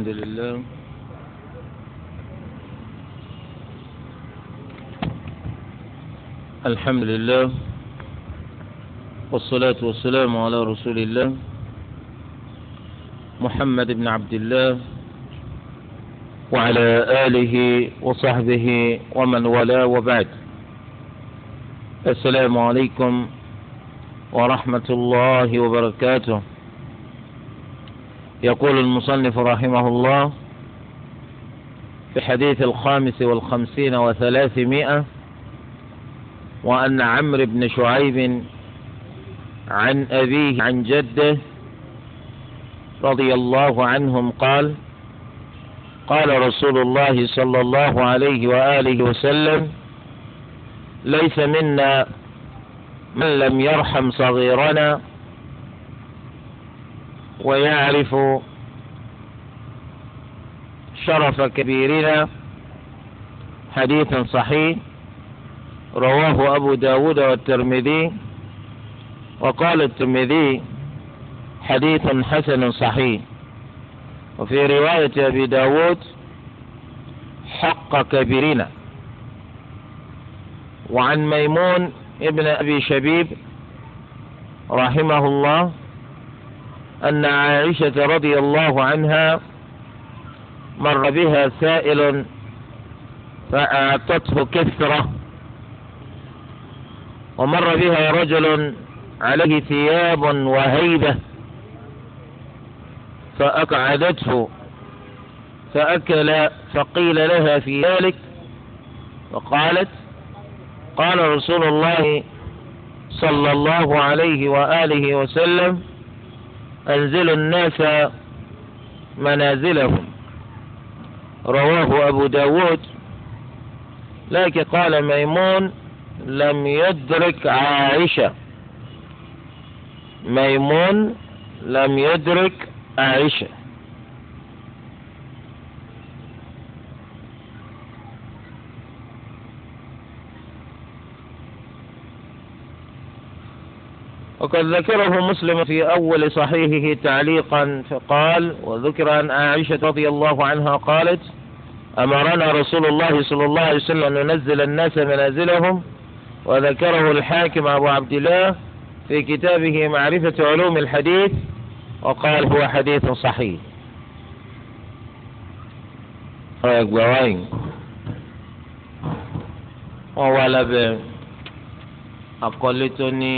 الحمد لله الحمد لله والصلاة والسلام على رسول الله محمد بن عبد الله وعلى آله وصحبه ومن والاه وبعد السلام عليكم ورحمة الله وبركاته يقول المصنف رحمه الله في حديث الخامس والخمسين وثلاثمائة وأن عمرو بن شعيب عن أبيه عن جده رضي الله عنهم قال قال رسول الله صلى الله عليه وآله وسلم ليس منا من لم يرحم صغيرنا ويعرف شرف كبيرنا حديث صحيح رواه أبو داود والترمذي وقال الترمذي حديث حسن صحيح وفي رواية أبي داود حق كبيرنا وعن ميمون ابن أبي شبيب رحمه الله أن عائشة رضي الله عنها مر بها سائل فأعطته كثرة ومر بها رجل عليه ثياب وهيبة فأقعدته فأكل فقيل لها في ذلك فقالت قال رسول الله صلى الله عليه وآله وسلم أنزلوا الناس منازلهم رواه أبو داود لكن قال ميمون لم يدرك عائشة ميمون لم يدرك عائشة وقد ذكره مسلم في أول صحيحه تعليقا فقال وذكر أن عائشة رضي الله عنها قالت أمرنا رسول الله صلى الله عليه وسلم أن ننزل الناس منازلهم وذكره الحاكم أبو عبد الله في كتابه معرفة علوم الحديث وقال هو حديث صحيح ọgbẹ̀wáyìn wọ́n wá lábẹ́ àkọlé tó ní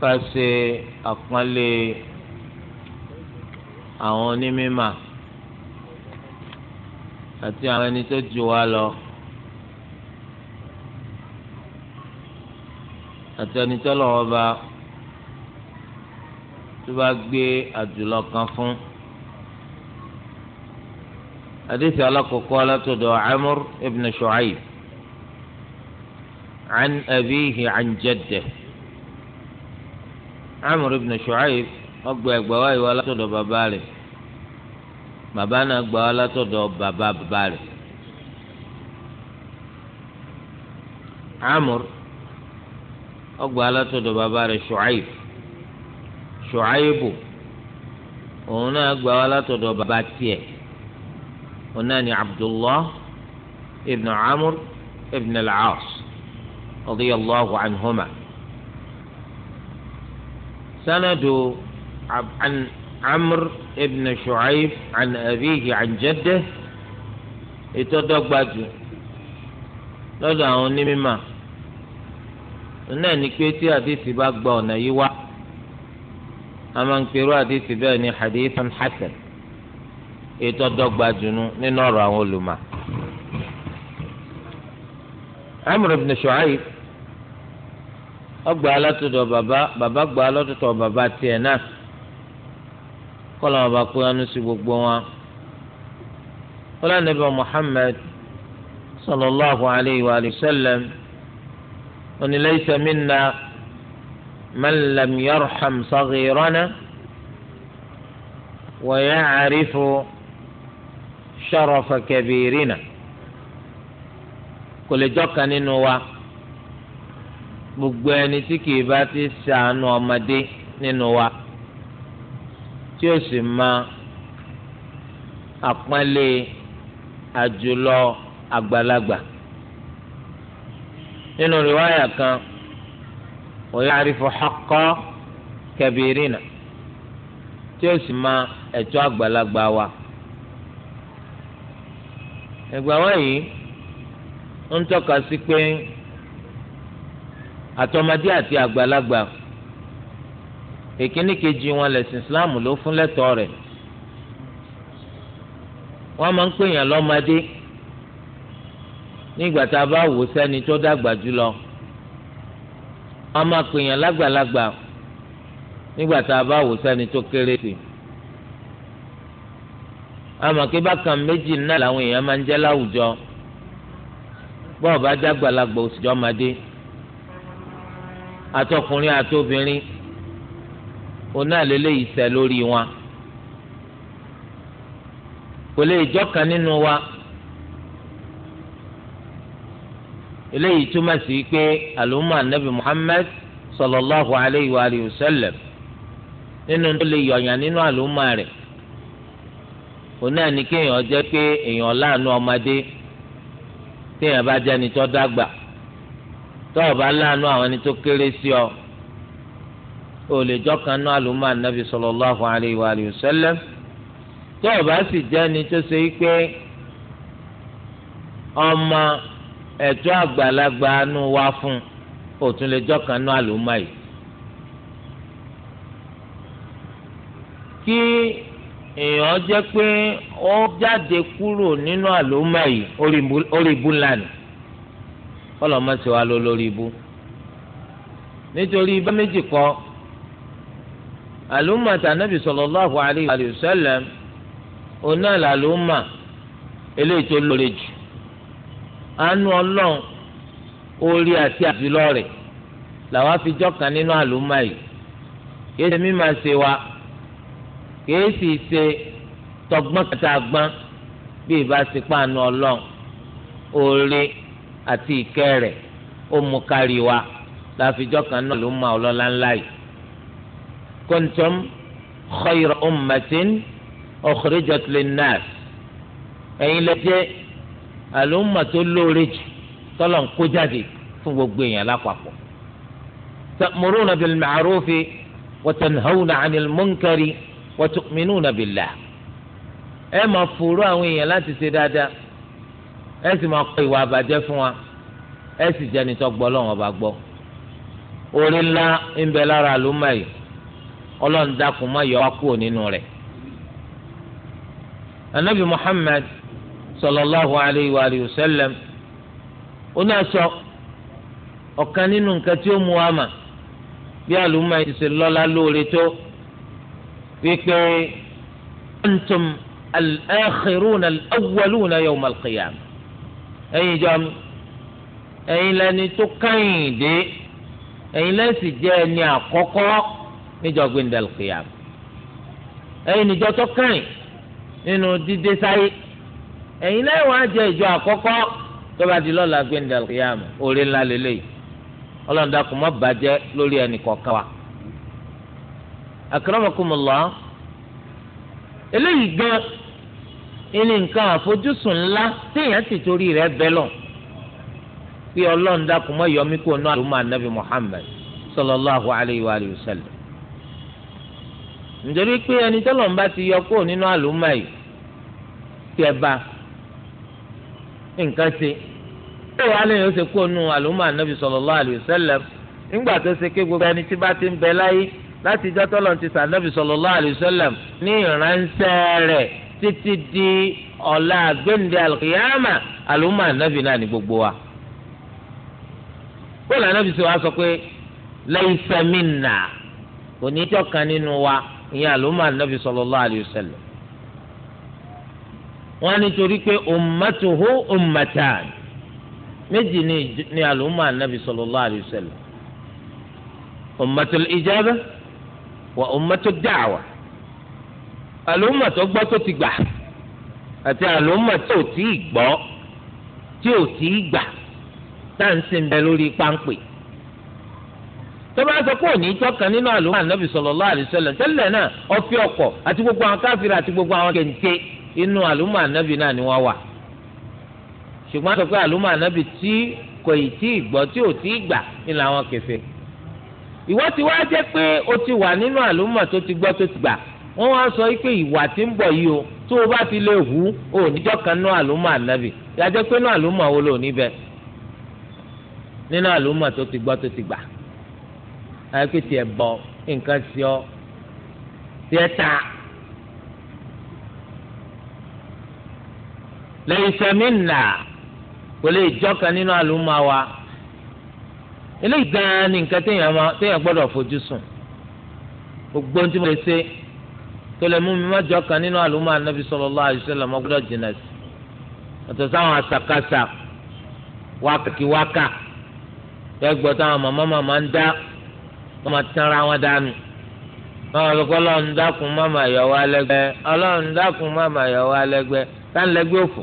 ká ṣe àpọ́nlé àwọn onímọ̀ àti àwọn ẹni tó jù wá lọ àti ẹni tó lọ́wọ́ bá tó bá gbé àjùlọ kan fún. حديث على قالته عمرو بن شعيب عن أبيه عن جده amr ibn shu'aib ọgbà ẹgbà wa ìwà látọ̀dọ̀ bàbá rẹ̀ bàbá náà gbà wa látọ̀dọ̀ bàbá bàbá rẹ̀ amr ọgbà látọ̀dọ̀ bàbá rẹ̀ shu'aib shu'aibu òun náà gbà wa látọ̀dọ̀ bàbá tiẹ̀ òun náà ni abdullah ibn amr ibn al-aas radiyallahu anhuma. سند عن عمرو بن شعيب عن أبيه عن جده ìtọ́dọ́gbájú lọ́dọ̀ àwọn onímọ̀ náà ni pé tí àdìsí bá gba ọ̀nà yìí wá a máa ń perú àdìsí bẹ́ẹ̀ ni hadithan hasan ìtọ́dọ́gbájú nínú ọ̀rọ̀ àwọn olùmọ̀. Amr ibn Shu'aib ọgbà alátọ̀dọ̀ bàbá bàbá gbà alátọ̀dọ̀ bàbá tiẹ̀ náà kọ́lá wọn bá kó yánú sí gbogbo wọn. kọ́lá nàbí Muhammad sallallahu alayhi wa sallam onílẹ̀yìísẹ́ minna man lam yarham saghirana wa ya'rifu sharafa kabirina kò lè jọ́ nínú wa. gbogbo ẹni tí kìí bá ti ṣàánú ọmọdé nínú wa tí ó sì máa àpọ́nlé àjùlọ àgbàlagbà nínú rìwáyà kan òye àrífọ xọkọ kẹbìrínà tí ó sì máa ẹ̀tọ́ àgbàlagbà wa ẹgbàá wọ̀nyí ń tọ́ka sí pé. àtọmọdé àti àgbàlagbà èkíní kejì wọn lẹ̀sìn islam ló fún lẹ́tọ̀ọ́ rẹ̀ wọ́n máa ń pèèyàn lọ́mọdé nígbà tá a bá wò sẹ́ni tó dàgbà jùlọ wọ́n máa pèèyàn lágbàlagbà nígbà tá a bá wò sẹ́ni tó kéré sí àmọ́ kí bákan méjì náà làwọn èèyàn máa ń jẹ́ láwùjọ bọ́ọ̀ bá dàgbàlagbà òsìjọ́ máa dé àtọkùnrin àtobìnrin oná lélẹyìí ṣẹ lórí wọn kò lè jọkàn nínú wa eléyìí túmọ̀ sí pé àlùmọ́ anabi Muhammad sallallahu alayhi wa alihi wa sallam nínú tó lè yọ̀yàn nínú àlùmọ́ rẹ̀ oná ní kéèyàn jẹ́ pé èèyàn láàánú ọmọdé téèyàn bá jẹ́ ni tó dàgbà. tọ́ọ̀bù aláàánú àwọn ẹni tó kéré sí ọ ò lè na náà àlùmọ́ ànábì sallallahu alaihi wa alihi wasallam tọ́ọ̀bù á sì jẹ́ ẹni tó ṣe wípé ọmọ ẹ̀tọ́ àgbàlagbà nù wá fún ò tún lè yìí. kí èèyàn jẹ́ pé ó jáde kúrò nínú yìí kọlọ ma ṣe wa lọ lórí ibu nítorí ibà méjì kọ àlùmọ̀tà nàbì sallallahu alayhi wa sallam ọ̀nà làlùmọ̀ eléyìí tó lóore jù àánú ọlọ́run orí àti àfilọ́rẹ̀ làwọn afijọ́ kan nínú àlùmọ̀ yìí kìí ṣe mímọ̀ ṣe wa kìí sì ṣe tọgbọ́n kàtà gbọ́n bí ìbá ṣe pàánù ọlọ́run orí àti ìkẹ́ rẹ̀ ó mú kárí wa láfijọ́ kan náà ló máa ọlọ́lá ńlá yìí. kuntum khayra ummatin ukhrijat linnas ẹ̀yin lè jẹ́ àlùmọ̀ tó lóore jù tọ́lọ̀ ń kó jáde fún gbogbo èèyàn lápapọ̀. ta'muruna bil ma'rufi wa tanhawna 'anil munkari wa tu'minuna ẹ máa fòrò àwọn èèyàn láti ṣe dáadáa ẹ sì máa kọ ìwà àbàjẹ́ fún wa ẹ sì jẹ́ni tó gbọ́ lọ́wọ́n ọba gbọ́ orí ńlá ń bẹ lára àlùmọ́ yìí ọlọ́run dákun má yọ wá kúrò nínú rẹ̀ anabi muhammad sallallahu alayhi wa sallam oní ẹ̀sọ́ ọ̀kan nínú nǹkan tí ó mú wa mà bí àlùmọ́ yìí ti lọ́lá lóore tó wípé antum al-akhiruna al-awwaluna yawm al-qiyamah ẹ̀yin ìjọ mi ẹ̀yin lẹni tó kẹ́yìn dé ẹ̀yin lẹ́sìn jẹ́ ẹni àkọ́kọ́ níjọ́ gbẹndẹlùkìyà ẹ̀yin níjọ́ tó kẹ́yìn nínú dídé sáyé ẹ̀yin lẹ́yìn wàá jẹ́ ìjọ àkọ́kọ́ tó bá di lọ́la gbẹndẹlùkìyà orí ńlá lélẹ́yìí Ọlọ́run dákun má bàjẹ́ lórí ẹnì kọ̀ọ̀kan wa akramakumullah eléyìí gan-an. ní nǹkan àfojúsùn ńlá téèyàn sì torí rẹ̀ bẹ́ lọ pé ọlọ́run dákun mọ́ yọmí kó náà ló máa nàbì sallallahu alayhi wa sallam nítorí pé ẹni tọ́lọ̀ ń bá ti yọ kó nínú àlùmọ́ yìí tí ẹ bá nǹkan ṣe ó wà ṣe sallallahu wa nígbà tó ṣe ké gbogbo ẹni tí bá ti ń bẹ láyé láti tọ́lọ̀ ti sànábì títí di ọ̀la gbẹ̀ndẹ̀ alùkìyàmà àlùmọ̀ ànábì náà ní gbogbo wa. bóòlù ànábì sọ wá sọ pé laysa minna kò ní tọ́ka nínú wa ìyẹn àlùmọ̀ ànábì sallallahu alayhi wa sallam. wọ́n á nítorí pé ummatuhu ummatan méjì ni àlùmọ̀ ànábì sallallahu alayhi wa sallam. ummatul ijaba wa ummatud àlòmọ̀ tó gbọ́ tó ti gbà àti àlòmọ̀ tí ò tí ì gbọ́ tí ò tí ì gbà táǹsì ń bẹ lórí páńpẹ́ tọ́ba sọ pé òní tọ́kan nínú àlùmọ́ ànábì sallallahu alaihi wasallam tẹ́lẹ̀ náà ọfí ọkọ̀ àti gbogbo àwọn káfíìrì àti gbogbo àwọn kẹ̀ǹté inú àlùmọ́ ànábì náà ni wọ́n wà ṣùgbọ́n sọ pé àlùmọ́ ànábì tí kò ì tí ì gbọ́ tí ò tí ì o ti wà nínú gbà wọ́n wá sọ pé ìwà tí ń bọ̀ yìí o tó o bá fi lè hù ó níjọ́ kan náà àlùmọ́ ànábì yàtọ̀ pé náà àlùmọ́ wo lò níbẹ̀ nínú àlùmọ́ tó ti gbọ́ tó ti gbà àyẹ̀pẹ̀ tiẹ̀ bọ̀ nǹkan sí ọ tiẹ̀ ta. lẹ́yìn sẹ́mínà kò lè jọ́ kan nínú àlùmọ́ wa eléyìí gan-an ni nǹkan téèyàn gbọ́dọ̀ fojú sùn gbogbo ohun tí mo lè ṣe tó lè mú mi má jọ kan nínú àlùmọ́ anabi sallallahu alaihi wasallam mo gbọ́dọ̀ jìnnà sí ọ̀tọ̀ sáwọn àṣàkáṣà wákàkíwákà bẹ́ẹ̀ gbọ́ táwọn màmá màmá ń dá wọ́n máa tẹ́ra wọn dànù báwọn lọ́kọ́ ọlọ́run dákun mọ́mọ́ àyọ̀wò alẹ́gbẹ́ ọlọ́run dákun mọ́mọ́ àyọ̀wò alẹ́gbẹ́ táńlẹ́gbẹ́ òfò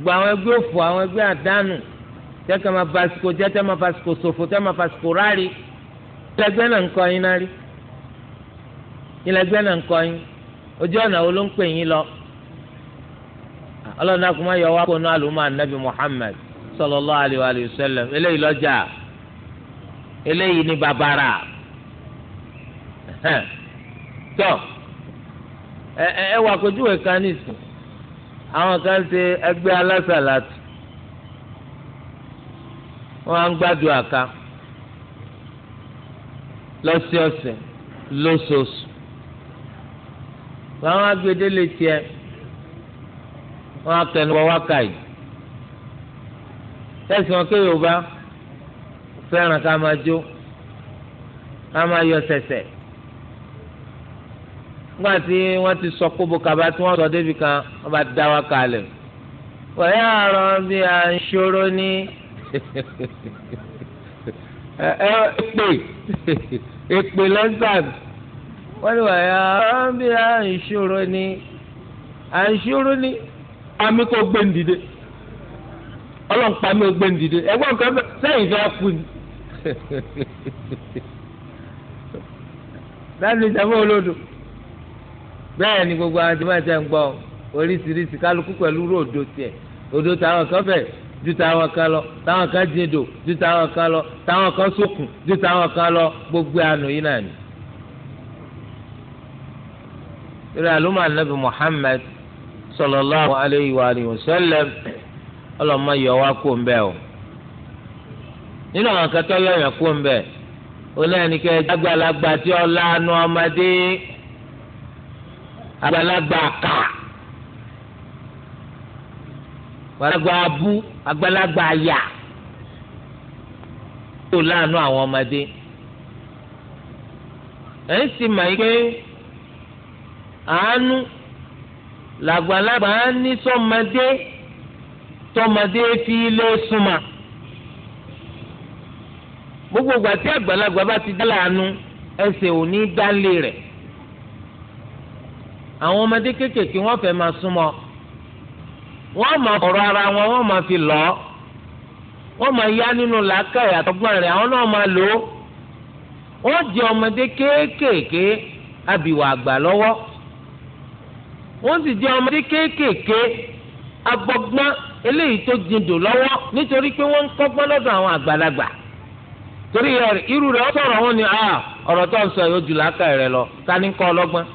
gba àwọn ẹgbẹ́ òfò àwọn ẹgbẹ́ àdánù tẹ́kẹ́ máa fasikò jẹ́ tẹ́ máa fasikò ṣòfò tẹ́ máa fasikò rárí ẹgbẹ́ náà ń kọ́ yín náà rí ìlẹgbẹ náà ń kọ yín ojú ọ̀nà wo ló ń pè yín lọ ọlọ́run akùnmá yọ wá kó nu àlùmọ́ anabi muhammed sallallahu alayhi wa sallam eléyìí lọ́jà eléyìí ní babara tọ́ ẹ ẹ wà kojúwe kan nìsín àwọn kan ṣe ẹgbẹ́ alásàlátù wọ́n á ń gbádùn àká lọ́sọ̀ọ̀sẹ̀ lóṣooṣù làwọn agbèdè lè tiẹ̀ wọn akẹnu wọn wákà yìí tẹsán ké yorùbá fẹ́ràn ká máa jó ká máa yọ sẹ̀sẹ̀ nígbà tí wọ́n ti sọ kóbo kaba tí wọ́n sọ débi kan wọ́n bá dá wa kalẹ̀ wọ́n yà rọ bí a ń ṣòro ní ẹ ẹ pè é lọ́sàn-án wọ́n ní wàyà bí a ìṣòro ni à ń ṣòro ni àmì kò gbé ndìde ọlọ́run pa mí gbé ndìde ẹgbọ́n nǹkan bẹ́ẹ̀ sẹ́yìn fẹ́ kú ni. láti ìjàmbá olódò bẹ́ẹ̀ ni gbogbo àwọn tí wọ́n ti ń gbọ́ oríṣiríṣi kálukú pẹ̀lú ròdò tiẹ̀ odò táwọn kan fẹ̀ ju táwọn kan lọ táwọn kan jìndò ju táwọn kan lọ táwọn kan sókùn ju táwọn kan lọ gbogbo àná yìí náà ni. ìrìn àlùmọ anabi muhammed sallallahu alayhi wa alihi wa sallam ọlọmọ yọ o nínú àwọn akẹtọ yọ yàn kó ń agbalagba tí ọ lánà ọmọdé agbalagba kà àgbàlagbà abú àgbàlagbà yà tó lánà àwọn ọmọdé ẹ̀ ń àánú làgbàlagbà á ní sọmọdé tọmọdé fi lé súnmọ́ gbogbo ìgbà tí àgbàlagbà ti dá ẹsẹ̀ ò ní dálé rẹ̀ àwọn ọmọdé kéékèèké wọ́n fẹ́ máa súnmọ. wọ́n máa ara wọn fi lọ wọn máa yá nínú làákàyè àwọn náà máa lò ó ọmọdé kéékèèké àgbà wọ́n sì di ọmọdé kéékèèké abọ́gbọ́n eléyìí tó jindò lọ́wọ́ nítorí pé wọ́n ń kọ́gbọ́n lọ́dọ̀ àwọn àgbàlagbà torí irú rẹ̀ sọ̀rọ̀ wọn ni ọ̀rọ̀ tó ń sọ yóò jù rẹ̀ lọ ta ni kọ́ ọlọ́gbọ́n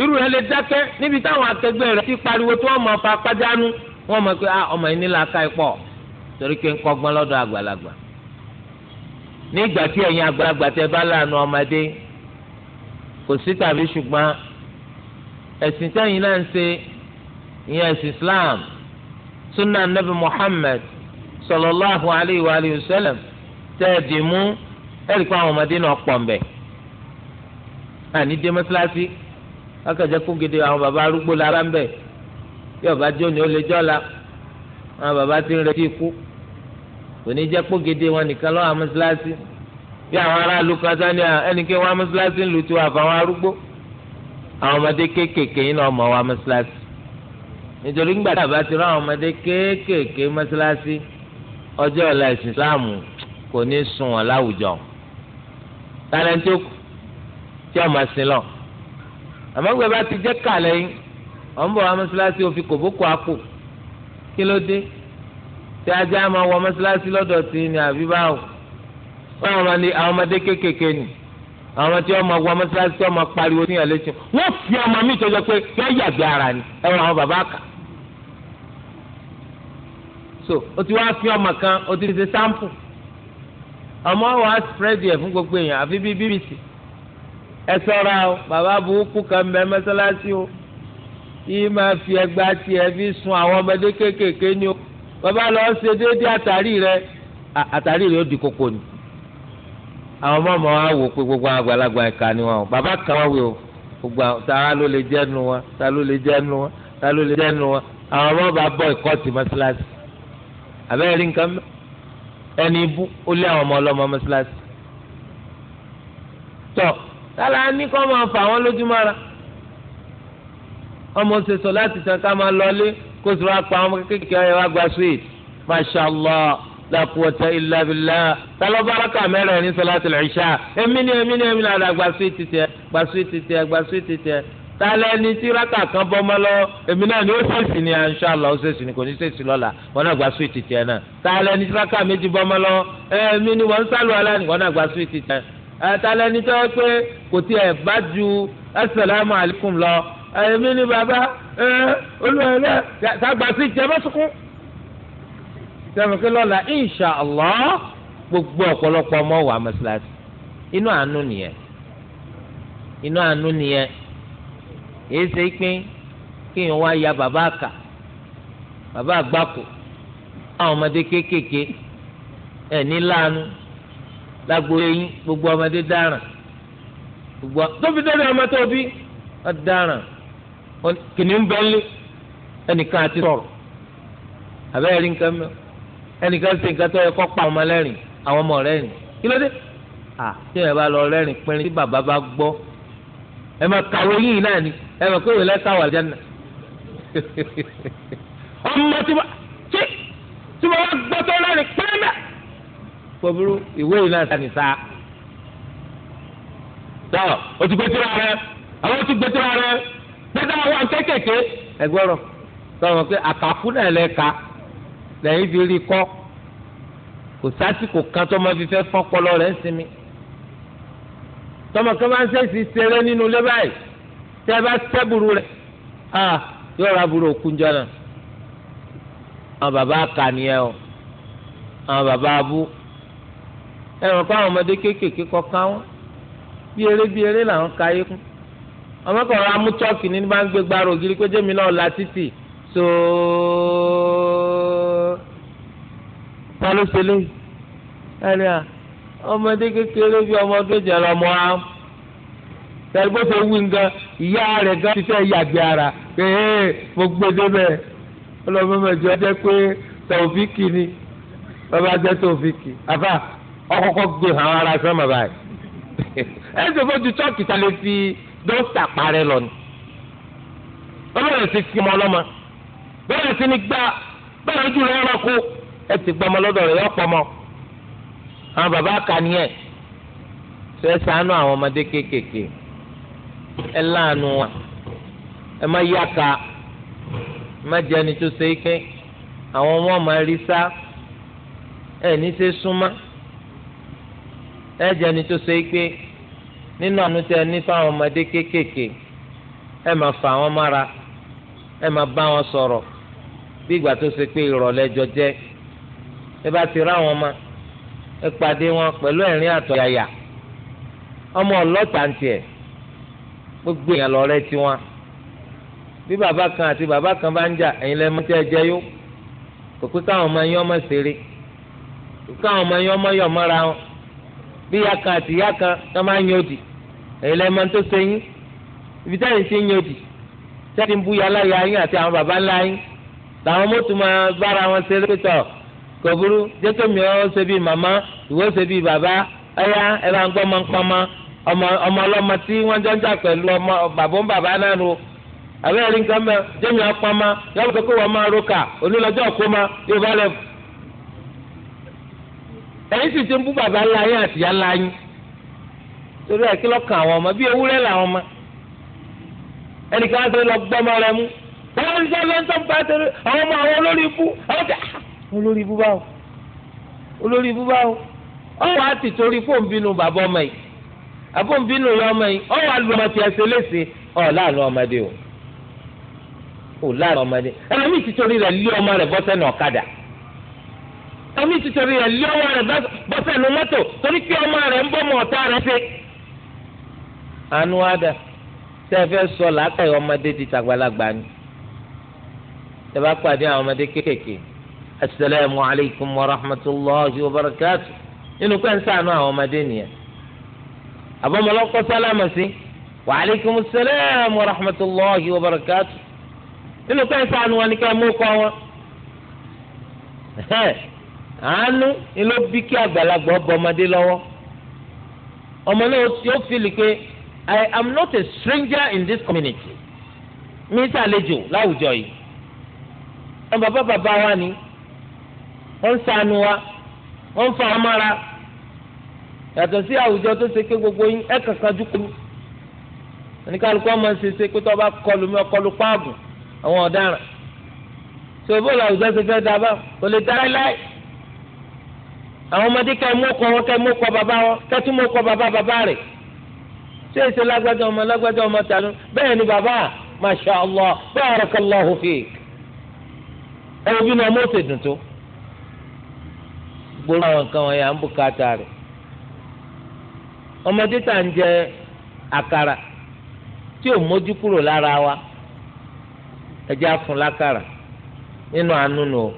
irú rẹ̀ lè dákẹ́ níbi táwọn akẹgbẹ́ rẹ̀ ti pariwo tí wọ́n ọmọ yìí ní làákà pọ̀ torí pé ń kọ́gbọ́n lọ́dọ̀ àgbàlagbà nígbà tí kò sí tàbí ṣùgbọ́n ẹ̀sìn táyìn náà ń ṣe ìyẹn ẹ̀sìn Islam sunna nabi Muhammad sallallahu alayhi wa alihi wa sallam tẹ́ẹ̀dì mú ẹ̀rí pa àwọn ọmọdé náà pọ̀ mbẹ́ àní dé mọ́sálásí akẹ́jẹ́ kó gidi àwọn baba arúgbó lára ń bẹ̀ yóò bá jẹ́ òní ó lè jọ́ àwọn baba ti ń retí ikú òní jẹ́ kó gidi wọn nìkan lọ́wọ́ mọ́sálásí bí àwọn aráàlú kan sani ẹnikẹ́ni wá mọ́ṣáláṣí ń lu tiwa àfàwọn arúgbó àwọn ọmọdé kéékèèké yìí náà mọ̀ wá mọ́ṣáláṣí nítorí ńgbà tí àbá ti rán àwọn ọmọdé kéékèèké mọ́ṣáláṣí ọjọ́ ọ̀la ẹ̀sìn Ìsìláàmù kò ní sùn wọn láwùjọ tálẹ́ńtì òkú tí ọmọ sin lọ àmọ́ bá ti jẹ́ kàlẹ́ yín ọ̀n bọ̀ wá mọ́ṣáláṣí òfin kòbókò àpò kí ló dé tí ajá máa wọ mọ́ṣáláṣí lọ́dọ̀ tí ni àbí báwò wọn àwọn ọmọdé àwọn ọmọdé kéékèèké ni àwọn tí wọn máa wọ mọ́sálásí tí wọn máa pariwo ní ẹlẹ́sìn wọ́n fi ọmọ mi tọ́jọ́ pé yọ yàgbé ara ni ẹ wọ àwọn bàbá kà so o ti wá fi ọmọ kan o ti ṣe sáǹpù ọmọ wa spread yẹ fún gbogbo èèyàn àfi bí bíbìsì ẹ ṣọ́ra o bàbá burúkú kan bẹ mọ́sálásí o yìí máa fi ẹgbà tiẹ̀ fi sun àwọn ọmọdé kéékèèké ni o bàbá lọ ṣe déédéé àtàrí rẹ àtàrí rẹ ó di kókó ni àwọn mọ́mọ́ wa wò pé gbogbo àwọn àgbàlagbà ẹ̀ka ni wọn o bàbá kan wọn wí o gbogbo àwọn tara ló lè jẹ́ nu wọn ta ló lè jẹ́ nu wọn ta ló lè jẹ́ nu wọn àwọn ọmọ bá bọ́ ìkọ́ọ̀tì mọ́sálásí àbẹ́rẹ́ rí nǹkan mẹ́ ẹni ibú ó lé àwọn ọmọ ọlọ́mọ mọ́sálásí tọ́ tálá ní kọ́ máa fà wọ́n lójúmọ́ra ọmọ ṣèṣọ láti tàn ká máa lọlé kó sọ wá pa àwọn kékeré wa gba sweet masha allah la quwwata illa billah tálọ́ baraka mẹ́rẹ̀ ní salatul isha èmi ni èmi ni èmi ni àdá gbàsú ìtìtẹ́ gbàsú ìtìtẹ́ gbàsú ìtìtẹ́ tálẹ́ ní tí rákà kan bọ́ mọ́ lọ èmi náà ni ó ṣèṣì ni inshallah ó ṣèṣì ni kò ní ṣèṣì lọ́la wọn náà gbàsú ìtìtẹ́ náà tálẹ́ ní tí rákà méjì bọ́ mọ́ lọ èmi ni wọ́n ń sálù aláàní wọn náà gbàsú ìtìtẹ́ tálẹ́ ní tí wọ́n pé kò tiẹ̀ bá ju assalamu alaikum lọ èmi ni bàbá olùwẹ̀lẹ̀ sàgbàsú sẹ́mi pé lọ́la insha allah gbogbo ọ̀pọ̀lọpọ̀ ọmọ wà mọ́sálásí inú àánú nìyẹn inú àánú nìyẹn èyí ṣe kí n wá ya bàbá àkà bàbá àgbákò àwọn ọmọdé kéékèèké ẹ̀ ní gbogbo ọmọdé dáràn gbogbo tóbi tóbi ọmọ tóbi ọ dáràn kìnnìún bẹ́ẹ̀ ẹnìkan àti sọ̀rọ̀ àbẹ́rẹ́ ẹnìkan ṣe nǹkan tó yẹ kó pa ọmọ lẹ́rìn àwọn ọmọ rẹ̀ rìn kí ló dé tí ẹ bá lọ rẹ́rìn tí bàbá bá gbọ́ ẹ máa kàwé náà ni ẹ máa kó ìwé lẹ́ka wà lẹ́jẹ̀ ọmọ tí tí gbọ́ tó ìwé yìí náà ti àwọn ti wọn tọ́ pé àkàkú lẹ́yìn fi rí kọ́ kò sásìkò kan tó máa fi fẹ́ fọ́n pọlọ rẹ̀ ń sinmi tọmọ kan máa ń sẹ́sì ṣeré nínú ilé báyìí tẹ́ ẹ bá sẹ́bùrú rẹ̀ a yóò ra burú òkú njọ náà àwọn bàbá kàníyàn o àwọn bàbá abú ẹ rò pé àwọn ọmọdé kéékèèké kọ ká wọn bí eré bí eré làwọn ka yé kún ọmọkùnrin amúchọ́ọ̀kì ní bá ń gbé gbàrò ògiri pé jẹ́mi náà la títì sóòó ta ló ṣe léyìí ẹni à ọmọdé kékeré bíi ọmọ ọdún jẹ lọmọ á tẹ̀lé bó ṣe wí nǹkan ìyá rẹ̀ gan ti fẹ́ yàgbé ara pé ee mo gbé e débẹ̀ ọlọ́mọ mẹ́jọ jẹ́ pé tòfíkì ni bàbá jẹ́ tòfíkì àbá ọkọ̀kọ̀ gbé àwọn ará sọ́mọ báyìí ẹ ṣe fojú chọ́ọ̀kì ta lè fi dókítà parẹ́ lọ ni ọlọ́run ti fi mọ́ ọlọ́mọ bẹ́ẹ̀ sì ni gbá bẹ́ẹ̀ ojú rẹ̀ rọ́kù. ẹ ti gbọmọ lọ́dọ̀ rẹ̀ yọ àwọn bàbá kàníyẹ ṣe àwọn ọmọdé kéékèèké ẹ láàánú wa ẹ má yáka má tó ṣe é ké àwọn ọmọ máa rí sá ẹ ní ṣe súnmọ́ ẹ jẹni tó ṣe é ké nínú àánú tẹ ní fáwọn ọmọdé kéékèèké ẹ máa fà mára ẹ bá ti rá wọn ma ẹ pàdé wọn pẹ̀lú ẹ̀rín àtọ̀yàyà ọmọ ọlọ́ta ń tiẹ̀ gbogbo èèyàn lọ rẹ tiwọn bí bàbá kan àti bàbá kan bá ń jà ẹ̀yin lẹ́mú tí ẹ jẹ́ yó kò pé káwọn ọmọ yín ọmọ ṣeré kò káwọn ọmọ yín ọmọ yọ̀ mọ́ra wọn bí ìyá kan àti ìyá kan tó máa ń yan òdì ẹ̀yin lẹ́mọ tó ṣe yín ibi táyìn ti ń yan òdì tẹ́tí ń bú yàrá yà yín àti àwọn bàbá ńlá yín làwọn mọ́tò máa bára wọn ṣeré pé kò burú jẹ́kẹ́ mi ọ́ ṣe bíi màmá ìwọ ṣe bíi bàbá ẹ̀yà ẹ̀ bá ń gbọ́ mọ́nkọ́mọ́ ọmọ ọlọ́mọ tí wọ́n jọ ń jà pẹ̀lú ọmọ bàbá ń bàbá náà ro àbẹ́ ẹ̀rí nǹkan mẹ́ jẹ́mi ọpọ́nmá yọ̀bù tó kó wọ́n máa ro kà onílọ́jọ́ òkú ma yóò bá lẹ̀. ẹ̀yin sì ti ń bú bàbá ńlá yín àti ìyá ńlá yín torí ẹ̀ kí lọ́kàn àwọn ọmọ bí ewúrẹ́ làwọn ọmọ ẹnìkan á ti lọ gbọ́mọ rẹ mú wọ́n ń sọ lọ́ńtọ́ bá torí àwọn ọmọ àwọn olórí ikú àwọn ti olórí bụba ọ olórí ibú báwo ọwọ́ àti torí fóun bínú bàbá ọmọ yìí bínú ọmọ yìí ọwọ́ àlù ọmọ ṣe léṣe láàánú ọmọdé o ò láàánú ọmọdé ẹlòmíì ti rẹ lé ọmọ rẹ̀ bọ́ sẹ́nu ọ̀kadà ẹlòmíì ti torí lé ọmọ sọ ọmọdé di tàgbàlagbà ni bá pàdé السلام عليكم ورحمة الله وبركاته إنه كان pé ومدينة sànú àwọn ọmọdé وعليكم السلام ورحمة الله وبركاته إنه كان wa rahmatulahi wa barakatu nínú pé ń sànú wọn ni ká mú kọ́ wọn àánú ni àgbàlagbà bọ ọmọdé lọ́wọ́ ọmọ náà yóò fìlì pé I am not a stranger in this community mi sàlejò láwùjọ yìí wọn bàbá bàbá wa ni ó ń sànù wa ó ń fa ọmọra yàtọ̀ sí àwùjọ tó ṣe pé gbogbo yín ẹ kankan dúkú oníkàlùkù ọmọ ṣe ṣe pé tó bá kọlù mi ọkọlù páàgùn àwọn ọ̀daràn tó o bó la àwùjọ ṣe fẹ́ dábàá kò lè dára láì àwọn ọmọdé kẹ́ mú kọ wọn kẹ́ mú kọ bàbá wọn kẹ́ tún mú kọ bàbá bàbá rẹ̀ ṣé èsè lágbájá ọmọ lágbájá ọmọ tànú bẹ́ẹ̀ ni bàbá masha allah barakallahu fik ẹ wo bí ni ọmọ ó ṣe dùn tó gbogbo àwọn nǹkan wọn yà ń bùkátà rẹ̀ ọmọ títà ń jẹ àkàrà tí ò mójú kúrò lára wa ẹjẹ afun lákàrà nínú àánú nù o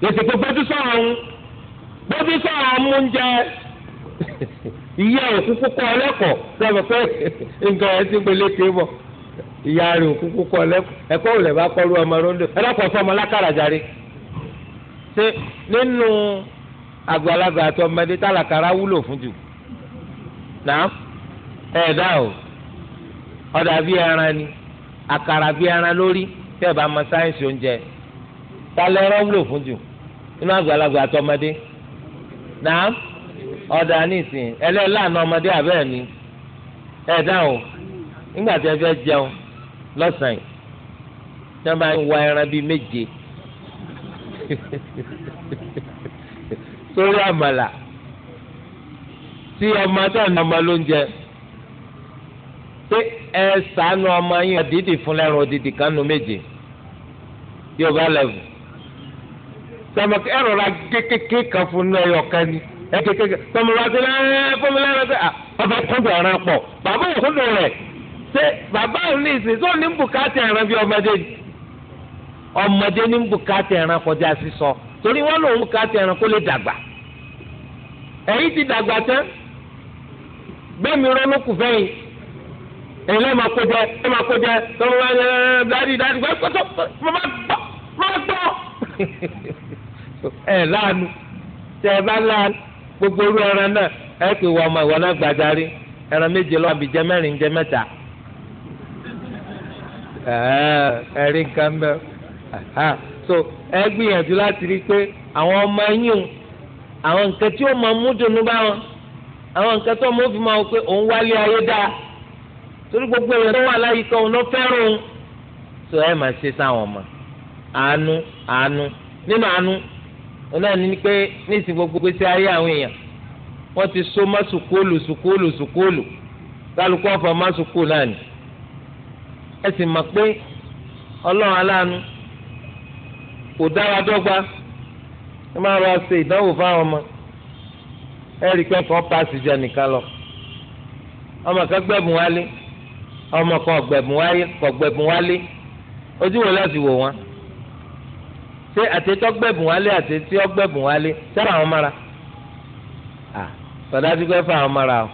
gbèsè pé bójú sọ̀rọ̀ ń bójú sọ̀rọ̀ ń mú oúnjẹ ìyá òkúkú kọ́ ọlẹ́kọ̀ọ́ sọ̀rọ̀ pé nǹkan ẹ̀ ti gbélé ké bọ̀ ìyá rẹ̀ òkúkú kọ́ ọlẹ́kọ̀ọ́ ẹ̀kọ́ ò bá kọ́ lu ọmọ rondo ẹlẹ́kọ̀ọ́ fún ọmọ lákàrà járe ṣe nínú àgbàlagbà àti ọmọdé tálàkàrà wúlò fún jù náà ẹ dá o ọ̀dà bíi ẹran ni àkàrà bíi ẹran lórí tẹ́ ẹ bá mọ sáyẹ́nsì oúnjẹ talẹ́rọ wúlò fún jù nínú àgbàlagbà àti ọmọdé náà ọ̀dà nísìn ẹlẹ́lànà ọmọdé àbẹ́ẹ̀ ni ẹ dá o nígbà tí ẹ fẹ́ jẹun lọ́sàn-án tí wọ́n bá ń wa ẹran bíi méje sórí àmàlà tí ọmọ tó ọmọ ló ń jẹ pé ẹ sànú ọmọ yín ọdídì fún lẹ́rùn odidi kánú méje yóò bá lẹ́vù sọmọ kékeré kan fún náà ẹyọ kan ẹ kékeré sọmọ wa ti fún mi lẹ́rẹ́ sẹ́ bàbá òkúndùn bàbá òun ní ìsìn ọmọdé torí wọn lòun ká ti ẹran kó lè dàgbà ti dàgbà tán gbẹmí ronú kù fẹyìn ẹ̀yin lẹ́ẹ̀ máa kó jẹ ẹ máa kó jẹ tọ́wọ́ ẹ ẹ dáadé dáadé gbẹ kótó gbọ́ gbọ́ gbogbo ẹran náà ẹ pè wọ ẹran méje so ẹ gbìyànjú láti rí i pé àwọn ọmọ yín àwọn nǹkan tí ó máa mú dùnú bá wọn àwọn nǹkan tó mọ́ fi máa wọ pé òun wálé ayé dáa torí gbogbo èèyàn tó wà láyé kan òun ló fẹ́ràn òun so ẹ máa ṣe sáwọn ọmọ àánú àánú nínú àánú òun náà ní pé nísìnyí gbogbo gbèsè ayé àwọn èèyàn wọ́n ti so mọ́ sùkúlù sùkúlù sùkúlù kálukú ọ̀fọ̀ mọ́ sùkúlù náà ni ẹ sì mọ̀ pé ọlọ́run aláàánú kò dára dọ́gba ẹ máa lọ ṣe ìdánwò fáwọn ọmọ ẹ rí i pé kàn paasi ju ẹnìkan lọ ọmọ kan gbẹ̀bùn wálé ọmọ kan gbẹ̀bùn wálé kọ̀ gbẹ̀bùn wálé ojú wo láti wò wọn ṣé àtẹtọ́ gbẹ̀bùn wálé àtẹtí ọgbẹ̀bùn wálé sára àwọn mara sọdá ti gbẹ fún mara o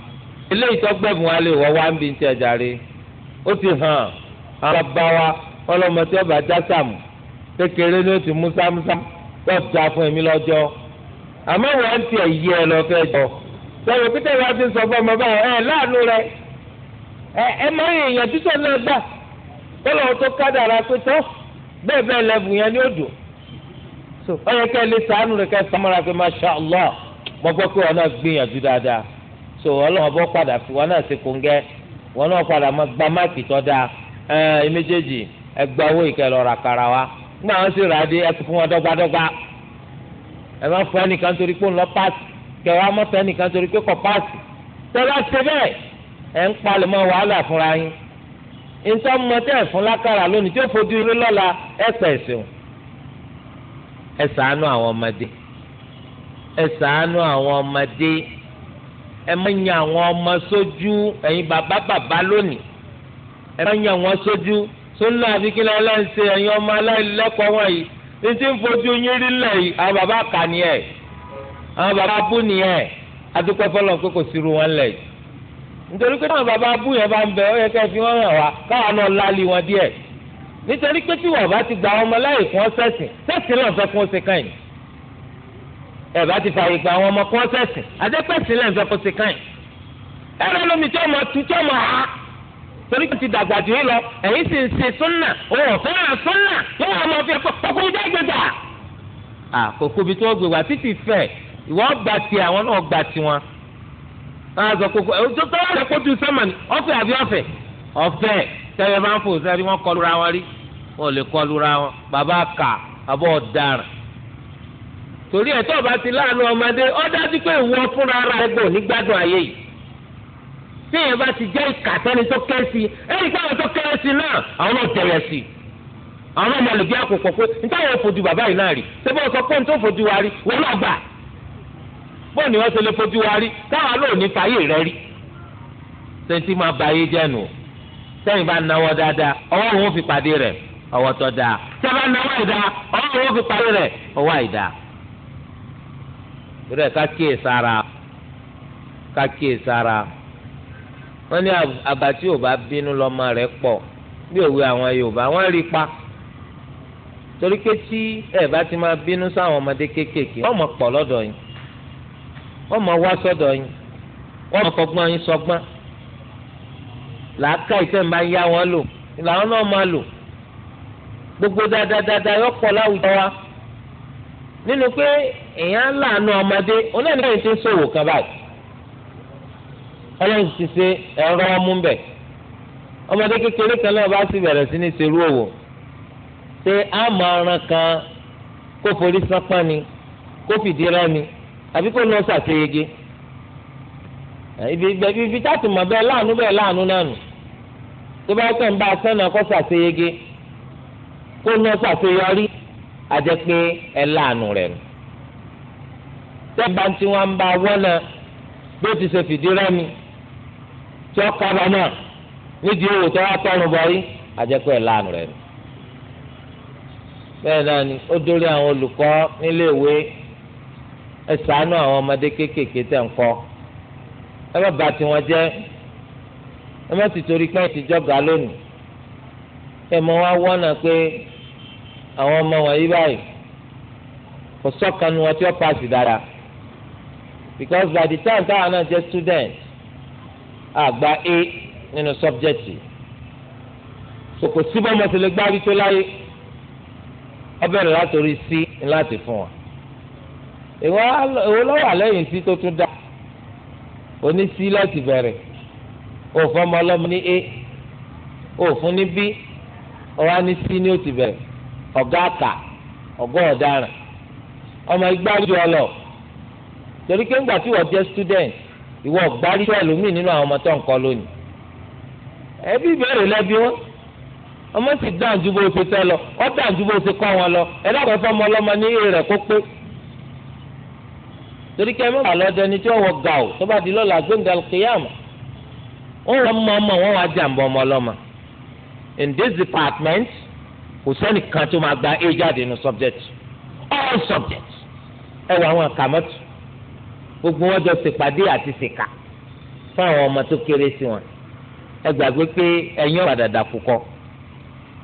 eléyìí tó gbẹ̀bùn wálé wọ́n wá ń bi ń tẹ̀ jàre ó ti hàn àwọn ọlọ́mọ tí ọba já sàmù kékeré ló ti mú sámúsámú tó ta fún èmi lọ́jọ́ àmọ́ wọ́n ń tiẹ̀ yí ẹ lọ fẹ́ jọ sọ̀rọ̀ pété wa ti sọ fún ọmọ báyọ̀ ẹ láàánú rẹ ẹ ẹ máa ń yèèyàn títọ́ náà gbà kọ́lọ̀ tó kádàrà pé tọ́ bẹ́ẹ̀ bẹ́ẹ̀ lẹ́bùn yẹn ní odò ọ yẹ kẹ́ ẹ lè sàánú rẹ kẹ́ ẹ sàmúra pé masha allah mo gbọ́ pé wọn náà gbìyànjú dáadáa so ọlọ́wọ́n bọ́ padà fi wọn náà ṣe kóńgẹ́ wọn náà padà máa gba máàkì tó dáa ẹ méjèèjì ẹ gba owó ìkẹlẹ́ ọ̀rà kara wa nígbà si sì rà á dé ẹkú fún wọn dọ́gbadọ́gba ẹ má fọ ẹnìkan torí pé ń lọ páàsì kẹwàá mọ́tò ẹnìkan torí pé kọ páàsì tẹ́lá ṣe bẹ́ẹ̀ ẹ̀ ń palẹ̀ mọ́ wàhálà fúnra yín nítorí ọmọ fún lákàrà lónìí tí ó fojú rí lọ́la ẹ̀ pẹ̀ ẹ̀sìn àwọn ọmọdé sunna àbíkílẹ̀ ẹlẹ́sìn ẹ̀yin ọmọ aláìlẹ́kọ̀ọ́ wọ̀nyí ní ti ń fojú yín rí lẹ̀ yìí àwọn bàbá kà ní ẹ̀ àwọn bàbá bú ní ẹ̀ adúpẹ́ fọlọ́ pé kò sí irú wọn lẹ̀ yìí nítorí pé táwọn bàbá bú yẹn bá ń bẹ ó yẹ kẹ́ fi wọ́n hàn wá káwọn náà lálé wọn díẹ̀ nítorí pé tí wọ́n bá ti gba ọmọ láyè kún ọ́sẹ̀sìn sẹ́sìn náà fẹ́ kún ó ṣe káyìn ẹ̀ bá ti fààyè gba àwọn ọmọ kún ọ́sẹ̀sìn adẹ́pẹ̀sìn náà fẹ́ kún ó ṣe káyìn ẹ̀rọ lómi tí ọmọ tu tí ọmọ ha torí kò ti dàgbà jù yín lọ ẹ̀yin sì ń ṣe súnà òun ò fẹ́ràn súnà yóò wọ́n máa fi ẹ̀kọ́ kókó jẹ́ ìgbéga. àkókò bíi tí wọ́n gbé wá títí fẹ̀ ìwọ gba ti àwọn náà gba ti wọn. wọ́n á sọ kókó ẹ̀ tó tọ́wọ́ rẹ̀ kó tu sẹ́mọ̀nì ọ̀fẹ́ àbí ọ̀fẹ́ ọ̀fẹ́ tẹ́lẹ̀ máa ń fò sẹ́rí wọ́n kọlu ra wọn rí wọn ò lè kọlu ra wọn bàbá kà bàbá ọ̀daràn. torí ẹ̀ tó o bá ti láàánú ọmọdé ọ dájú pé ìwọ fúnra rẹ̀ gbò ní gbádùn ayé yìí téèyàn bá ti jẹ́ ìkàtẹ́ni tó kéré sí ẹ̀rí pé àwọn tó kéré sí náà àwọn náà tẹ̀rẹ̀ sí àwọn ọmọ olùgbé ọrụ pé nítawọn fojú bàbá yìí náà rí ọrụ sọ pé ní fojú wa rí náà rẹ rí sẹ́ńtì máa ba ayé jẹ́ nù sẹ́yìn bá dáadáa ọwọ́ fi rẹ̀ ọwọ́ wọ́n ní àbàtì yorùbá bínú lọ́mọ rẹ̀ pọ̀ bí òwe àwọn yorùbá wọ́n rí pa torí pé tí ẹ bá ti máa bínú sáwọn ọmọdé kéékèèké wọ́n mọ̀ pọ̀ lọ́dọ̀ yín wọ́n mọ̀ wá sọ́dọ̀ yín wọ́n mọ̀ kọ́gbọ́n yín sọgbọ́n làákà ìfẹ́ máa ń yá wọn lò làwọn náà máa lò gbogbo dáadáa yọ pọ̀ láwùjọ wa nínú pé èèyàn láàánú ọmọdé onáìníkàyè ti ń ṣòwò kan báyìí ọlọ́run ti ṣe ẹ̀rọ ọmú bẹ̀ ọmọdé kékeré kan náà bá sì bẹ̀rẹ̀ sí ní ṣerú òwò ṣé á máa ran kan kó forí sánpọ́n ni kó fìdí rẹ́mi àbí kó lọ ṣàṣeyege ibi ibi táàtì mọ̀ bẹ́ẹ̀ láàánú bẹ́ẹ̀ láàánú náà nù tó bá tẹ̀ ń bá aṣọ náà kó ṣàṣeyege kó lọ ṣàṣeyọrí àjẹ pé ẹ láàánú rẹ̀ nù tẹ́gbà tí wọ́n ń bá wọ́n náà bí ti ṣe fìdí rẹ́mi tí ọ kábàámà nídìí owó tó wá tọrùn bọyí àjẹpẹ lánàá rẹ bẹ́ẹ̀ náà ni ó dórí àwọn olùkọ́ níléèwé ẹ ṣàánú àwọn ọmọdé kéékèèké tẹ̀ ń kọ́ ẹ má bà tiwọn jẹ́ ẹ má sì torí pé lónìí ọmọ wọ̀nyí báyìí kò sọ́kànnù wọn tí wọ́n dára because by the time táwọn náà student àgbà a nínú sọ́bjẹ́tì sòkò síbẹ̀ mo ti lè gbárí tó láyé ọbẹ̀rẹ̀ látòrí sí láti fún wa ìwọ lọ́wọ́ àlẹ́yìn sí tó tún dá oní sí láti bẹ̀rẹ̀ òfin ọmọ ọlọ́mọ ní a òfin ní b ọwọ́ ní sí ní ó ti bẹ̀rẹ̀ ọ̀gá àkà ọ̀gá ọ̀daràn ọmọ igbájú ọlọ torí kéńgbà tí wọ́n jẹ́ student ìwọ gbárí tó ẹlòmíì nínú àwọn ọmọ tó ń kọ lónìí ẹbí ìbéèrè lẹbi wọn ọmọ sì dáhùn ju bó ṣe tẹ lọ ọ dáhùn ju bó ṣe kọ wọn lọ ẹ dábàá fọmọ ọlọmọ ní eré rẹ kó pé torí kẹ mọ àlọdẹ ni tí wọn wọ gàù tó bá di lọ́la gbẹngà kìyàmù ó rọ mọ ọmọ wọn wá jàǹbọ ọmọ ọlọmọ in this department kò sẹ́nìkan tó máa gba a jáde nínú subject all subjects ẹ wọ àwọn àkàmọ́tò gbogbo wọn jọ ṣèpàdé àti ṣèkà fún àwọn ọmọ tó kéré sí wọn ẹ gbàgbé pé ẹ̀yin ọ̀padà dàkú kọ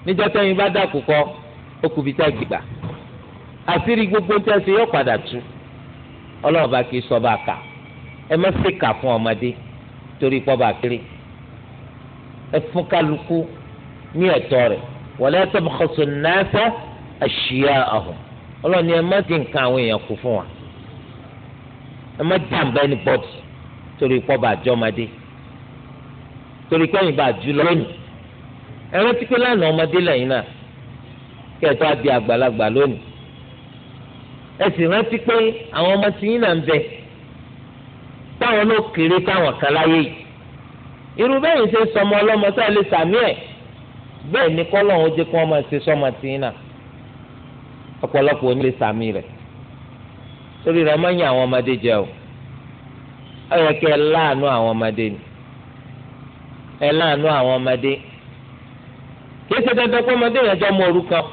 níjọ́ tẹ́yin bá dàkú kọ ó kù bí tẹ́ gbìgbà àṣírí gbogbo tẹ́ ṣe yóò padà tú ọlọ́run bá kì í sọ bá kà ẹ má ṣèkà fún ọmọdé torí pọ́ bá kéré ẹ fún kálukú ní ẹ̀tọ́ rẹ̀ wala tabkhasu an-nasa ashya'ahum ọlọ́run ni ẹ má dín nǹkan àwọn èèyàn kù fún wa ẹ má jàǹbá ẹni bọ́ọ̀dì torí pọ́ bá jọ ọmọdé torí pẹ́yìn bá jù lónìí ẹ rántí pé lánàá ọmọdé lẹ́yìn náà kẹ́ẹ̀tọ́ á di àgbàlagbà lónìí ẹ sì rántí pé àwọn ọmọ tí yín náà ń bẹ táwọn ló kéré táwọn kan láyé yìí irú bẹ́ẹ̀ ṣe sọmọ ọlọ́mọ tá lè sàmí ẹ̀ bẹ́ẹ̀ ni kọ́lọ́hún ó jẹ́ kí wọ́n máa ṣe sọmọ tí yín náà ọ̀pọ̀lọpọ̀ ò ní lè sàmí rẹ̀ torí rẹ̀ máa ń yàn àwọn ọmọdé jẹ o ó yẹ kí ẹ láàánú àwọn ọmọdé ni ẹ láàánú àwọn ọmọdé kìí ṣe dandan pé ọmọdé yẹn jọ ọmọ òrukàn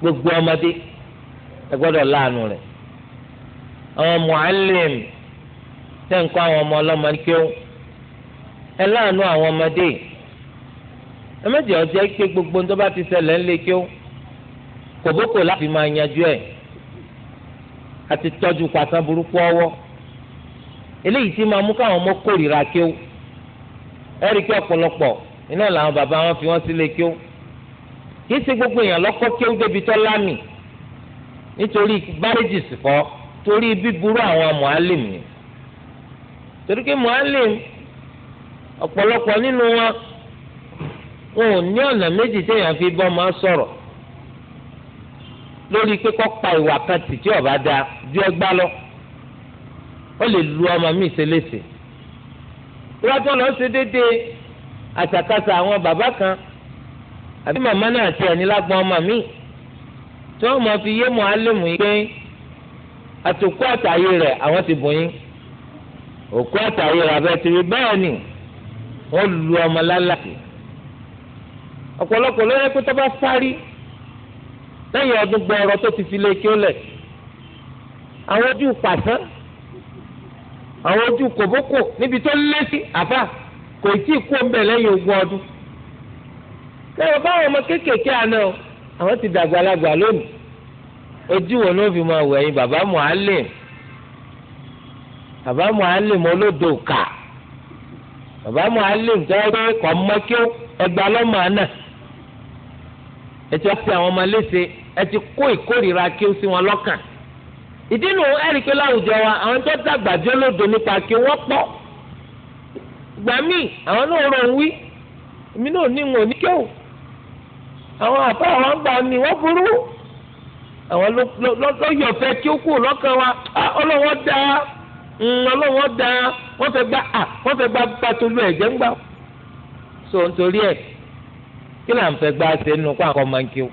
gbogbo ọmọdé ẹ gbọ́dọ̀ láàánú rẹ̀ àwọn mọ̀álẹ́m tẹ̀ ń kọ́ àwọn ọmọ ọlọ́mọ ní kí ẹ láàánú àwọn ọmọdé ẹ méjì ọjọ́ pé gbogbo ń tó bá ti ṣẹlẹ̀ ńlẹ̀ kí ó kòbókò láti máa yanjú ẹ̀ àti tọ́jú pàṣán burúkú ọwọ́ eléyìí tí máa mú káwọn ọmọ kórìíra kéwú ẹ rí i pé ọ̀pọ̀lọpọ̀ iná làwọn bàbá wọn fi wọ́n sílé kéwú kì í ṣe gbogbo èèyàn lọ́kọ́ kéwú débi tọ́ lámì nítorí bárẹ́jì sìkọ́ torí bíburú àwọn mọ̀álìm ni torí pé mọ̀álìm ọ̀pọ̀lọpọ̀ nínú wọn wọn ò ní ọ̀nà méjì téèyàn fi bọ́ máa sọ̀rọ̀ lórí kíkọ́ pa ìwà kan tì tí ọba da ju ẹgbá lọ ó lè lu ọmọ mi ìṣeléṣe ìwájú ọ̀nà ó ṣe déédéé àṣàkáṣà àwọn bàbá kan àbí màmá náà ti ẹ̀ nílágbọ́n ọmọ mi tí wọ́n mọ̀ fi yé mọ́ alẹ́mú yìí pé àtòkú àtàyè rẹ̀ àwọn ti bùn òkú àtàyè rẹ̀ abẹ́ ti rí bẹ́ẹ̀ ni wọ́n lu ọmọ lálàtì ọ̀pọ̀lọpọ̀ ló yẹ kó tó bá sáré lẹ́yìn ọdún gbọ́ọ̀rọ̀ tó ti fi lé kí ó lẹ̀ àwọn ojú pàṣẹ àwọn ojú kòbókò níbi tó lé sí àbá kò tí ì kú ọmọ ẹ̀ lẹ́yìn ogún ọdún lẹ́yìn báwọn ọmọ kéékèèké àná o àwọn ti dàgbà alágbà lónìí ojú wo ló fi máa wẹ̀ yín bàbá muhalim bàbá muhalim olódò kà bàbá muhalim tó yẹ kọ́ mọ́kí ẹgbàá lọ́mọ àná ẹ ti wá sí àwọn ọmọ léṣe ẹ ti kó ìkórìíra kí ó sí wọn lọ́kàn ìdí nu ẹ̀rí pé láwùjọ wa àwọn tó dàgbà jẹ́ lódò nípa kí wọ́n pọ̀ gbà mí àwọn náà rò ń wí èmi náà ní wọn ò ní kéwù àwọn àbá àwọn gbà mí wọ́n burú àwọn lọ́yọ̀ fẹ́ kí ó kù lọ́kàn wa ọlọ́wọ́ da ọlọ́wọ́ da wọ́n fẹ́ gba ah, wọ́n fẹ́ gba pàtólú ẹ̀jẹ̀ ń gbà so nítorí ẹ̀ kí là ń fẹ́ gba ṣe nínú kó àkọ́ máa ń kéwù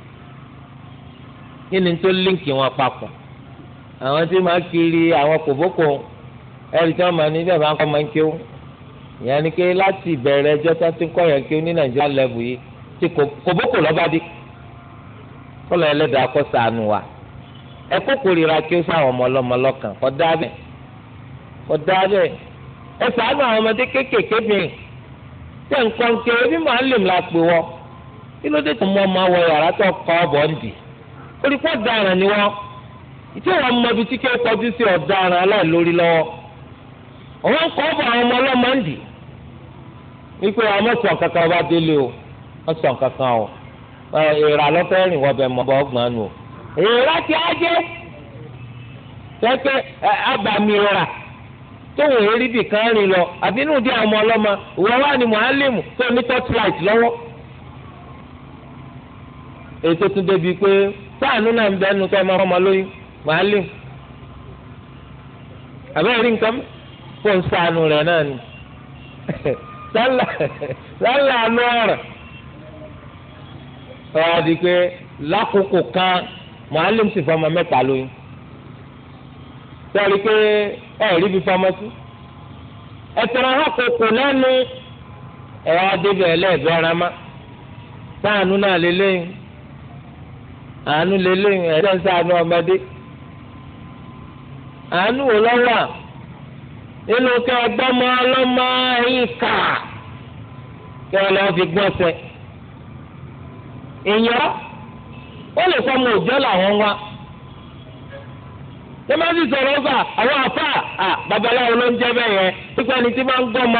kí ni tó líǹkì wọn papọ̀ àwọn tí máa kiri àwọn kòbókò ẹ̀rí tí wọ́n máa ní bẹ́ẹ̀ máa ń kọ́ máa ń kéwò ìyẹn ni pé láti ìbẹ̀rẹ̀ ẹjọ́ tó ti ń kọ́ yẹn kéwò ní nàìjíríà lẹ́bù yìí tí kòbókò lọ́ba dé kọ́lọ̀ ẹlẹ́dàá kọ́ sànù wa ẹ kó kórìíra kéwò sáwọn ọmọ lọ́kàn kọ́ dá bẹ́ẹ̀ kọ́ dá bẹ́ẹ̀ ẹ sànù àwọn ọmọdé kéékèèké bìnrin tẹ̀ ń kọ́ ń la pè wọ́ kí ló dé tó olùkọ́ ọ̀daràn ni wọ́n ìtí àwọn mọ ibi tí kí ó kọjú sí ọ̀daràn aláìlórí lọ́wọ́ kọ́ ọmọ ọlọ́mọ ń dì àwọn mọ̀sán kankan bá délé o mọ̀sán kankan o èrà lọ́fẹ́ rìn wọ́n bẹ̀ mọ́ bọ́ ọgbọ́n nù o èrà ti lọ àbínú sáànù náà ń bẹ ẹnu kọ́ ẹ máa fọmọ lóyún wàá lè àbẹ́rẹ́ rí nǹkan kó ń sáànù rẹ̀ náà ni lálẹ́ àánú ọ̀rọ̀ ọ̀rọ̀ àti pé lákòókò kan màálùm sì fọmọ mẹ́ta lóyún sọ́ọ́rí pé ẹ̀rí fi fọmọ sí ẹ̀tẹ̀rẹ̀ hàn kòkò lẹ́nu ẹ̀rọ adébẹ̀ ẹlẹ́ẹ̀dọ́ra má sáànù náà lélẹ́yìn. àánú lélẹ́yìn ẹ̀jọ́ ń sàánú ọmọdé àánú wò lọ́wọ́ nínú kẹ́ ọgbọ́mọ ọlọ́mọ ẹ̀yìn kà kẹ́ ọ lọ́ọ́ fi gbọ́sẹ̀ èèyàn ó lè sọ ọmọ òjọ́ làwọn wá tẹ́lá ti sọ̀rọ̀ fà àwọn àfà babaláwo ló ń jẹ́ bẹ́ẹ̀ yẹn pípẹ́ ni tí ń gbọ́ ọmọ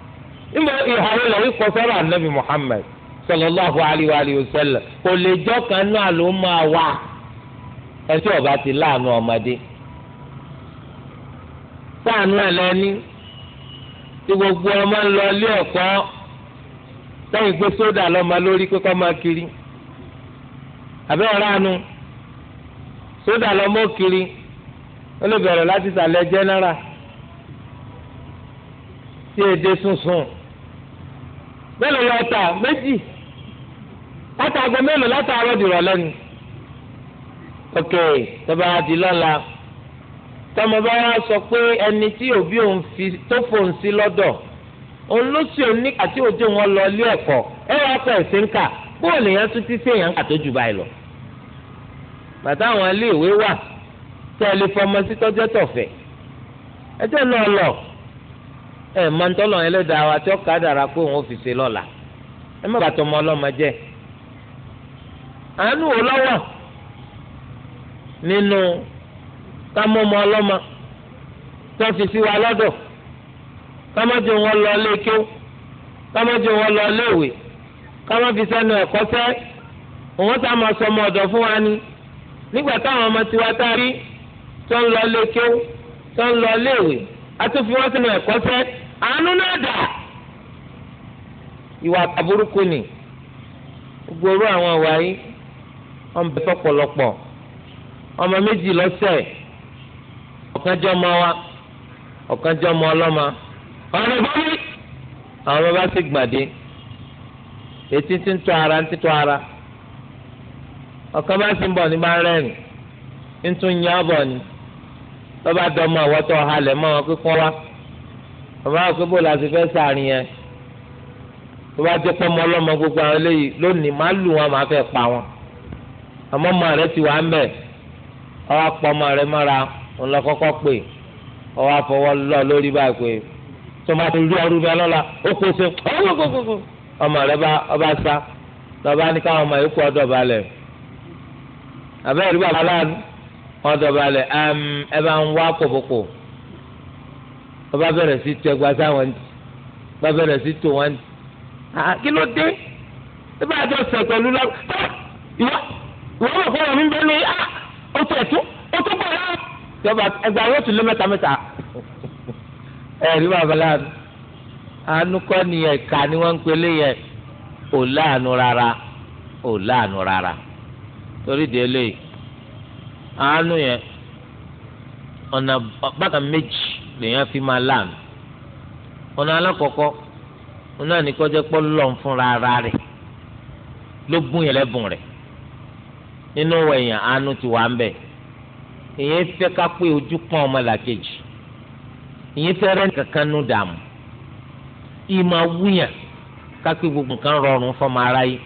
nígbà ìhàwé lọ ikọ̀ sọ́rọ̀ anabi muhammed sallallahu alayhi wa sallam kò lè jọ́ kan ló máa wà ẹtí ọba ti láàánú ọmọdé sáànù ẹ tí gbogbo ọmọ ń lọ ilé ẹ̀kọ́ gbé sódà lórí pé kọ́ kiri àbẹ́ sódà mélòó lọ ta méjì látàgọ mélòó látàárọ̀ dìrọ̀lẹ́ ni ok tọba di lọ́la tọmọ bá wá sọ pé ẹni tí òbí òun fi tó fòun sí lọ́dọ̀ òun ló sì òun níkà tí òjò wọn lọ ilé ẹ̀kọ́ ẹ wá pẹ ẹsẹ ń kà bóòlù yẹn tún ti sèyàn ń kà tó jù báyìí lọ bàtà àwọn ilé ìwé wà tẹ ẹ lè fọmọ náà lọ. ẹ mọ ntọ́lọ̀ yẹn lé dàá wa tí ó ká dàrá òun fi ṣe lọ́la ẹ má bàtọ́ ọlọ́mọ àánú wò lọ́wọ́ nínú kámọ́mọ́ ọlọ́mọ tó fi sí wa lọ́dọ̀ kámọ́jú wọn lọ lékè kámọ́jú wọn lọ léèwé kámọ́ fi sẹ́nu ẹ̀kọ́ sẹ́ tiwa tá a rí tó ń lọ lékè tó ń fi wọ́n ẹ̀kọ́ àánú náà dà ìwà burúkú ni gbogbo orú àwọn ìwà yìí wọn bẹ fọpọlọpọ ọmọ méjì lọ́sẹ̀ ọ̀kan jẹ́ ọmọ wa ọ̀kan ọmọ ara ń ara ọ̀kan bá sì ń bọ̀ ní bá rẹ́rìn ń tún yán bọ̀ bàbá àwọn pé bóòlù àti fẹ́ sàárín yẹn tó bá jẹ́ pọ́nmọ ọlọ́mọ gbogbo àwọn eléyìí lónìí máa lù wọn máa fẹ́ pa wọn àmọ́ ọmọ rẹ ti wà ń bẹ̀ ọwọ́ pọ́nmọ rẹ mọ́ra òun lọ kọ́kọ́ pè ọwọ́ àfọwọ́ lọ lórí báyìí pé tó máa ti rí ọrú bẹ́ẹ̀ lọ́la ó kó so ọmọ rẹ bá ọba sá lọ́ba ní káwọn ọmọ yòókù ọdọ̀ balẹ̀ àbẹ́rẹ́ bàbá aláàánú ọdọ̀ balẹ̀ ẹ bá ń wá kòbókò bàbá bẹ̀rẹ̀ sí tu ẹgba sáwọn ní bàbá bẹ̀rẹ̀ sí tu wọn ní. Ah, kí ló dé ẹ bá jọ sẹ̀ pẹ̀lú lọ́wọ́ ah, ìwọ ìwọ wọ̀ fún ọ̀rọ̀ mi bẹ́ẹ̀ ni ó ah, tẹ̀ tún ó tún bọ̀ lọ́wọ́. ìjọba ẹgba yóò tún lé mẹ́ta mẹ́ta. ẹ rí bàbá láàánú àánú kọ́ ni ẹ̀ka ń pelé yẹn ò láàánú rárá ò láàánú rárá torí délé àánú yẹn ọ̀nà bàtà méjì lèèyàn fi máa láàánú ọ̀nà alákọ̀ọ́kọ́ ọ̀nà àníkọ́jẹ́ pọ́ lọ́n fúnra ara rẹ̀ ló bùn yẹn lẹ́bùn rẹ̀ nínú wẹ̀yàn àánú ti wà ń bẹ̀ ìyẹn fẹ́ ká pé ojú pọ́n ọmọ làkejì ìyẹn fẹ́ rẹ́ kankan nù dààmú ìmọ̀ wúyàn ká pé gbogbo nǹkan rọrùn fọmọ ara yìí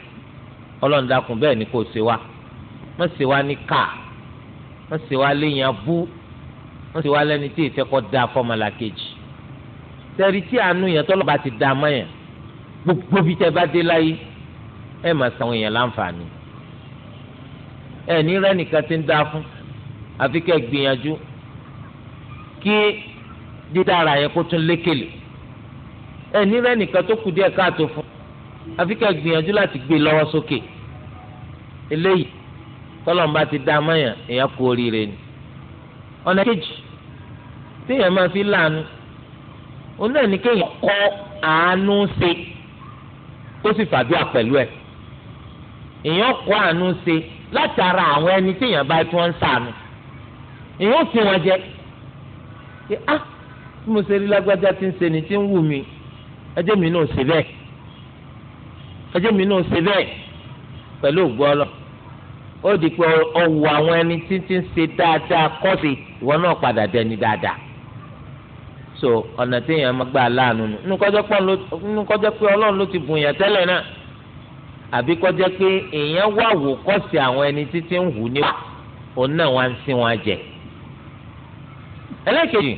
ọlọ́run dákun bẹ́ẹ̀ ni kò ṣe wá má ṣe wá ní káà má ṣe wá léyìn abú wọ́n sì wá lẹ́ni tí ìfẹ́kọ́ da fọ́mọlá kejì tẹ̀rí tí àánú yẹn tọ́lọ́ba ti da mọ́ yẹn gbogbo bí tẹ́ bá dé láyé ẹ̀ máa sàwọn èèyàn láǹfààní ẹ̀ ní rẹ́nìkan ti ń dá fún àfi kẹ́ gbìyànjú kí dídára yẹn kó tún lékele ẹ̀ ní rẹ́nìkan tó kù díẹ̀ káàtó fún àfi kẹ́ gbìyànjú láti gbé e lọ́wọ́ sókè eléyìí tọ́lọ́mba ti dá mọ́ yẹn kú oríire ni ọ̀nà kejì téèyàn máa fi láàánú òun náà ní kéèyàn kọ́ àánú ṣe kó sì fàdúrà pẹ̀lú ẹ̀ èèyàn kọ́ àánú ṣe látara àwọn ẹni téèyàn bá tí wọ́n ń sànù èèyàn fi wọ́n jẹ pé ah tí mo ṣe rí lágbájá tí ń ṣe ni tí ń wù mí ẹjẹ́ mi náà ṣe bẹ́ẹ̀ ẹjẹ́ mi náà ṣe bẹ́ẹ̀ pẹ̀lú ògbọ́lọ̀ ó di pé ọ̀wọ̀ àwọn ẹni tí ń ṣe dáadáa kọ́ sí ìwọ náà padà dẹni dáadáa so ọ̀nà téèyàn máa gbà láàánú nù nínú kọjá pé ọlọ́run ló ti bùn yàn tẹ́lẹ̀ náà àbí kọjá pé èèyàn wà wò kọ́sì àwọn ẹni títí ń hù ní òun náà wá ń sin wọn jẹ. ẹlẹ́kejì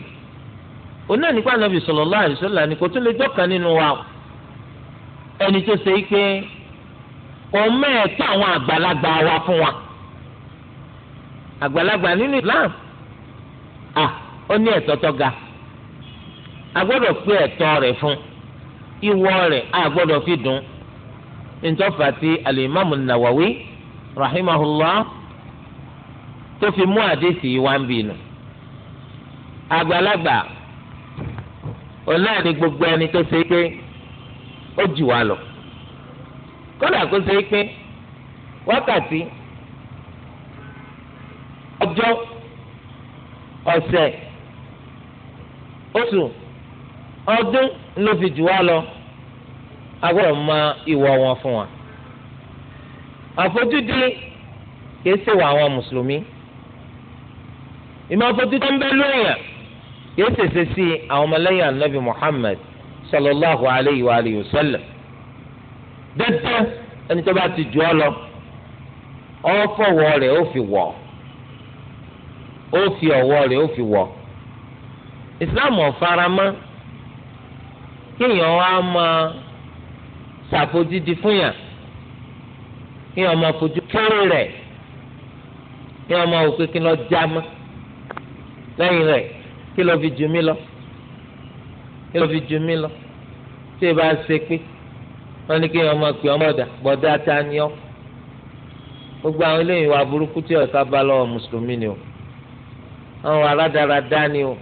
òun náà nípa ànábì sallallahu alaihi wasallam ni kò tún lè jọ́kan nínú wa ẹni tó ṣe pé kò mẹ́ẹ̀ẹ́tọ́ àwọn àgbàlagbà wa fún wa àgbàlagbà nínú Islam ah ó ní ẹ̀tọ́ tó ga a gbọ́dọ̀ pé ẹ̀tọ́ rẹ̀ fún ìwọ rẹ̀ a gbọ́dọ̀ fi dùn ntọ́fà ti alimami nawawi rahimahullah tó fi mú àdéhìí wá ń bínú àgbàlagbà ọ̀nà ni gbogbo ẹni tó ṣe pé ó jù wá lọ kódà kó ṣe pé wákàtí ọjọ́ ọ̀sẹ̀ oṣù ọdún ló fi jù wá lọ a gbọ́dọ̀ mọ ìwọ wọn fún wa àfojúdi kìí ṣe wà àwọn mùsùlùmí ìmọ̀ àfojúdi ń bẹ lóyìn kìí ṣèṣe sí àwọn ọmọlẹ́yìn anabi Muhammad sallallahu alayhi wa alayhi wa sallam dẹ́tẹ́ ẹni tó bá ti jù ọ lọ ọ rẹ̀ ó fi wọ̀ ó fi ọwọ́ rẹ̀ ó fi wọ̀ ìsìlámù ọ̀faramọ́ kéèyàn wá máa ṣàfojúdi fún yàn kéèyàn máa fojú kéré rẹ̀ kéèyàn máa wò pé kí lọ já mọ́ lẹ́yìn rẹ̀ kí lọ fi jù mí lọ kí lọ fi jù mí lọ tí ì bá ṣe pé wọ́n ní kéèyàn máa pè ọmọ ọ̀dà ta ni ọ́ gbogbo àwọn eléyìí wà burúkú tí ọ̀sá bá lọ́wọ́ mùsùlùmí ni o àwọn aládàradá ni o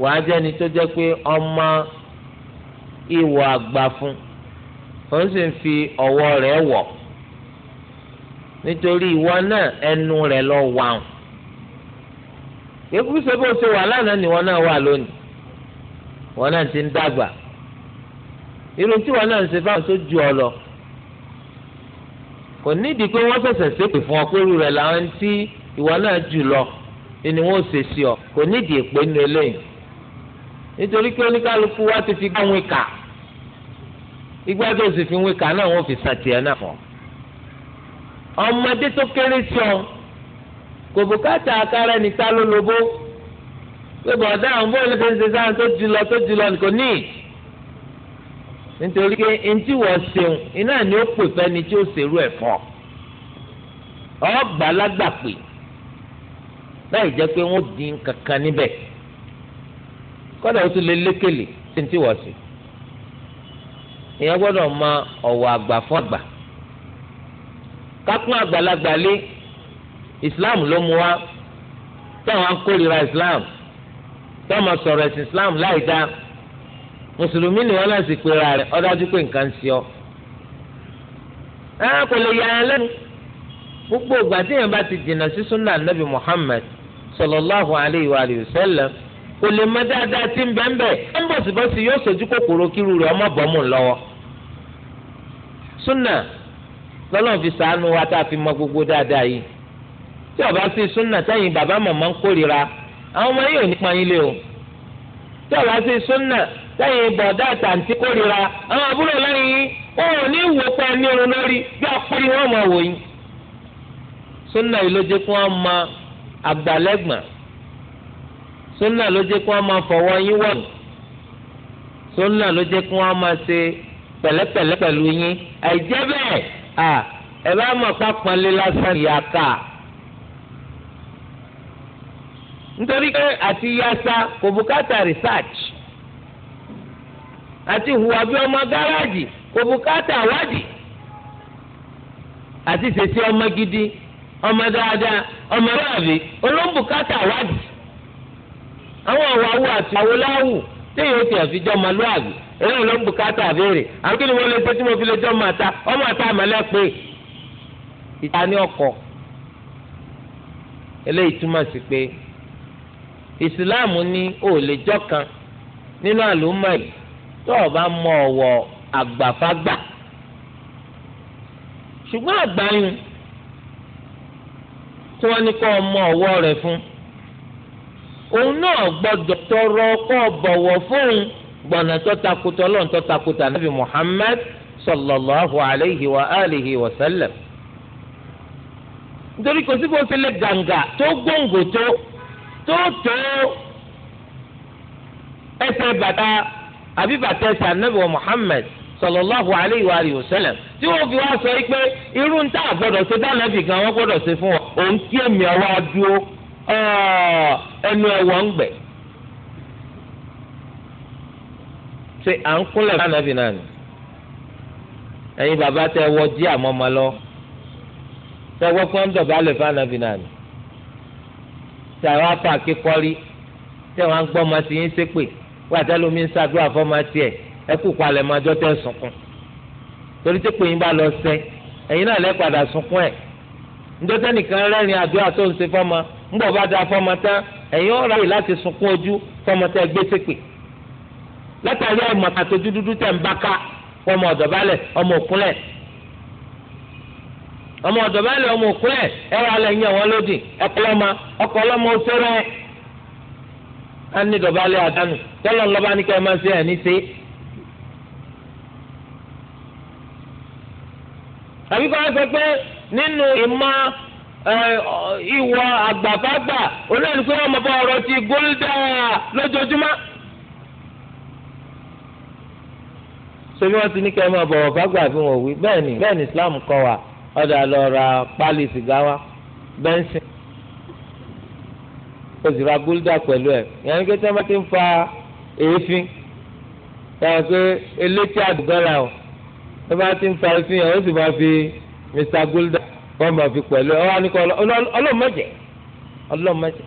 wàá jẹ́ni tó jẹ́ pé ọmọ ìwọ̀ àgbà fún òun sì ń fi ọwọ́ rẹ̀ wọ̀ nítorí ìwọ náà ẹnu rẹ̀ lọ wà ń yẹkú sọ bó ṣe wà lánàá ni wọn náà wà lónìí wọn náà ti ń dàgbà irú tí wọn náà ń ṣe fáwọn tó ju ọ lọ kò nídìí pé wọn ṣẹ̀ṣẹ̀ ṣépè fún ọ pé irú làwọn tí ìwọ náà jù lọ ni wọn ò ṣe sí ọ kò nídìí èpè nínú eléyìí nítorí pé oníkálukú wa ti fi gbáwọn ìkà ìgbà tó sì fi wé kàánà wọn fi san tiẹ̀ náà fọ́ ọmọdé tó kéré sí ọ kò bùkátà akárẹ́ níta ló lobó pé bọ̀dá àwọn bóyá ló ń ṣe sáà tó ti lọ tó ti lọ nìkan ní nítorí pé ntí wọ́n ṣeun iná ni ó pè fẹ́ni tí ó ṣerú ẹ̀ fọ́ ọgbà lágbàpè láì jẹ́ pé wọ́n dín kankan níbẹ̀ kọ́dà ó tún lè lékele ntí wọ́n ṣe. ìyẹn gbọ́dọ̀ mọ ọ̀wọ̀ àgbà fún àgbà kápún àgbàlagbà lé islam ló mu wá táwọn akórira islam táwọn sọ̀rọ̀ ẹ̀sìn islam láì dá mùsùlùmí ni wọn náà sì pera rẹ̀ ọdájú pé nǹkan ń ṣe ọ. ẹ kò lè yà lẹ́nu gbogbo ìgbà tí bá ti sí nabi muhammad sallallahu alayhi wa sallam kò lè mọ dáadáa tí ń bẹ́ẹ̀ bẹ́ẹ̀ ẹ̀ ń yóò kòkòrò kírú rẹ̀ súnà lọ́lọ́run fi sàánú wa fi mọ gbogbo dáadáa yìí tí ọba sí súnà táyìn bàbá màmá ń kórira àwọn ọmọ yìí ò ní pa o tí ọba sí súnà táyìn bọ̀dá àwọn àbúrò lẹ́yìn yìí ó ní wò pa ẹni irun lórí bí wọn wò yín. súnà yìí ló jẹ́ kí mọ súnà ló mọ fọwọ́ yín pẹ̀lẹ́pẹ̀lẹ́ pẹ̀lú yín àìjẹ́ bẹ́ẹ̀ à ẹ bá mọ̀ ká pọ́nlé lásán ìyá ká nítorí pé àti yasa kò bùkátà research àti hùwà bí ọmọ gáràjì kò bùkátà wádìí àti sèse ọmọ gidi ọmọ dáadáa ọmọ ráàbì olóńbùkátà wádìí àwọn àwọ̀ àwọ̀ àti àwòláwù téèyàn ti àfijọ́ ọmọlúwàbí eléyìí ló ń bùkátà àbẹ̀rẹ̀ àwọn kí ni wọ́n lè ṣe tí mo fi lè jọ́ ọmọ àta ọmọ àta àmàlẹ́ pé ìta ní ọkọ̀ eléyìí túmọ̀ sí pé ìsìláàmù ní ò lè jọ́ kan nínú àlùmọ́ yìí tó o bá mọ ọ̀wọ̀ àgbàfagbà ṣùgbọ́n àgbáyùn tí wọ́n ní kó o mọ ọ̀wọ̀ rẹ̀ fún òun náà gbọ́dọ̀ tọrọ kó o bọ̀wọ̀ fóun gbọ̀nà tó takùtà ọlọ́run tó takùtà nàbì Muhammad sallallahu alayhi wa alihi wa sallam nítorí kò sí bó ṣe lè gàǹgà tó gbòǹgò tó tó tó ẹsẹ̀ bàtà àbí bàtà ẹsẹ̀ anabi wa sallallahu alayhi wa alihi wa sallam tí wọ́n fi wá sọ pé irú ń tà gbọ́dọ̀ ṣe dánàbì gan wọ́n gbọ́dọ̀ ṣe fún wọn òun kí èmi ọwọ́ adúró ẹnu ẹ̀wọ̀n gbẹ̀. ṣe à ń kúnlẹ̀ fún anabi náà ni ẹ̀yin bàbá tẹ wọ jí àmọ́ ma lọ tẹ wọ pé ń dọ̀bálẹ̀ fún anabi náà ni tẹ wọ́n apá kíkọ́rí tẹ wọ́n gbọ́ ma ti yín ṣépè wọ́n àtẹ́lómi ń ṣàdúrà fọ́ ma tiẹ̀ ẹ kú palẹ̀ ma jọ́ tẹ̀ sunkún torí tí pèyìn bá lọ sẹ́ ẹ̀yin náà lẹ́ padà sunkún ẹ̀ ǹdọ́tẹ́ nìkan rẹ́rìn àdúrà tó ń ṣe fọ́ma ńgbọ̀ bá da fọ́ma tán ẹ̀yin ọ̀rọ̀ yìí látàrí ẹ̀ màkàtó dúdú tẹ̀ ń bá ká ọmọ ọ̀dọ̀bálẹ̀ ọmọ òkúnlẹ̀ ọmọ ọ̀dọ̀bálẹ̀ ọmọ òkúnlẹ̀ ẹ wà lẹ́yìn ẹ̀wọ̀n lódì ẹ̀kọ́lọ́mọ ọkọ̀lọ́mọ òṣèré á àdánù tẹ́lọ̀ ní ṣebí wọ́n ti ní kẹ́ ẹ máa bọ̀wọ̀ fágbà bí wọ́n wí bẹ́ẹ̀ ni bẹ́ẹ̀ ni Islam kọ́ wa ọ̀dà lọ ra pálí sìgá wa bẹ́ńsìn o sì ra gúldà pẹ̀lú ẹ̀ ìyẹn ní kẹ́tẹ́ bá ti ń fa èéfín táwọn pé elétí àdúgbọ́là o tó bá ti ń fa èéfín yẹn ó sì máa fi Mr. gúldà wọ́n máa fi pẹ̀lú ẹ̀ wọ́n á ní kọ́ ọlọ́mọdé ọlọ́mọdé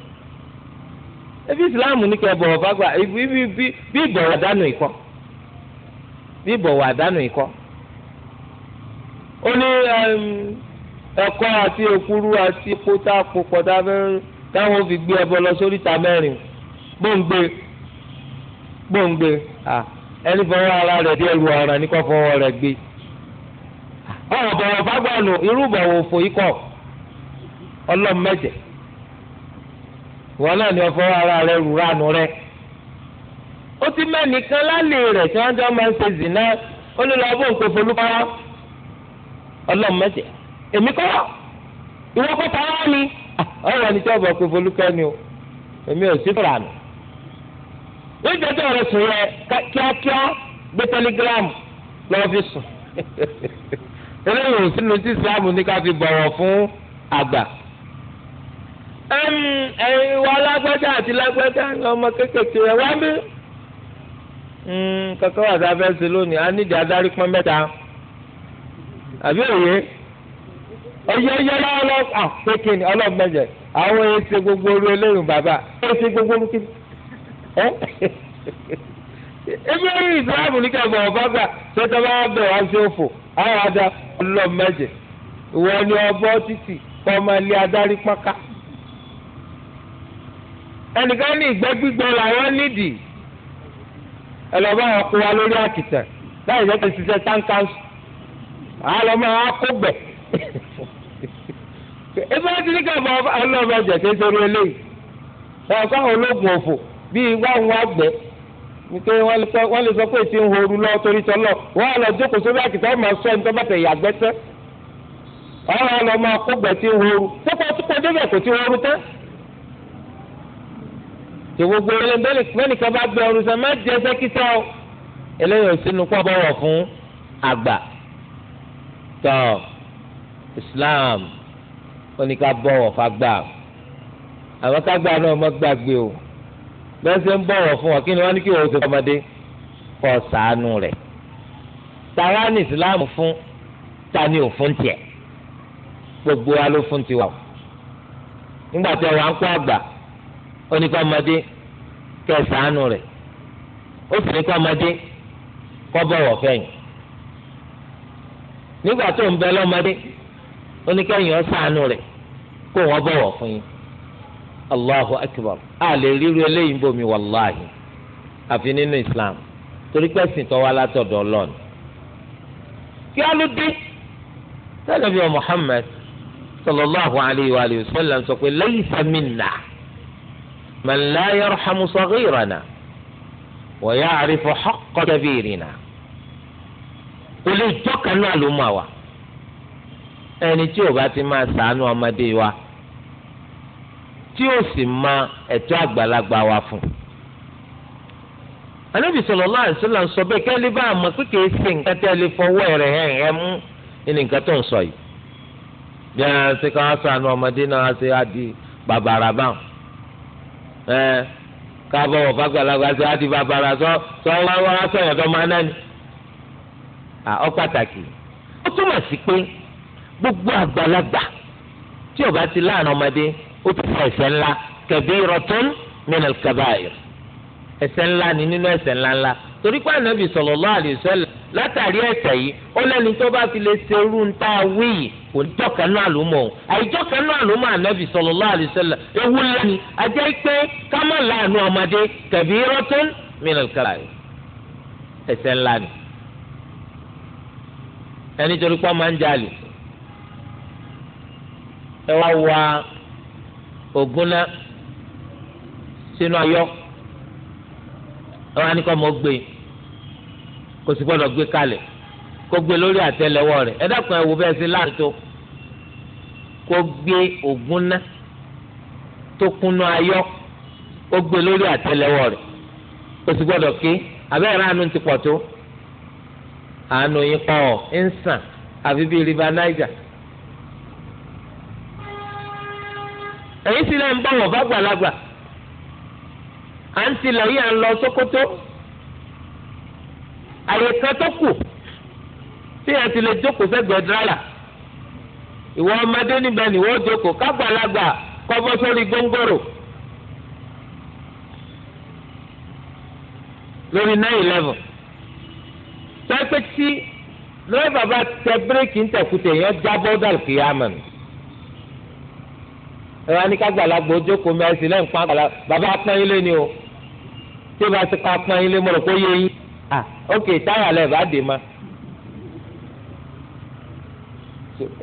ebi Islam ní kẹ́ ẹ bọ̀wọ̀ fágbà ibi bí ìbọ̀wọ̀ dánù ìkọ́ bí ìbọ̀wọ̀ àdánù ikọ́ ó ní um, ẹ̀kọ́ àti òkúrú àti epo tá a pò pọ̀ tá táwọn fi gbé ẹbọ lọ sórí ìta mẹ́rin gbòǹgbé gbòǹgbé ẹni fọwọ́ ara rẹ̀ díẹ̀ lu ara ní kọ́ fọwọ́ rẹ̀ gbé ọ̀rọ̀ fagbọ́nù irú bọ̀wọ̀ wọn náà ni ọfọwọ́ ara rẹ̀ ó ti mẹ́ nìkan lálẹ́ rẹ̀ tí wọ́n jọ máa ń ṣe zìnà ó lè lọ bó nǹkan folúbáwá ọlọ́run mẹ́jẹ̀ èmi kọ́ ìwọ kọ́ ta wá ni ah, ọ̀rọ̀ ni tí wọ́n bọ̀ pé folúkẹ́ ni o èmi ò sí fúra mi. wọ́n jẹ́ tó rẹ̀ sùn rẹ̀ kíákíá gbé tẹlígíráàmù lọ́ọ́ fi sùn eléyìí ò tí Islam ní ká fi bọ̀wọ̀ fún àgbà ẹ̀yin wa lágbájá àti lágbájá ọmọ kékeré wá bí Hmm, kankan wà sáfẹ́ sí lónìí a nídìí adarí pọ́n mẹ́ta àbí òye ọyọyọ lọ àpèké ni ọlọ́gbẹ́jẹ àwọn gbogbo orí eléyìí bàbá ẹsẹ̀ gbogbo orí kìí ẹ ebi ìsìlámù ní kẹfọ ọbọgà tọ́tà bá bẹ̀ wá sí òfò àwọn ìwọ ni títì E lọ bá wọn kó wa lórí àkìtàn láì jẹ́ kí n ṣiṣẹ́ táǹkáǹsì àá lọ máa kó gbẹ̀. ebi wọn ti ní ká ọlọ́ọ̀bẹ jẹ̀kẹ́ sórí eléyìí ẹ̀kọ́ àwọn ológun òfò bíi wáhùn àgbẹ̀ nítorí wọ́n lè sọ pé èsì ń torí tọ́lọ̀ wọ́n á lọ jókòó sórí sọ ẹni tó bá tẹ̀ tí gbogbo ẹlẹ́ni mẹ́nìkan bá gbẹ ọrùn sàn má jẹ sẹ́kítọ́ eléyìí ò sínú kọ́ bọ̀wọ̀ fún àgbà tọ́ Islam oníkà bọ̀wọ̀ fagbà àwọn kágbà náà mọ́ gbàgbé o bẹ́ẹ̀ ṣe ń bọ̀wọ̀ fún wọn kí ni wọ́n ní kí wọ́n ṣe fọmọdé kọ́ sàánú rẹ̀ tàwa ní Islam fún ta ni òfún tiẹ̀ gbogbo wa ló fún tiwa o nígbà tí wọn kó àgbà ó ní kọ́mọdé kẹsàánú rẹ̀ ó sì ní kọ́mọdé kọ́ bọ̀wọ̀ fẹ́yìn nígbà tó ń bẹ lọ́mọdé ó ní kẹ́yìn kó fún yín allahu akbar a lè ríru eléyìí bomi wàláhì àfi nínú islam torí pé tó wá látọ̀dọ̀ ọlọ́run kí á ló dé sẹ́lẹ̀ muhammad sallallahu alayhi wa sallam sọ pé من لا يرحم صغيرنا ويعرف حق كبيرنا kò lè jọ́kàn náà ẹni tí ò bá ti máa ṣàánú ọmọdé wa tí sì àgbàlagbà wa fún un. Ànábì sallallahu alaihi wasallam sọ bẹ́ẹ̀ kẹ́lí bá àmọ́ pé kìí ṣe nǹkan tẹ́ lè fọwọ́ ẹ̀rẹ̀ hẹ̀ ẹ̀ mú ní nǹkan tó ń sọ yìí. bí a di bàbàrà ẹ káàbọ̀ wọ̀ fagbalagbà sí àti bàbàrà sọ sọ wá wá sọ̀yàn tó máa náni. ọ pàtàkì ó túmọ̀ sí pé gbogbo àgbàlagbà tí ó bá ti láàánú ọmọdé ó ti fọ ẹ̀ṣẹ̀ ńlá kabiratun min al-kabair ẹ̀ṣẹ̀ ńlá ni nínú ẹ̀ṣẹ̀ ńlá ńlá torí pé ànábì sallallahu alaihi wasallam látàrí ẹ̀ṣẹ̀ yìí ó lẹ́ni tó bá fi lè ṣe irú ntá wí yìí kò ní jọ́kan náà ló mọ̀ ọ́n àìjọ́kan náà ló mọ̀ ànábì sallallahu alaihi wasallam ewu ńlá ajẹ́ pé ká láàánú ọmọdé kabiratun min al-kaba'ir ẹ̀ṣẹ̀ ńlá ni ẹni torí pé ọmọ ń jalè ẹ wá wá ògúnná sínú ayọ́ ẹ wá ní kọ́ mọ́ gbé e kò sì gbọ́dọ̀ gbé kalẹ̀ kó gbé lórí àtẹ́lẹwọ́ rẹ̀ ẹ dákun ẹ wò bẹ́ẹ̀ sí láàrin tó kó gbé ògùn ná tó kúnú ayọ́ kó gbé lórí àtẹ́lẹwọ́ rẹ̀ kò sì gbọ́dọ̀ ké abẹ́rẹ́ àánú ti pọ̀ tó àánú yín pọ̀ ń sàn àfi bíi river niger. èyí sì lẹ́yìn bá wọ̀ bá à ń tilẹ̀ yìí lọ Sókótó àyè kan tó kù tí yẹn ti lè jókòó sẹ́gbẹ̀ẹ́ dráyà ìwọ ọmọdé níbẹ̀ ni wọ́n jókòó kágbàlagbà kọ́bọ́ sórí góńgòrò lórí nine eleven sẹ́pẹ́ tí lórí bàbá tẹ bírèkì ń tẹ̀kùtẹ̀ yẹn jábọ́ dàlùkì yámẹ́nu ẹ̀rọ ní kágbàlagbà ojókòó mẹ́sì lẹ́yìn pa bàbá pọ́n ni o tí o bá ti pa pọ́n ilé mọ̀rọ̀ yẹ yín. Ah, ok táyà lẹ bá dé ma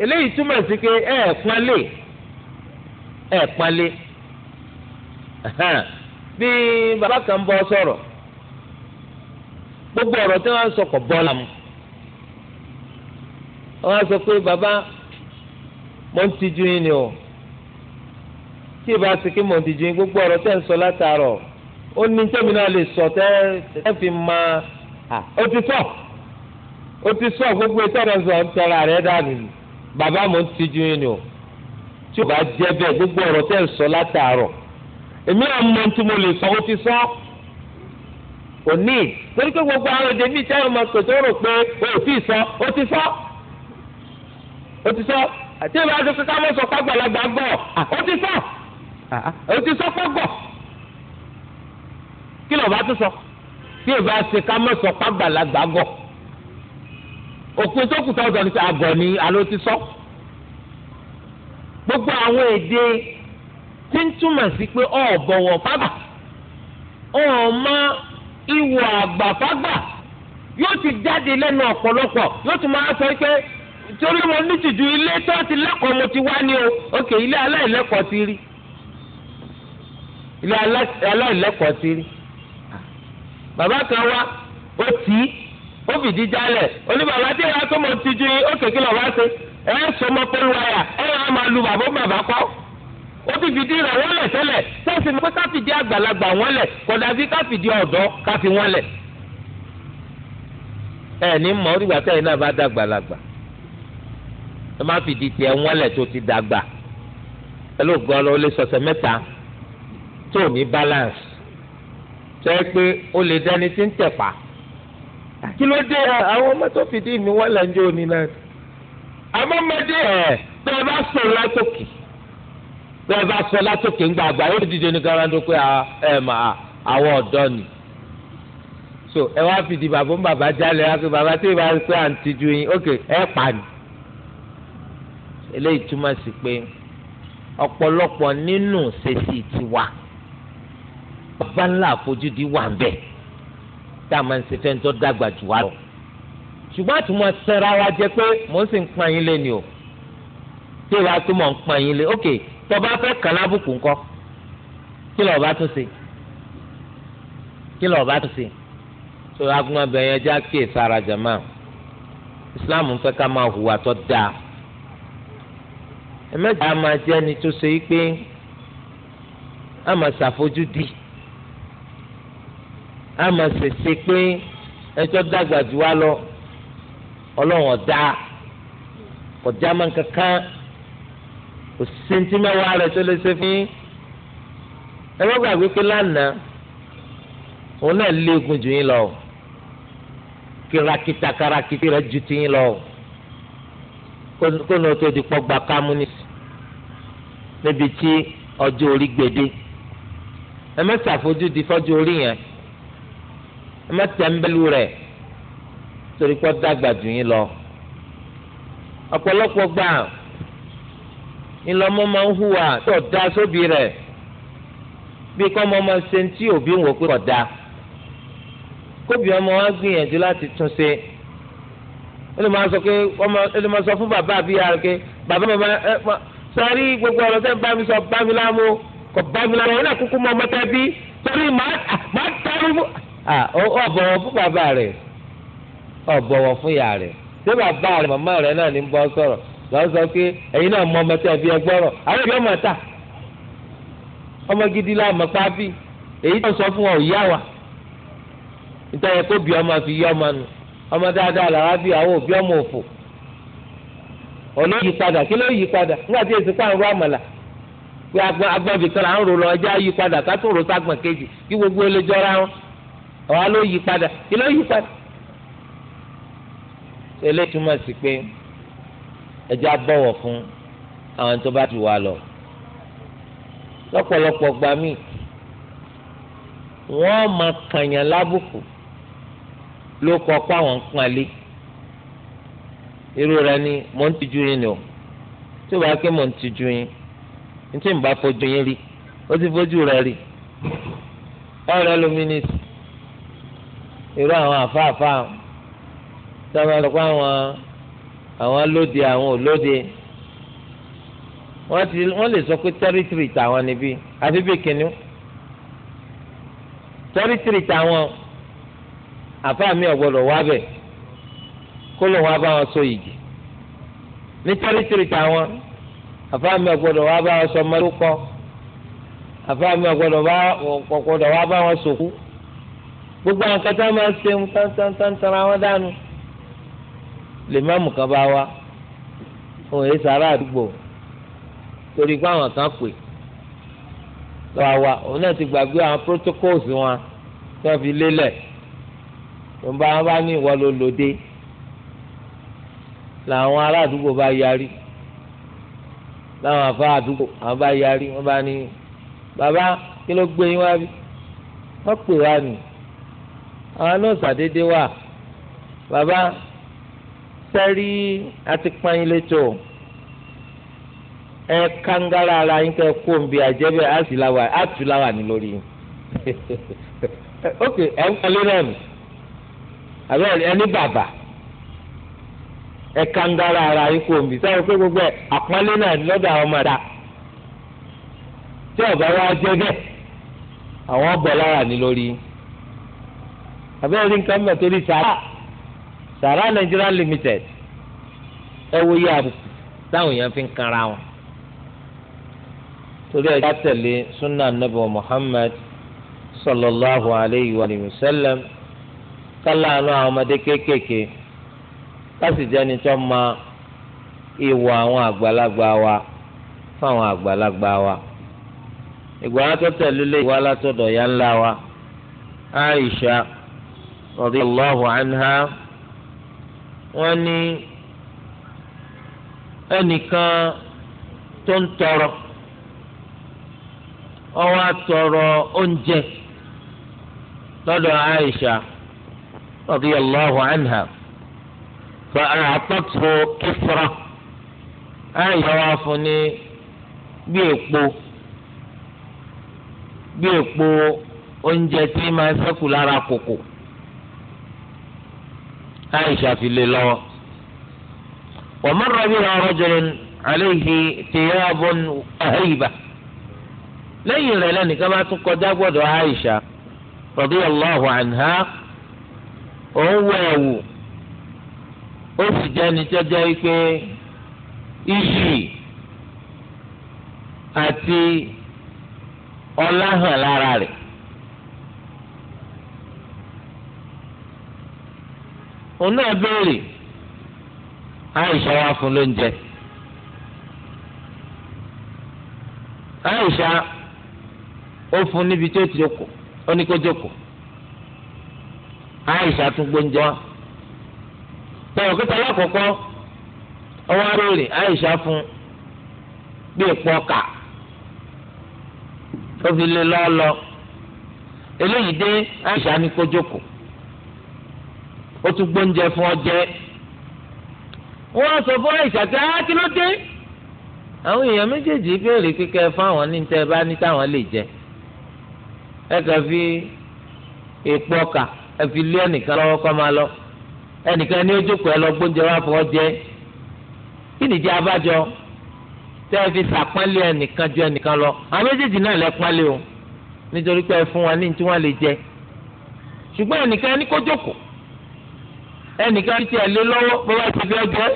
eléyìí túmọ̀ sí pé ẹ ẹ̀ pọ́nlé ẹ pọ́nlé bí bàbá kan bọ́ sọ̀rọ̀ gbogbo ọ̀rọ̀ tí wọ́n sọ kò bọ́ la mu wọ́n sọ pé bàbá o tí ìbá sí gbogbo ọ̀rọ̀ tẹ̀ ń sọ látàárọ̀ ó ní tẹ́mi náà lè sọ ẹ fi máa ó ti sọ ó ti sọ gbogbo ìtọ́rọ̀ sọ tẹ̀ra rẹ̀ dànù ni bàbá mo ń tijú yín ni o tí o bá jẹ́ bẹ́ẹ̀ gbogbo ọ̀rọ̀ tẹ̀ ń sọ látàárọ̀ èmi àwọn ọmọ tí mo lè sọ ó ti sọ kò ní torí pé gbogbo àwọn èdè bíi táwọn ọmọ pèsè ó rò pé o ti sọ ó ti sọ ó ti sọ àti ìbá tó kíkà mọ́ sọ kágbàlagbà gbọ́ ó ti sọ ó ti sọ kọ́ gbọ́ kí ló bá sọ bí ìbá ṣe ká mọ̀ sọ́pá gbàlagbà gọ̀ òpin tó kù tọ́jọ́ ní àgọ̀ ni àló ti sọ. gbogbo àwọn èdè tí ń túmọ̀ sí pé ọ̀ bọ̀wọ̀ fábà ọ̀ mọ ìwọ̀ àgbà fábà yóò ti jáde lẹ́nu ọ̀pọ̀lọpọ̀ yóò tún máa sọ pé torí mo ní tìjú ilé tó ti lẹ́kọ̀ọ́ mo ti wá ní o òkè ilé aláìlẹ́kọ̀ọ́ ti rí ilé aláìlẹ́kọ̀ọ́ ti rí bàbá kan o ti o í ó fìdí jálẹ̀ oníbàbá tí ìyá tó mọ̀ ti ju ó kékeré ọ̀bá ṣe ẹ sọ ọmọ pẹ̀lú wáyà ẹ máa ma lu bàbá bàbá kọ́ ó ti fìdí rẹ̀ wọ́n lẹ̀ tẹ́lẹ̀ sẹ́sì ni pé káfìdí àgbàlagbà wọ́n lẹ̀ kọ̀dà bí káfìdí ọ̀dọ́ káfì wọ́n lẹ̀ ẹ ní mọ̀ orí gbàtẹ́ yìí náà bá dàgbàlagbà ẹ má fìdí tiẹ̀ wọ́n lẹ̀ tó ti dàgbà ẹ ló gbọ́ ọ lọ lé sọ̀sẹ̀ mẹ́ta tó ní balance sọ pé o lè dẹni tí ń tẹ̀pá kí ló dé àwọn ọmọ fìdí mi wọ́n lẹ́ ń jó ni náà àmọ́ ọmọdé ẹ̀ tẹ́ ẹ bá sọ látòkè tẹ́ ẹ bá sọ látòkè ń gbàgbà yóò dìde ní garando pé àwọn ọ̀dọ́ ni so ẹ wá fìdí bàbá ń bàbá jálẹ̀ wá pé bàbá tí ìbá pé à ń tijú yín ok ẹ pa ni eléyìí túmọ̀ sí pé ọ̀pọ̀lọpọ̀ nínú ṣèṣì tiwa bàbá ńlá àfojúdi wà ń bẹ̀ tá a máa ń ṣe fẹ́ dàgbà jù wá lọ. ṣùgbọ́n àtúmọ̀ sẹ́ra wa jẹ pé mò ń sì ń pọn yín lé ni o tí ìwà tó mọ̀ ń pọn yín lé ok tó bá fẹ́ kàn lábùkù ńkọ́ kí lọ́ọ́ bá tún ṣe kí lọ́ọ́ bá tún ṣe tó agbọ́n abẹ yẹn já kí ìsara jama Islam ń fẹ́ ká máa hùwà tó dáa ẹ̀mẹ́jọ a máa jẹ́ ni tó ṣe yí pé a máa ṣàfojúdi a máa ṣèṣe pé ẹjọ́ dàgbà jù wá lọ ọlọ́run ọ̀dà kọjá máa ń kankan kò sẹ́ńtì mẹ́wàá rẹ̀ tó lè ṣe fún yín ẹ bá gbàgbé pé lánàá òun náà léegun jù yín lọ kìràkìtà kàràkìtì rẹ̀ ju ti yín lọ kó náà tó di pọ́gbà kámú níbi tí ọjọ́ orí gbèdé ẹ mẹ́sàáfojú di fọ́jú orí yẹn ẹ má tẹ̀mbẹ́lú rẹ̀ torí pé dàgbà jù yín lọ. ọ̀pọ̀lọpọ̀ gbà ńlọmọ máa ń hùwà tó da sóbì rẹ̀ bí kọ́ ọmọ máa ṣe tí òbí wò pé kò da kóbi ọmọ wa gbìyànjú láti tún ṣe ó lè máa sọ pé ọmọ ó lè máa sọ fún bàbá àbíyá rẹ̀ pé bàbá bàbá ẹ sọrí gbogbo ọ̀rọ̀ tẹ́ bá mi sọ bá mi láàmú kò bá mi láàmú ó lè kúkú mọ ọmọ tẹ́ bí torí màá tẹ́ ọ́ ọ bọ̀wọ̀ fún bàbá rẹ̀ ọ bọ̀wọ̀ fún ìyá rẹ̀ ṣé bàbá rẹ̀ màmá rẹ̀ náà ní bọ́ sọ̀rọ̀ sọ pé ẹ̀yin náà mọ ọmọ tí ẹ fi ẹ àwọn ìbí ọmọ ta ọmọ gidi la wa nítorí kó bí ọmọ fi yí ọmọ nu ọmọ dáadáa làwọn bí àwọn òbí ọmọ òfò ọ̀nà padà kí ló yí padà nígbà tí èsì pàrọ̀ àmàlà pé agbọ̀n agbọ̀n bìkan là ń àwa ló yí padà kí ló yí padà. tẹ́lẹ̀ túmọ̀ sí pé ẹja bọ̀wọ̀ fún àwọn tó bá ti wà lọ. lọ́pọ̀lọpọ̀ gba mí wọ́n máa kànyàn lábùkù ló kọ́ páwọn ń palẹ̀ irú rẹ ni mò ń tijú yín ni o tí o bá ké mò ń tijú yín ní tí n bá fojú yín rí o ti fojú rẹ rí ọ̀rẹ́ lómìnísì irú àwọn àfáàfá sábà sọ pé àwọn àwọn lóde àwọn òlóde wọ́n ti wọ́n lè sọ pé tẹ́rítìrì tàwọn níbí àfi bí kìnnú tẹ́rítìrì tàwọn àfáà mi ò gbọ́dọ̀ wá bẹ̀ kó ló wá bá wọn so yìí ní tẹ́rítìrì tàwọn àfáà mi ò wá bá wọn sọ mọ́lúkọ àfáà mi wá bá wọn sòkú gbogbo àwọn kẹta máa ń ṣe tántántántán ara wọn dànù lè má mú kan bá wa òun èyí sàrà àdúgbò torí pé àwọn kan pè lọ́wọ́ wa òun náà ti gbàgbé àwọn protocols wọn tí wọ́n fi lélẹ̀ tó ń bá wọn bá ní ìwọ ló lòdè làwọn ará àdúgbò bá yarí láwọn afá àdúgbò àwọn bá yarí wọ́n bá ní bàbá kí ló gbé yín wá bí wọ́n pè wá nìyí. àwọn náà ṣàdédé wà bàbá sẹ́rí àti létò ẹ kangara ara yín kẹ kó nbí àjẹbẹ àtúláwà àtúláwà lórí ok ẹ ń náà nù àbẹ ẹni bàbà ẹ kangara ara yín kó nbí gbogbo ẹ àpọ́nlé náà tí wa jẹ́ bẹ́ẹ̀ àwọn àbẹ́rẹ́ nǹkan mọ̀ torí sàrà sàrà Nigeria limited ẹ wo yí àbùkù táwọn èèyàn fi ń kanra wọn. torí ẹ já tẹ̀lé sunna anabi Muhammad sallallahu alayhi wa sallam kálánú àwọn ọmọdé kéékèèké láti jẹ́ni tó ma ìwà àwọn àgbàlagbà wa fáwọn àgbàlagbà wa. ìgbà wọn tó tẹ̀lé lé ìwà látọ̀dọ̀ ya ńlá wa Aisha radiyallahu anha wọ́n ní ẹnìkan tó ń tọrọ ó wá tọrọ oúnjẹ lọ́dọ̀ Aisha radiyallahu anha fa a'tathu kifra Aisha wá fún ní bí èpo bí èpo oúnjẹ tí máa ṣẹ́kù lára kòkò. aisha fi lé lọ́wọ́. wa marra biha rajulun alayhi thiyabun ahayba. lẹ́yìn rẹ̀ lẹ́nìkan bá tún kọjá aisha radiyallahu anha òun wọ ó sì jẹ́ni jẹ́jẹ́ wípé àti ọlá hàn lára òun náà béèrè Aisha wá fún lóúnjẹ Aisha ó fún níbi tí ó ti jókòó ó ní kó jókòó Aisha tún gbóúnjẹ wá tọ̀rọ̀ kíkọ́ alákọ̀ọ́kọ́ ọwọ́ aróòrè Aisha fún bí fi lé lọ́ọ́ lọ eléyìí dé ní kó ó tún gbóúnjẹ fún ọ jẹ wọ́n sọ fún àìsàn pé á ah, kí ló dé àwọn èèyàn méjèèjì béèrè kíkẹ́ fáwọn ní tẹ́ bá ní táwọn lè jẹ ẹ kàn fi èèpo ọkà ẹ fi lé ẹnìkan lọ́wọ́ kọ́ máa lọ ẹnìkan ní ojú kọ ẹ lọ gbóúnjẹ wá fún ọ jẹ kí nìjẹ́ abájọ tẹ́ ẹ fi sàpọ́nlé ẹnìkan ju ẹnìkan lọ àwọn méjèèjì náà lẹ pọ́nlé o nítorí pé ẹ fún wọn ní tí wọ́n lè jẹ ṣùgbọ́n ẹnìkan ní kó jókòó ẹnìkan ti ẹ̀ lé lọ́wọ́ bó bá ti fi ẹ jẹ́.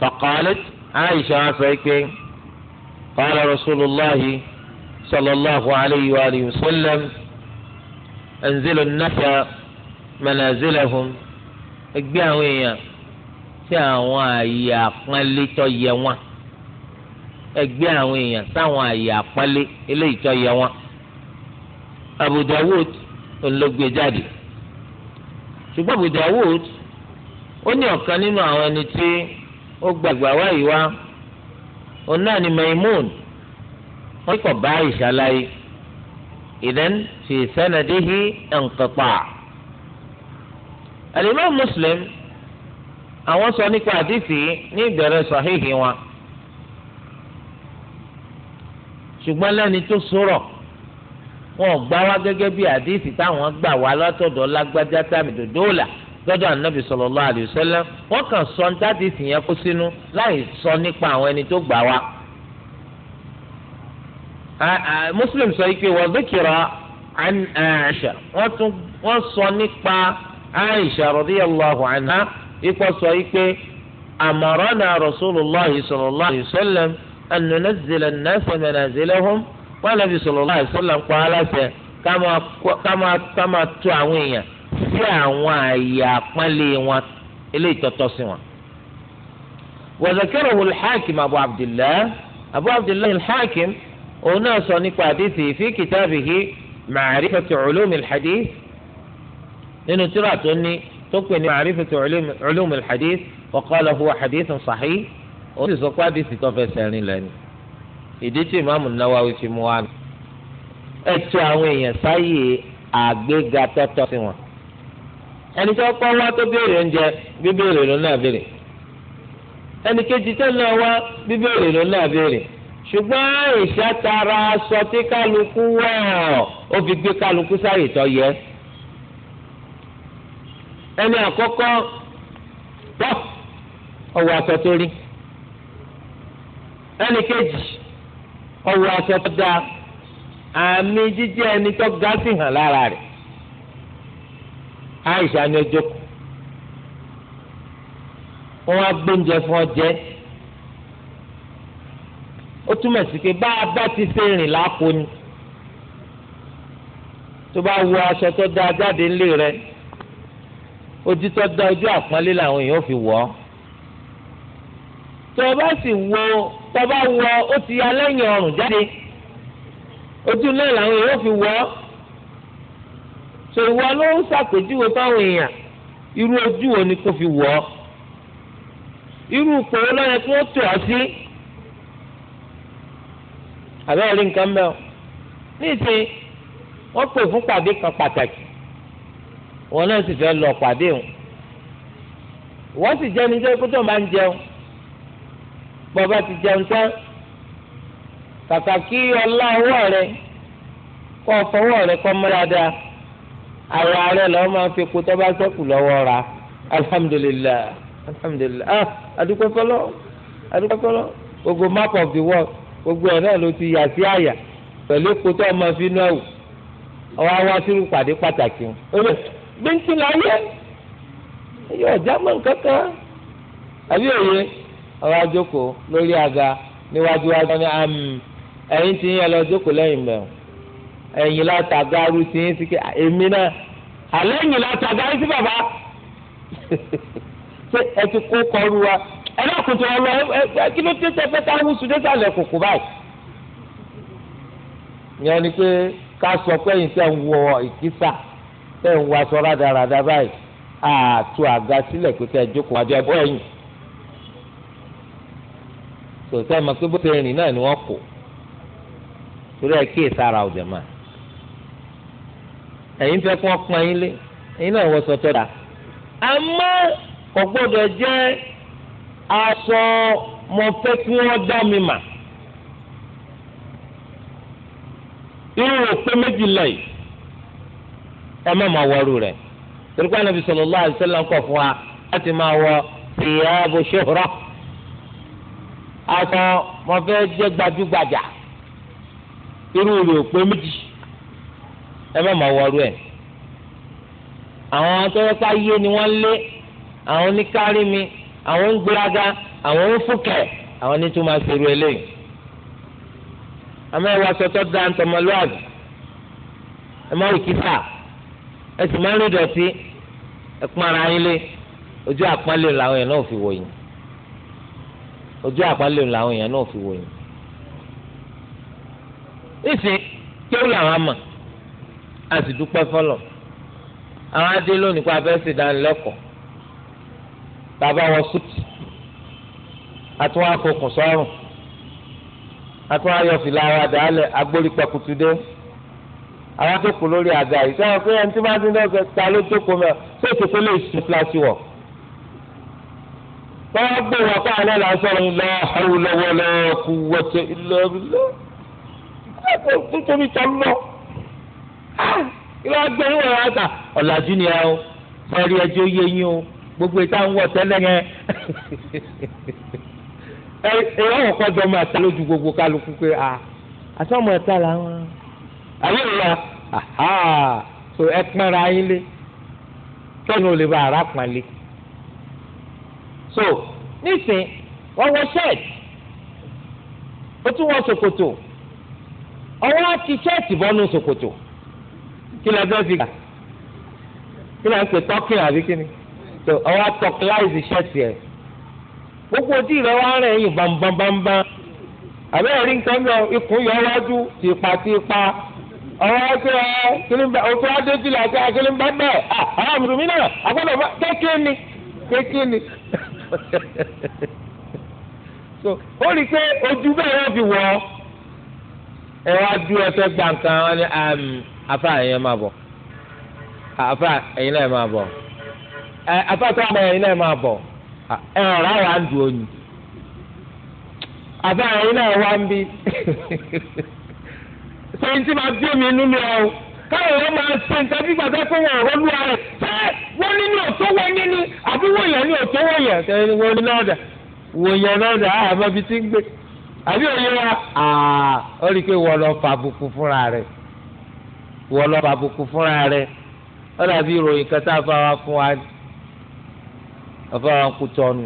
فقالت عائشة فيكين قال رسول الله صلى الله عليه وآله وسلم أنزلوا النفى منازلهم ẹgbẹ́ àwọn èèyàn sí àwọn àyè àpọ́nlé tó yẹ wọ́n ẹgbẹ́ àwọn èèyàn sáwọn àyè àpọ́nlé eléyìí tó yẹ wọ́n Abu Dawud ló gbé jáde ṣùgbọ́n Abu Dawud ó ní ọ̀kan nínú àwọn ẹni tí ó gba ìgbà wáyé wá òun náà ni Maimun wọn kò bá ìṣàlàyé ìdán fi sanadihi inqita. Al-Imam Muslim àwọn sọ nípa àdìsí ní ìbẹ̀rẹ̀ sàhíhì wọn ṣùgbọ́n lẹ́ni tó sọ̀rọ̀ wọn ò gbá wá gẹ́gẹ́ bí àdìsí táwọn gbà wá látọ̀dọ̀ lágbájá tàbí dòdòlà lọ́dọ̀ ànábì sallallahu alaihi wasallam wọ́n kàn sọ dádìsí yẹn kó sínú láì sọ nípa àwọn ẹni tó gbà wá. Muslim sọ pé wọ́n zikira Aisha wọ́n sọ nípa Aisha radiyallahu anha ikọ̀ sọ pé amarana rasulullahi sallallahu alaihi wasallam an nunazzila an-nasa manazilahum wọn lè fi sọ̀rọ̀ láì sọ́lá ń pa aláṣẹ ká máa tó àwọn èèyàn sí àwọn àyè àpọ́nlé wọn eléyìí tọ́tọ́ sí wọn. وذكره الحاكم أبو عبد الله أبو عبد الله الحاكم وناس نقادته في كتابه معرفة علوم الحديث لأنه تراتني تكون معرفة علوم, علوم الحديث وقال هو حديث صحيح وفي حديث توفي ساني لاني ìdí tí ìmáàmù Nawawi fi mú wa nù. ẹ tún àwọn èèyàn sáyè àgbéga tọ́tọ́ sí wọn. ẹni tó kọ́ wá tó béèrè oúnjẹ bíbéèrè ló náà béèrè. ẹni kejì tó náà wá bíbéèrè ló náà béèrè. ṣùgbọ́n ìṣàtara aṣọ tí kálukú wọ̀ ó fi gbé kálukú sáyè tó yẹ. ẹni àkọ́kọ́ tọ́ ọwọ́ aṣọ tó rí. ẹni kejì ọwọ́ aṣọ tó dáa àmì jíjẹ́ ẹni tó ga sí hàn lára rẹ̀ Aisha ni ó jókòó wọ́n á gbóúnjẹ fún ọ jẹ ó túmọ̀ sí pé bá a bá ti ṣe rìn lápò ni tó bá wọ aṣọ tó dáa jáde ńlé rẹ̀ ojú tó dáa ojú àpọ́nlé làwọn èèyàn fi wọ̀ ọ́ tó o bá sì wo tó o bá wọ ó ti alẹ́yìn ọrùn jáde ojú náà làwọn èèyàn fi wọ́ tó ìwọ ló ń ṣàpèjúwe fáwọn èèyàn irú ojú wo ni kò fi wọ́ irú ipò wo lọ́yẹ kí wọ́n tò ọ́ sí àbẹ́rẹ́ rí nǹkan mẹ́ọ̀ ní ìsìn wọ́n pè fún pàdé kan pàtàkì wọn náà sì fẹ́ lọ pàdé wọn wọ́n sì jẹ́ níjẹ́ kó tó máa ń jẹun bọ́ba ti jẹun tán kàkà kí ọlá ọwọ́ rẹ kọ́ fọwọ́ rẹ kọ́ mọ́ dáadáa ara rẹ lọ́wọ́ máa ń fi epo tó bá sẹ́kù ra alhamdulillah alhamdulillah ah adúgbò fọlọ adúgbò fọlọ gbogbo map of the world gbogbo ẹ̀ náà ló ti yà sí àyà pẹ̀lú epo tó ọmọ fi náà wù ọwọ́ àwọn asírù pàdé pàtàkì wọn. bíntín láyé yóò já mọ́ nǹkan kan àbí òye ọba jókòó lórí àga níwájú wájú ni ẹ̀yin ti yín ẹ lọ jókòó lẹ́yìn mẹ o ẹ̀yin látàgárù ti yín síkẹ èmi náà alẹ́ ẹ̀yin látàgárù sí bàbá ṣé ẹ ti kó kọrú wa ẹ náà kò tó ọ lọ ẹ kí ló dé tẹfẹ ká wúṣu dé sàlẹ̀ kòkó báyìí ìyẹn ni pé ká sọ pé ẹ̀yin tẹ ń wọ ìkísà tẹ ń wọ aṣọ rádaràda báyìí àtú àga sílẹ̀ pé kẹ jókòó àbí ẹbọ ẹ̀yin sòtẹ́ ẹ̀ mọ̀ pé bó ṣe rìn náà ni wọ́n kò torí ẹ̀ kí ìsara ọ̀jẹ̀ mà ẹ̀yin fẹ́ kí wọ́n pọn yín lé ẹ̀yin náà wọ́n sọtọ́ dà àmọ́ kò jẹ́ aṣọ mo fẹ́ kí wọ́n dá mi mà irú òpé méjìlá yìí ẹ má máa wọrú rẹ̀ torí pé Ànábì sallallahu alaihi wasallam kọ̀ fún wa láti máa wọ ìyá bó ṣe rọ́ọ̀ aṣọ mo fẹ́ jẹ́ gbajúgbajà irú rẹ̀ ò pé méjì ẹ bá máa wọrú ẹ̀ àwọn atọ́wọ́pá yé ni wọ́n lé àwọn oníkárí mi àwọn ń gbéraga àwọn ń fúkẹ̀ àwọn ní tó máa ṣerú eléyìí àmọ́ ẹ wá sọtọ́ da ntọ́mọlúwàbí ẹ má wò kíkà ẹ sì ara yín lé ojú àpọ́nlé làwọn yẹn náà fi wò yín ojú àpálẹ̀ làwọn èèyàn náà fi wò yín nísìn kéwù làwọn àmà a sì dúpẹ́ fọlọ̀ àwọn adé lónìí pa abẹ́sẹ̀ ìdánilẹ́kọ̀ọ́ bàbá wọ súùtì àtúwọ́n akokùn sọ́rùn àtúwọ́n ayọ̀ fìlà àwọn àdáálẹ̀ agbórí pẹ̀kùtù dé àwọn tó kù lórí àga yìí sọ́wọ́n pé ẹni tí wọ́n ti ń dọ́gbẹ́ ta ló jókòó mẹ́ọ̀ tó ètò lè sùn fúláṣí wọ̀ tọ́wọ́ gbé wọn ká alẹ́ la sọ̀rọ̀ ní láhàrú lọ́wọ́ lọ́kù wọ́tẹ́ ìlọ́bìlọ́ nítorí tọ́ lọ. ìwà gbé wọn wá ta ọ̀làjú ni ẹ o sọ̀rí ẹjọ́ yé yín o gbogbo ìta ń wọ̀ tẹ́lẹ̀ yẹn. èèyàn kọ́ dọ́ máa ta lójú gbogbo kálukú pé a àtọ́mọ̀ ẹ̀ta làwọn. àyè ìlà so ẹ pẹ́ra yín lé tọ́nu ò lè ba àrà pọ́n lé so nísìn wọ́n wọ ṣẹ́ẹ̀tì ó tún wọ ṣòkòtò ọwọ́ ti ṣẹ́ẹ̀tì bọ́nú ṣòkòtò kí lọ fẹ́ fi gà kí lọ pè tọ́kìn àbí kí ni so ọwọ́ tọkiláìsì ṣẹ́ẹ̀tì ẹ̀ gbogbo ojú rẹ̀ wá rẹ̀ yìí bambambamba àbẹ́rẹ́ rí nǹkan mọ́ ikùn yọ wájú tìpa tìpa ọ̀rọ̀ ẹgbẹ́ ẹ kílímbà òfin adébílà àti akílímbà bẹ́ẹ̀ ah, àwọn mùsùlùmí náà àgbọ̀dọ̀ kékeré ni kékeré ni so ó rí i pé ojú bẹ́ẹ̀ yóò fi wọ̀ ọ́ ẹ wá ju ẹfẹ gba nǹkan wọn ni afa ẹ̀yin máa bọ̀ afa ẹ̀yin náà máa bọ̀ afa tó ọmọ ẹ̀yin náà máa bọ̀ ẹ ọ̀rọ̀ àwọn àǹdù òyìn afa ẹ̀yin náà wá ń bí sẹ́yìn tí máa bí omi nínú ẹ̀ o. káwọn èèyàn máa ṣe nǹkan bí gbàgbé pé wọn ò rọ́lú ara rẹ̀ ṣé wọ́n ní ní òtó wọ̀nyí ni àbí wọ̀nyẹn ní òtó wọ̀nyẹn tẹ́lẹ̀ wọ́n ní náà dà wọ̀nyẹn náà dà á àmọ́ bí ti ń gbé àbí òye wa àà ó rí i pé wọ́n lọ fa fúnra rẹ̀ wọ́n lọ a fa wa fún wa wa kú tọ́nu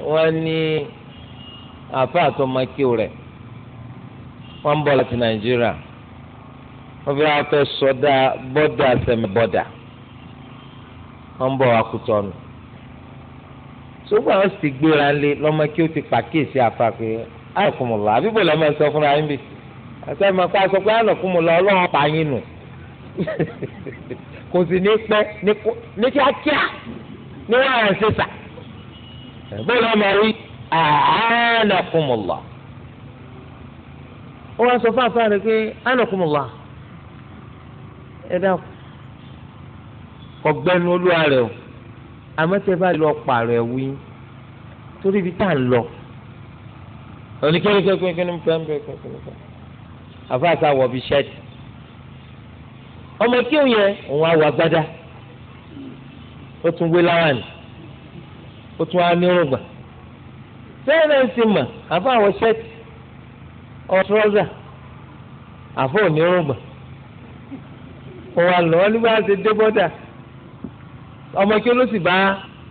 wọ́n ní àfa wọ́n fi wá fẹ́ sọdá bọ́dà sẹ́mi bọ́dà wọ́n ń bọ̀ wá kútọ́ nù. sọ́gbà wọn sì gbéra lé lọ́mọ kí ó ti pàkíyèsí àfa pé àlọ́kùnmọ̀lá àbíbò lọ́mọ sọ fúnra yín bì àti ẹ̀ma pa sọ pé àlọ́kùnmọ̀lá ọlọ́run pa yín nù kò sì ní pẹ́ ní kíákíá ní wọ́n á ṣe bó lọ́mọ rí àlọ́kùnmọ̀lá. ó sọ fún àfa rẹ̀ ẹ dákun ọgbẹ́ni olúwa rẹ̀ o àmọ́ tẹ́ bá lọ pààrọ̀ ẹ̀wù yín torí ibi tá à ń lọ oníkẹ́rẹ́kẹ́kẹ́ kí ni mo fẹ́ ń bẹ kí ni mo fẹ́ àfáàsá wọ̀ bí ṣẹ́ẹ̀tì ọmọ kí òun yẹn òun á wọ agbádá ó tún wé láwàní ó tún á nírùngbà sẹ́yìn náà ti mọ̀ àfáà wọ ṣẹ́ẹ̀tì ọ̀ tírọ́zà àfọ̀ onírùngbà wà lọ wọn ní bá ṣe dé bọ́dà ọmọ kí ló sì bá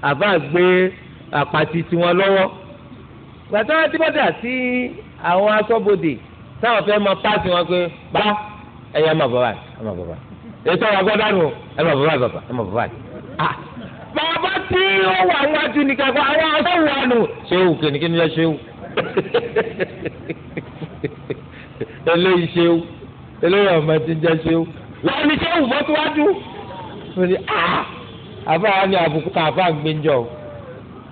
àbá gbé àpàtì tiwọn lọ́wọ́ gbàtà wọn dé bọ́dà sí àwọn aṣọ́bodè táwọn fẹ́ máa pàṣẹ wọn pé bá ẹ̀yà máa bọ̀ báyìí ẹ̀ máa bọ̀ báyìí ètò àwọn agbọ́dá nù ẹ̀ máa bọ̀ báyìí bàbá ẹ̀ bàbá tí ó wà wájú nìkan kó àwọn aṣọ́wò wà nù ṣéwù kìnnìkìnnì yẹn ṣéwù eléyìí ṣéwù eléyìí ọmọ ti jẹ ṣéwù láwọn ní sẹ́wù mọ́ síwájú. mo ní a ah, àbá ni àbùkù kan àbá gbé jọ o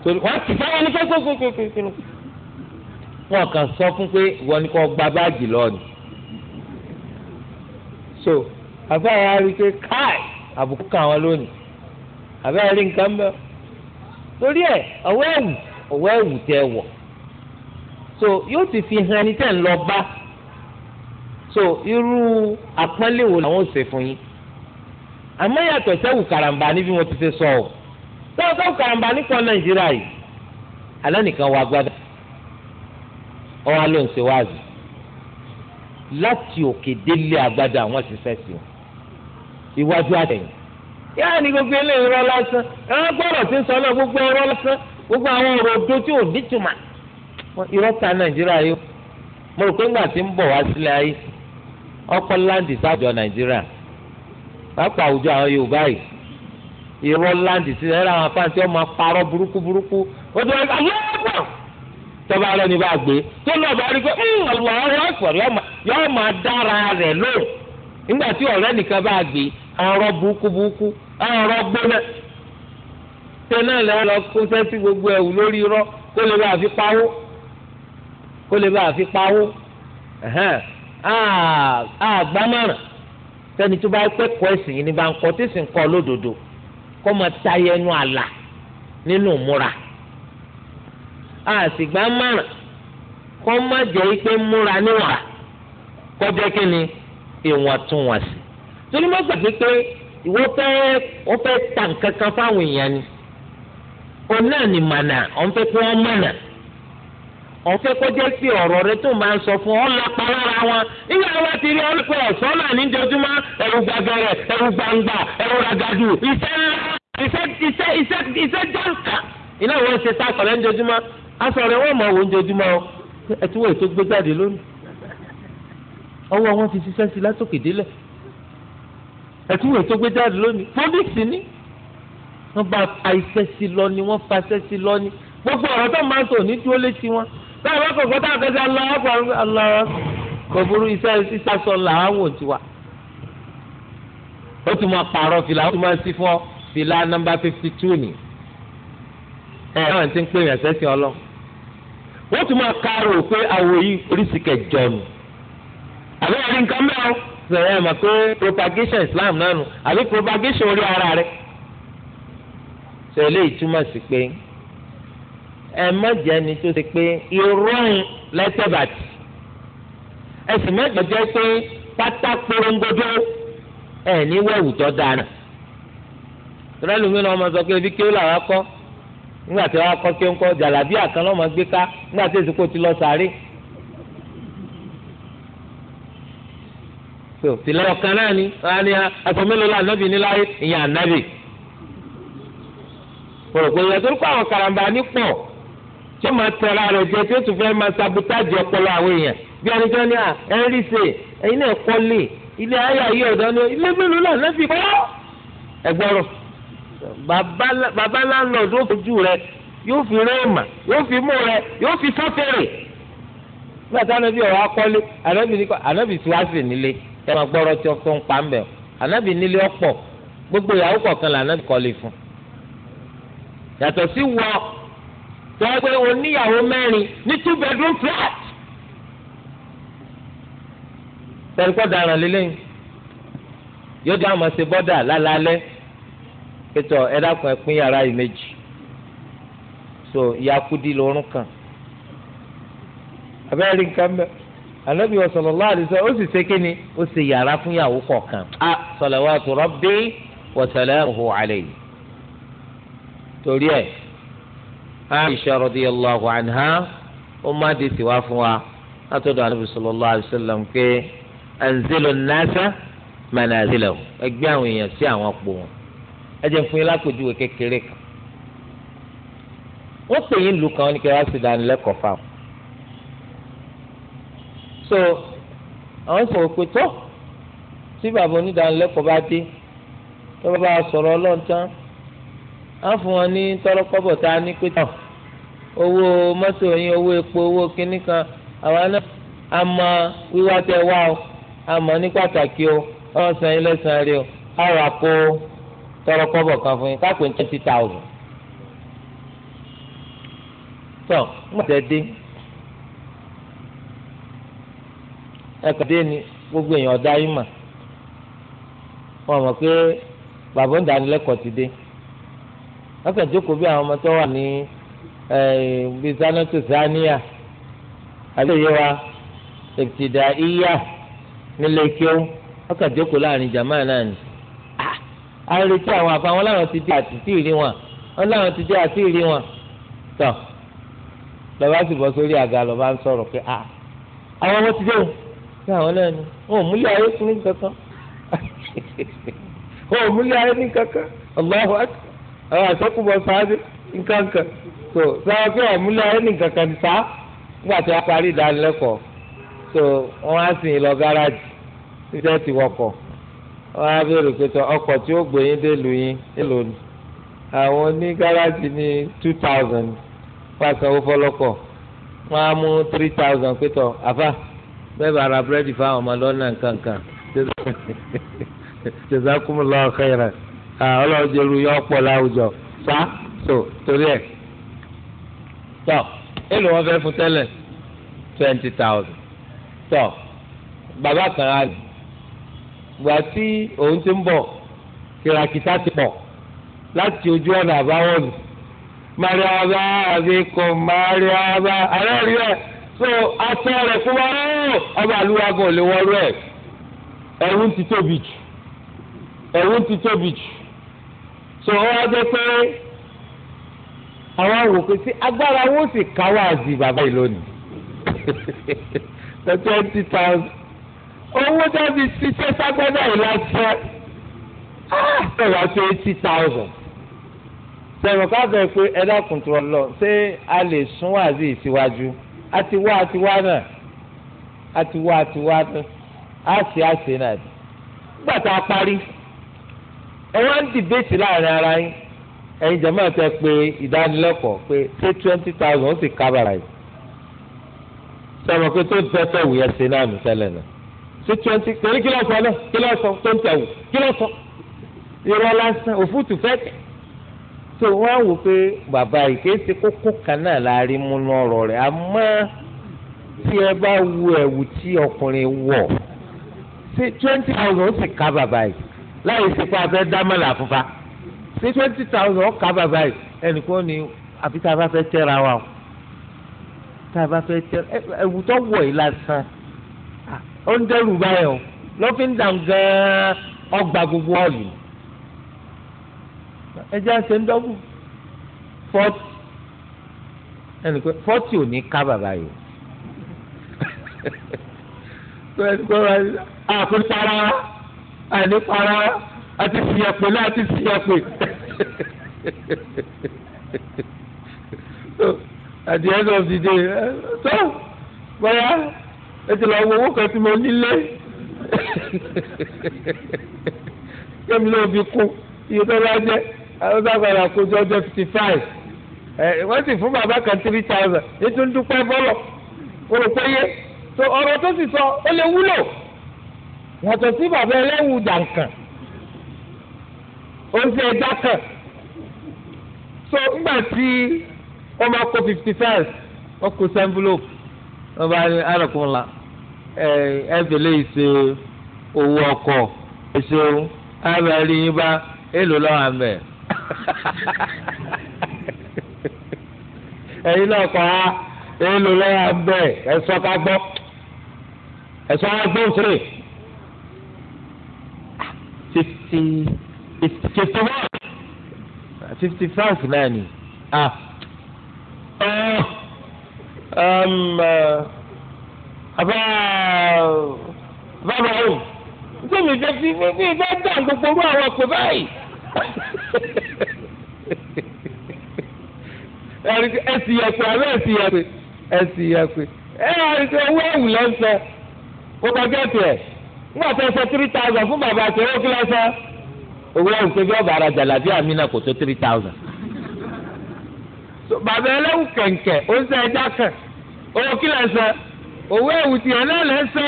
torí wọn ti sáwọn ní kékeré wọn kàn sọ fún pé wọn ni kò gba báàgì lọ so àbá yà rí i pé káì àbùkù kan àwọn lónìí àbá yà rí nǹkan mọ́ torí ẹ ọwọ́ ẹ̀wù ọwọ́ ẹ̀wù tẹ wọ̀ so yóò ti fi hàn ẹni tẹ̀ ń lọ bá. so irú àpọ́nlé wo làwọn ò ṣe fún yín àmọ́ yàtọ̀ sẹ́wù karambà ti ṣe sọ ọ́ sẹ́wù sẹ́wù karambà nípa nàìjíríà yìí alánìkan wà gbádà ọ̀hún alóhùn ṣe wáàzì láti òkè délé àgbàdà wọn ti sí i iwájú àtẹ̀yìn yáà ní gbogbo eléyìí rọ lásán ẹ̀rọ gbọ́dọ̀ tí ń sọ náà gbogbo ẹ̀rọ lásán gbogbo àwọn ọ̀rọ̀ odo tí ò ní tùmà irọ́ ta nàìjíríà yìí mo ọkọ láǹdì sáàjọ nàìjíríà pápá àwùjọ àwọn yorùbá yìí irọ́ láǹdì sí ẹ̀rọ àwọn afáǹtí ọmọ parọ́ burúkú burúkú ó ti wọ́n ká yọ̀ọ̀pọ̀ tọ́ba rẹ̀ ní bá gbé tó lọ́ọ̀ bá rí pé ọlọ́ọ̀rọ̀ ẹ̀fọ̀ yọ̀ọ́ máa dára rẹ̀ lò nígbà tí ọ̀rẹ́ nìkan bá gbé burúkú burúkú gbóná tẹ náà lọ kó gbogbo lórí kó lè bá pawó kó lè bá pawó àgbámọ̀ràn sẹ́ni tó bá kẹ́kọ̀ọ́ ẹ̀sìn yìí ní bá ń kọ́ tí sì ń kọ́ lódodo kọ́ máa tayé ẹnu àlà nínú múra àsìgbámọ̀ràn kọ́ má jẹ́ pé múra níwà kọ́ jẹ́ kí ni ìwọ̀ntúnwọ̀nsì torí má gbàgbé pé ìwọ fẹ́ wọ́n fẹ́ ta nǹkan fáwọn èèyàn ni òun náà ni mànà òun fẹ́ kí wọ́n mànà ọ̀n fẹ́ kọjá sí ọ̀rọ̀ rẹ tó máa ń sọ fún ọ lọ́pàá lára wọn nígbà wọn ti rí ọlọ́pàá ọ̀sán náà ní jojúmọ́ ẹ̀rù gbàgẹ̀rẹ̀ ẹ̀rù gbangba ẹ̀rù ràgàdù iṣẹ́ ńlá iṣẹ́ iṣẹ́ iṣẹ́ iṣẹ́ jọ̀ǹkà iná wọn ṣe tá sọ̀rọ̀ ní jojúmọ́ aṣọ rẹ wọ́n mọ̀ wọ́n jojúmọ́ ọ ẹ ti wọ ètò gbé jáde lónìí ọwọ́ wọn fi ṣiṣẹ́ sí látòkè délẹ̀ ẹ ti wọ ètò gbé jáde lónìí pọ́lísì ni wọ́n bá fa iṣẹ́ sí lọ ni wọ́n fa iṣẹ́ sí lọ ni gbogbo ọ̀rọ̀ tó máa ń tò ní dúró létí wọn báyìí wọn kò gbọ́dọ̀ àkẹ́sẹ́ aláwọ̀ aláwọ̀ kò burú iṣẹ́ sísá sọ làwọn tiwa. ó tún máa pààrọ̀ fìlà ó tún máa sí fìlà fifty two ni ẹ̀ náà ti ń pè yàn sẹ́sìn ọlọ́ wọ́n tún máa kárò pé àwọ̀ yìí oríṣi kẹjọ nù àbí nǹkan propagation Islam náà nù àbí propagation orí ara rẹ̀ sọ eléyìí túmọ̀ sí pé. ẹ má jẹ́ ni tó ṣe pé ìrọ̀rùn lẹ́sẹ̀ bàtì ẹ sì má jọ jẹ́ pé pátá porongodo ẹ ní wẹ̀wù tó dára tọ́lá lómi náà ọmọ sọ pé ibi kí ó làwọn akọ́ nígbà tí wọ́n akọ́ kí ó ń kọ́ jàlábí àkàn lọ́mọ gbé ká nígbà tí èsì kò ti lọ sàárè. tìlẹ̀ ọ̀kan náà ni wọ́n á ní aṣọ mélòó la nábì níláyé ìyẹn ànábì. pòròpòrò yẹn torí pé àwọn karambà ní pọ̀ tí ó máa tẹ̀ra rẹ̀ jẹ tí ó tún fẹ́ máa sabotage ọpọlọ àwọn èèyàn bí ẹni tó ní à ẹnrí ṣe ẹyin náà kọ́ lè ilé ayé ayé ọ̀dọ́ ni ilé mélòó náà lẹ́sìn pé ẹgbọ́rọ̀ bàbá láńlọ́ọ̀dù ó fojú rẹ yóò fi rẹ́ẹ̀mà yóò fi mú rẹ yóò fi sọ́fẹ̀rẹ̀ nígbà tí anabi ọ̀rọ̀ akọ́lé anabi ní kọ́ anabi tí wàá sè nílé ẹ máa gbọ́rọ̀ tí ọkọ̀ ń pa ń bẹ̀ anabi nílé ọ̀pọ̀ gbogbo ìyàwó kọ̀ọ̀kan là anabi kọ́lé fún yàtọ̀ sí wọ́ọ̀ wọ́n gbé oníyàwó mẹ́rin ní two bedroom flat. sẹ́ńkọ́ dáràn lélẹ́yìn yóò dé àmọ́ ṣe bọ́dà lálálẹ́ pétọ́ ẹ dákun ẹ pín yàrá yìí méjì so ìyá kudi lorun kan abẹ́rẹ́ rí nǹkan mẹ́ anabi sallallahu alaihi wasallam ó sì ṣe kíni ó sì yàrá fún yàwó kọ̀ọ̀kan a salawatu rabbi wa salamuhu alayhi torí ẹ̀ aisha radiyallahu anha ó má di tiwa fún wa látọ̀dọ̀ anabi sallallahu alayhi wa sallam pé anzilu nasa manazilahum ẹgbẹ́ àwọn èèyàn sí àwọn àpò wọn ẹ jẹ́ fún yín lápèjúwe kékeré kan wọ́n pè yín lu kan ní kẹ́ wá sí ìdánilẹ́kọ̀ọ́ fáwọn so àwọn sọ pé tó tí bàbá onídàánilẹ́kọ̀ọ́ bá dé tó bá bá sọ̀rọ̀ ọlọ́ọ̀tán á fún wọn ní tọ́lọ́kọ́bọ̀ tá a ní pé tán. owó mọ́tò yín owó epo owó kínní kan àwa náà a mọ wíwá tẹ wá o a mọ ní pàtàkì o ọ̀rọ̀ sàn yín lẹ́sàn-án rí o a rà kó tọrọ kọ́bọ̀ kan fún yín kápẹ́ ní twenty thousand. tọ́ nígbà tẹ́ dé ẹ̀ka dé ni gbogbo èèyàn ọ̀dá yín mà wọ́n mọ̀ pé bàbá ń dánilẹ́kọ̀ọ́ ti dé wọ́n kàn jókòó bí àwọn ọmọ tó wà ní. bíi sanatu saniya àbẹ̀yẹ wa ìtìdá iyá ọkà joko láàrin jàmá náà ni ah, a retí àwọn àfa wọn láwọn ti dé àtìtì ìrí wọn wọn láwọn ti dé ìrí wọn tọ lọba sì sórí lọba ń pé a ah, àwọn ọmọ ti dé o sí àwọn náà ni wọn ò múlẹ̀ ayé fún mi kankan wọn ò ayé ní kankan àwọn sáájú so sáwọn kí wọn múlẹ̀ ẹnìkan kan ti sá nígbà tí wọn parí ìdánilẹ́kọ̀ọ́ so wọn á sìn lọ gáràjì títẹ ti wọkọ̀ wọn á béèrè pé tọ ọkọ̀ tí ó gbé yín dé lu yín èlò ni àwọn ní gáràjì ní two thousand wọn sanwó fọlọ́kọ̀ wọn á mú three thousand pé tọ àfà bẹ́ẹ̀ bá ra búrẹ́dì fáwọn ọmọ lọ́nà kankan jazakumullahu khairan ọlọ́run jẹ́rú yọ ọ̀pọ̀ láwùjọ sá so torí ẹ̀ tọ èlò wọn fẹ́ fún tẹ́lẹ̀ twenty thousand tọ bàbá kan á nì gbà tí òun ti ń bọ̀ kìràkìtà ti pọ̀ láti ojú ọ̀nà àbáwọ̀ mi mariaba àbíkọ mariaba àrẹ́rìí ẹ̀ so aṣọ rẹ̀ fún wa ọba àlùwàgùn ò lè wọ́ọ́rọ́ ẹ̀ ẹ̀rù ti tóbi jù ẹ̀rù ti tóbi jù so ó wá jẹ́ pé àwọn wò pé sí agbára owó sì káwá àzì bàbá yìí lónìí the twenty thousand owó dábì ṣiṣẹ́ ságbádá yìí lásán ẹ̀rọ ah, àti eighty thousand sẹ̀rọ̀ káàbẹ̀ pé ẹ dákun tó lọ ṣé a lè sún wàzì síwájú àti wá àti wá náà àti wá àti wá náà á ṣe á ṣe náà nígbà a parí ẹ wá ń dìbẹ́tì láàrin ara yín ẹ̀yin jẹ̀mọ́ tẹ pé ìdánilẹ́kọ̀ọ́ pé ṣé twenty thousand ó sì kábàárà yìí sọ̀rọ̀ pé tó tẹ́tọ̀ wù yẹn ṣe náà nù tẹ́lẹ̀ náà ṣé twenty torí kí lọ́sọ̀ náà kí lọ́sọ̀ tó ń tẹ̀ wù kí lọ́sọ̀ irọ́ lásán òfútù fẹ́ tẹ̀. tó wọ́n á wò pé bàbá yìí kì í ṣe kókó kan náà la rí mú lọ́rọ̀ rẹ̀ àmọ́ tí ẹ bá wu ẹ̀wù tí ọkùnrin wọ̀ ṣé twenty thousand ó sì ká bàbá yìí láì ṣe pé a fẹ́ dámọ̀là fúnfa ṣé twenty thousand ọkà bàbá yìí ẹnìkan ni àfi tá a bá fẹ́ tẹ́ra wa o tá a bá fẹ́ tẹ́ra ẹ̀wù tó wọ̀ yìí lásán ó ń dẹ́rù báyìí o lọ́fíńdà gan-an ọgbà gbogbo ọ̀lù ẹjẹ́ àṣẹ ń dọ́gbù fọ́tì ẹnìkan fọ́tì ò ní ká bàbá yìí o ẹnìkan wà ní àkúntara àníkpara àti fìyàpè náà àti fìyàpè at the end of the day tó eh, bóyá ẹ ti lọ wo owó kan tí mo nílé kẹ́mi náà fi kú iye tó bá jẹ́ àwọn sàgbàlá àkójọ ọjọ́ fifty five ẹ wọ́n sì fún bàbá kan three thousand ètò ń dúpẹ́ bọ́lọ̀ olùkọ́yé So, ọ̀rọ̀ tó sì sọ ó lè wúlò yàtọ̀ sí bàbá ẹlẹ́wù jàǹkàn ó ń ṣe ẹja kan so ńgbà tí wọ́n máa kó fifty five wọ́n kó sẹ́ńfúlọ́pù wọ́n bá ní àròkúnla ẹ̀ ẹ̀ fẹ́lẹ́ ìṣe owó ọkọ̀ ìṣeun abẹ́rẹ́ yín bá èlò lọ́wọ́ àmẹ́ ẹ̀yin náà kọ́ á èlò lọ́wọ́ àmẹ́ ẹ̀sọ́ ká gbọ́ ẹ̀sọ́ á gbọ́ òṣèré fifty fifty one fifty five náà ni ah abá bàbá o sọmi fẹ́ fi fi fẹ́ dá gbogbo orú àwọn ọ̀pẹ báyìí ẹ sì yẹ pé àbẹ ẹ sì yẹ pé ẹ sì yẹ pé ẹ ẹ owó ẹ̀wù lọ́sẹ̀ kó bá gẹ́tì ẹ̀ ń bàtà ẹsẹ̀ three thousand fún bàbá àti owó kílọ̀sẹ̀ owó òǹkẹ́ bí ọba ara jàlábí àmínà kò tó three thousand. bàbá ẹlẹ́wù kẹ̀ǹkẹ̀ ó ń sẹ ẹja kẹ̀ owó kí lẹ́ sẹ owó ẹ̀wù tiẹ̀ náà lẹ́ sẹ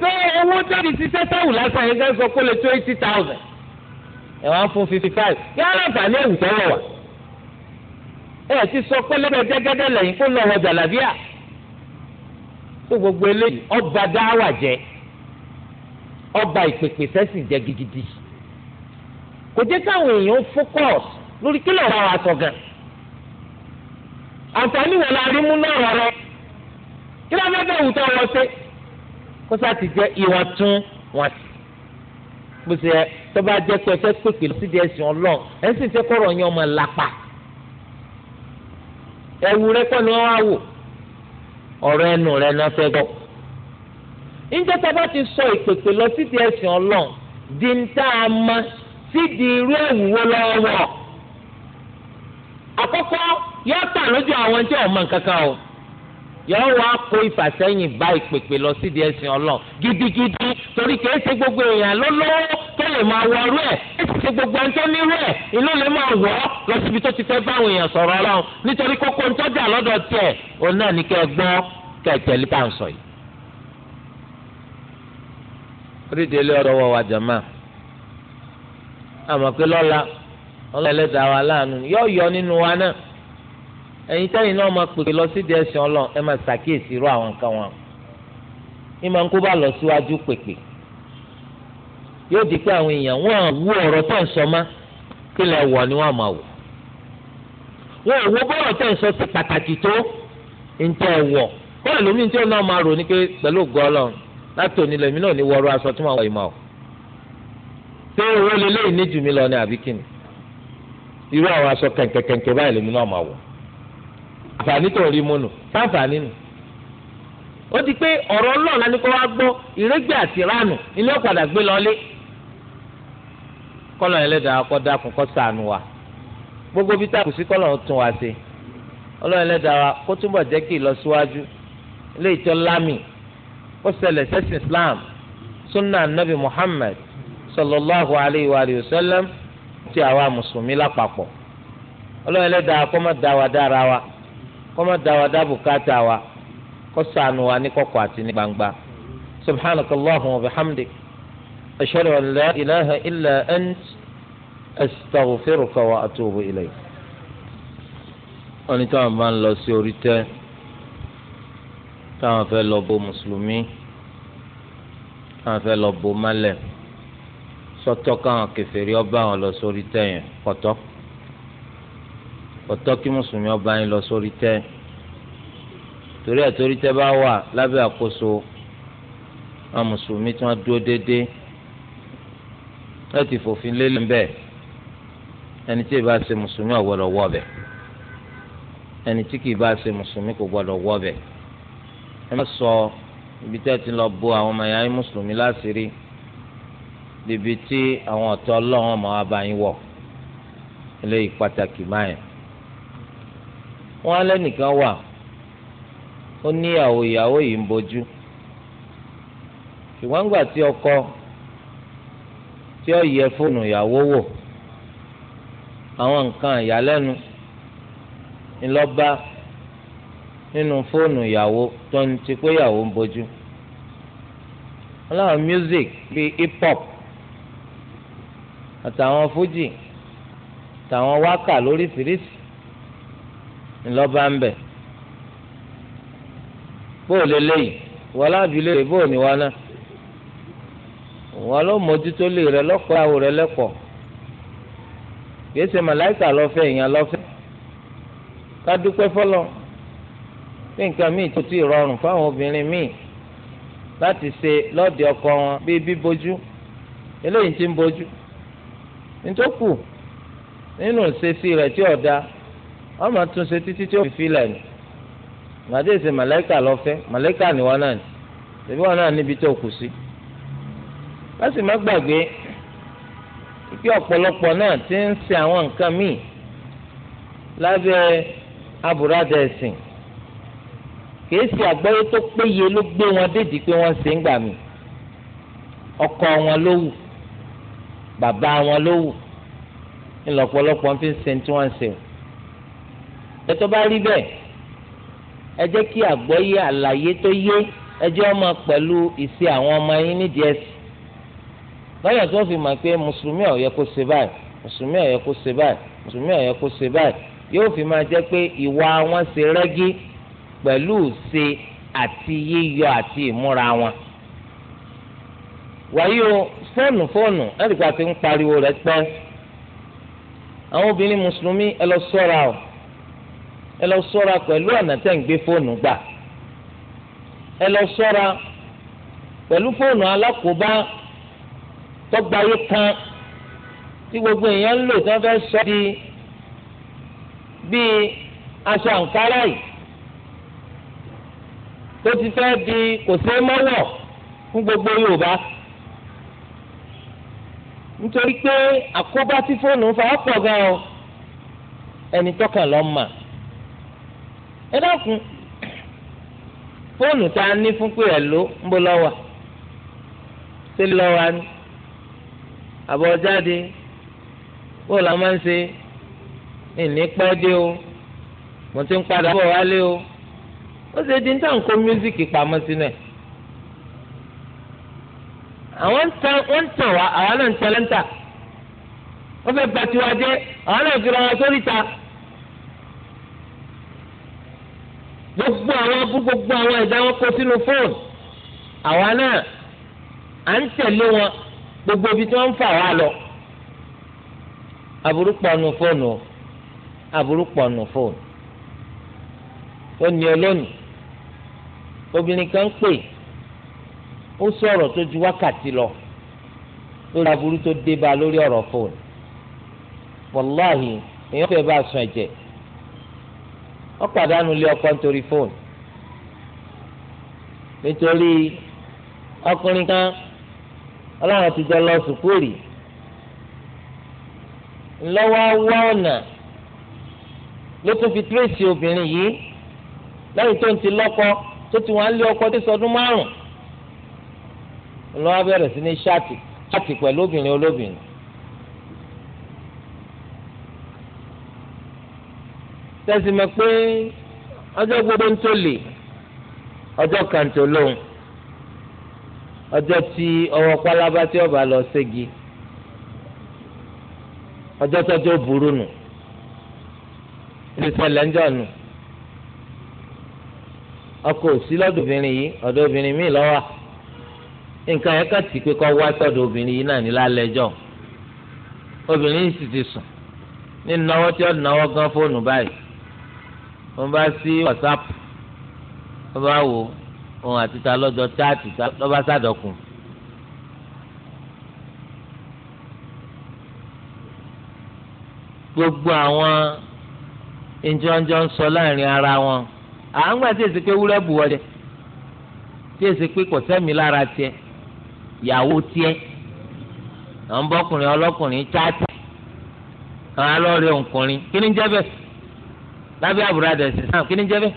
ṣé owó jáde ti sẹ́sẹ́wù lásán yẹn kẹ́ sọ kó lè tó eighty thousand ẹ̀ wá ń fún fifty five yálà ìfàlẹ́ ẹ̀wù tẹ́wọ̀ wà ẹ̀ ti sọ pé lẹ́bẹ̀ẹ́ jẹ́gẹ́dẹ́ lẹ́yìn kó lọ́wọ́ jàlábíà tó gbogbo eléyìí ọba dáwà jẹ ọba ìpèpè sẹ́sìn jẹ gidigidi kò jẹ́ káwọn èèyàn fókọ̀s lórí kí lọ́rọ̀ wa sọ gan. àǹfààní wọn la rí mú náà rẹ kí lọ́ọ́ fẹ́ wù tó wọ sí. kó sá ti jẹ́ ìwọ̀n tún wọn sí. gbèsè tó bá jẹ́ pé ẹ fẹ́ pèpè lọ́sídìí ẹ̀sìn ọlọ́run ẹ̀ sì kọ́rọ̀ yẹn ọmọ lápá ẹ̀wù rẹ kọ́ ni wọ́n wá wò ọ̀rọ̀ ẹnu rẹ náà fẹ́ gbọ́. níjẹ́ ti sọ ìpèpè lọ sí ẹ̀sìn ọlọ́run sídìí irú ẹ̀wù wo lọ́wọ́ wọ̀ àkọ́kọ́ yọ tà lójú àwọn tí ọmọ nǹkan o yọ wá kó ìfàsẹ́yìn bá ìpèpè lọ sídìí ẹ̀sìn ọlọ́ọ̀ gidigidi torí kìí ṣe gbogbo èèyàn ló lówó tó lè máa wọ ọrú ẹ̀ ẹ sì ṣe gbogbo ẹni tó ní irú ẹ̀ inú lè máa wọ̀ ọ́ lọ síbi tó ti fẹ́ báwọn èèyàn sọ̀rọ̀ ọlọ́run nítorí kókó ń tọ́jà lọ́dọ̀ tiẹ̀ òun náà ní kẹ́ ẹ gbọ́ kẹ́ ẹ tẹ̀lé tá ń sọ yìí. àmọ́ pé lọ́la ọlọ́run ẹlẹ́dàá wa láàánú yọ yọ nínú wa náà ẹ̀yin tẹ́yìn náà máa pèké lọ si ẹ̀sìn ọlọ́run ẹ máa ṣàkíyèsí irú àwọn nǹkan wọn ní máa lọ síwájú pèpè yóò di pé àwọn èèyàn wọn wú ọ̀rọ̀ tó sọ má kí ni wọn máa wọ. wọn sọ sí pàtàkì tó ń bọ́ọ̀lù mi tí náà máa rò ní pé pẹ̀lú látòní ṣé owó lélẹ́yìn ní mí lọ ní àbí irú àwọn aṣọ kẹ̀kẹ́kẹ̀kẹ́ báyìí lèmi náà máa wọ̀ àǹfààní tó rí nù ó di pé ọ̀rọ̀ ọlọ́ọ̀la ni wá gbọ́ ìrẹ́gbẹ́ àti ránù ilé ọ̀padà gbé lọlé kọ́lọ̀ ẹlẹ́dàá kọ́ dákun kọ́ ṣàánú wa gbogbo bí sí kọ́lọ̀ tún ọlọ́ọ̀ ẹlẹ́dàá wa kó túbọ̀ jẹ́ kí sallallahu alayhi wa sallam ti àwa mùsùlùmí lápapọ̀ ọlọ́run ẹlẹ́dàá kó má dá wa dára wa kó má dá wa dá bùkátà wa kó ṣàánú wa ní kọ̀kọ̀ àti ní gbangba subhanaka allahumma wa bihamdik ashhadu an la ilaha illa ant astaghfiruka wa atubu ilayk. wọ́n ní táwọn máa ń lọ sí orí tẹ́ táwọn fẹ́ lọ bo mùsùlùmí táwọn fẹ́ lọ bo málẹ̀ sọtọ káwọn kèfèrí ọba wọn lọ sórí tẹyìn kọtọ kọtọ kí mùsùlùmí ọba yẹn lọ sórí tẹ torí ẹ torí tẹ bá wà lábẹ́ àkóso àwọn mùsùlùmí tí wọn dúró déédéé láti fòfin lélẹ̀ ń bẹ ẹni tí ìbá ṣe mùsùlùmí ò gbọ́dọ̀ wọ bẹ ẹni tí kì í bá ṣe mùsùlùmí kò gbọ́dọ̀ wọ bẹ ẹ má sọ ibi tẹ́ ti lọ bo àwọn ọmọ ẹ̀yà mùsùlùmí láṣìírí níbi tí àwọn ọ̀tọ̀ ọlọ́run máa bá yín wọ̀ eléyìí pàtàkì báyìí. wọ́n á lẹ́nìkan wà ó níyàwó ìyàwó yìí ń bojú ṣùgbọ́n nígbà tí ọkọ tí ó yẹ fóònù ìyàwó wò àwọn nǹkan ìyàlẹ́nu ńlọ́ba nínú fóònù ìyàwó tó ń ti pé ìyàwó ń bojú. wọ́n music bíi hip hop àtàwọn fújì àtàwọn wákà lóríṣiríṣi ńlọba ń bẹ bó o lè léyìí wọn láàbílẹ̀ rẹ̀ bó o ní wa náà wọn ló mójútó lè rẹ lọ́kọ̀ọ́ àwò rẹ lẹ́kọ̀ọ́ gbèsè màláìkà lọ́fẹ́ èèyàn lọ́fẹ́ ká dúpẹ́ fọlọ́ pé nǹkan míì tó ti rọrùn fáwọn obìnrin míì láti ṣe lọ́ọ̀dì ọkọ wọn bíi bíbójú eléyìí ti ń bójú. nítòkù nínú ìṣesí rẹ̀ tí ọ̀dà ọmọ tún ṣe títí tí ó fi filẹ̀ ni màdé ṣe màlẹ́kà lọ́fẹ́ ni wọn náà ni ṣèbí wọn náà níbi tó kù sí. wọ́n sì má gbàgbé ọ̀pọ̀lọpọ̀ ti ń ṣe àwọn nǹkan míì lábẹ́ aburada ẹ̀sìn kìí ṣe àgbọ́yé tó péye ló gbé wọn dédìí pé ọkọ wọn ló bàbá wọn ló wù ńlọ́pọ̀lọpọ̀ fi ń ṣe tí wọ́n ń ṣe o ẹ̀tọ́ bá rí bẹ́ẹ̀ ẹ jẹ́ kí àgbọ́yé àlàyé tó yé ẹ jẹ́ ọmọ pẹ̀lú ìṣe àwọn ọmọ yín nídìí ẹ̀sìn lọ́yà tó fi mọ̀ pé mùsùlùmí ò yẹ kó ṣe báyìí mùsùlùmí ò kó ṣe báyìí mùsùlùmí ò kó ṣe báyìí yóò fi máa jẹ́ pé ìwà wọn ṣe rẹ́gí pẹ̀lú ṣe àti yíyọ àti ìmúra wọn wàyí o fóònù fóònù ẹ̀ríkà ti ń pariwo rẹ̀ pẹ́ àwọn obìnrin mùsùlùmí ẹ lọ sọ́ra o ẹ lọ sọ́ra pẹ̀lú ọ̀nà tẹ̀ ń gbé fóònù gbà ẹ lọ sọ́ra pẹ̀lú fóònù alákòóbá tọ́gbáyé kan tí gbogbo èèyàn ń lò tí wọ́n fẹ́ sọ di bíi aṣọ àǹkárá yìí tó ti fẹ́ di kò sí mọ́wọ̀ fún gbogbo Yorùbá nítorí pé àkóbá tí fóònù fa ọ̀pọ̀ gan o ẹni tọ́kàn lọ mà ẹ dákun fóònù tá a ní fún pé ẹ ló ń bó lọ́wọ́ ṣé lọ́wọ́ ni àbọ̀ bó la máa ń ṣe ìní pẹ́ o mo ti ń padà bọ̀ wálé o ó ṣe di ní tàǹkó mísíkì pamọ́ sínú ẹ̀ àwọn ń tàn wọ́n ń tàn wá àwa náà ń tàn lẹ́ńtà wọ́n fẹ́ ba tiwa jẹ́ àwọn náà fi ra wọn sórí ta. gbogbo àwọn gbogbo àwọn ẹ̀dá wọn kó sínú fóònù àwa náà à ń tẹ̀lé wọn gbogbo ibi tí wọ́n ń fà wá lọ. àbúrú pọnù fóònù àbúrú pọnù fóònù ó ní olónìí obìnrin kan ń pè é ó sọ̀rọ̀ tó ju wákàtí lọ lórí aburú tó dé bá lórí ọ̀rọ̀ fóònù wàláhì èèyàn fẹ́ bá a sùn ẹ̀jẹ̀ wọ́n pàdánù lé ọkọ nítorí fóònù nítorí ọkùnrin kan ọlọ́run ti jọ lọ sùkúrì ńlọ́wọ́ wá ọ̀nà ló tún fi tírèsì obìnrin yìí lẹ́yìn tó ń ti lọ́kọ tó ti wọ́n á lé ọkọ tó sọdún márùn-ún ló wá bẹ̀rẹ̀ sí ní ṣáàtì ṣáàtì pẹ̀lú obìnrin olóbìnrin. tẹ̀sí mi pé ọjọ́ gbogbo ń tó lè ọjọ́ kan tó lóhùn ọjọ́ tí ọwọ́ pálábá tí ọba lọ ségi ọjọ́ tọ́jú burú nù ìṣẹ̀lẹ̀ ń jọ̀ nù ọkọ òsí lọ́dọ̀ obìnrin yìí ọ̀dọ̀ obìnrin míì ló nǹkan yẹn kà tí pé kọ́ wá sọ́dọ̀ obìnrin yìí náà ní lálẹ́jọ́ obìnrin yìí sì ti sùn ní náwó tí ó náwó gan fóònù báyìí wọ́n bá sí whatsapp wọ́n bá wò òun àti ta lọ́jọ́ táàtì lọ́ba sàdọ̀kùn. gbogbo àwọn ìjọ́njọ́ ń sọ láàrin ara wọn à ń gbà tí èsì pé wúrẹ́ bù wọlé tí èsì pé kò sẹ́mi lára tiẹ̀ ìyàwó tiẹ̀ àwọn bọ́kùnrin ọlọ́kùnrin chaati àwọn alọ́ọ̀rẹ́ ọkùnrin kí ni jẹ́ bẹ́ẹ̀ lábẹ́ àbúradà ẹ̀sìn sáà kí ni jẹ́ bẹ́ẹ̀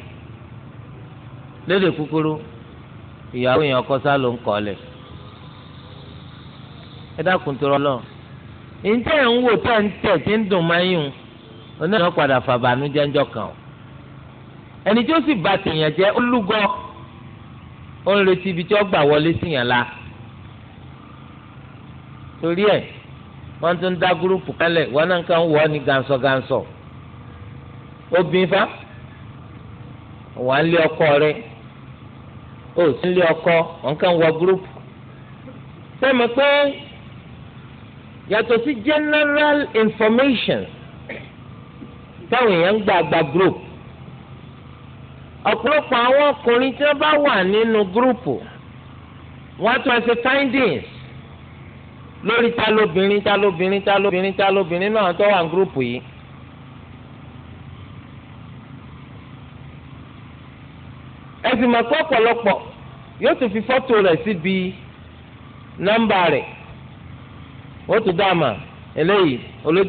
lédè kúkúrú ìyàwó yẹn ọkọ sá ló ń kọ́ lẹ̀ ẹ dákun tó rọlọ́ ǹjẹ́ ẹ̀ ń wò tẹ́ ń tẹ̀ tí ń dùn máa ń yùn onáà padà fàbànújẹ́ ńjọ́ kan o ẹni sì bà tèèyàn jẹ́ ó lúgọ ó ń retí ibi tí ó gbà wọlé síyàn la. torí ẹ̀ wọ́n tún dá gúrúùpù kálẹ̀ wọn náà kàn wọ́ ní gansọ̀gansọ̀ obìnrin fa wà lé ọkọ rẹ ó sì ń lé ọkọ wọn kàn wọ gúrúùpù pé yàtọ̀ sí general information táwọn èèyàn ń gbà gba group ọ̀pọ̀lọpọ̀ àwọn ọkùnrin tí wọ́n bá wà nínú gúrúùpù wọ́n á tún ẹsẹ̀ findings lórí ta lóbìnrin ta lóbìnrin ta lóbìnrin ta lóbìnrin náà tó wà ní gúrúùpù yìí. ẹ̀sìn mọ̀ pé ọ̀pọ̀lọpọ̀ yóò tún fi fọ́tò rẹ̀ síbi nọ́mbà rẹ̀ ó tún dá àmà eléyìí olójú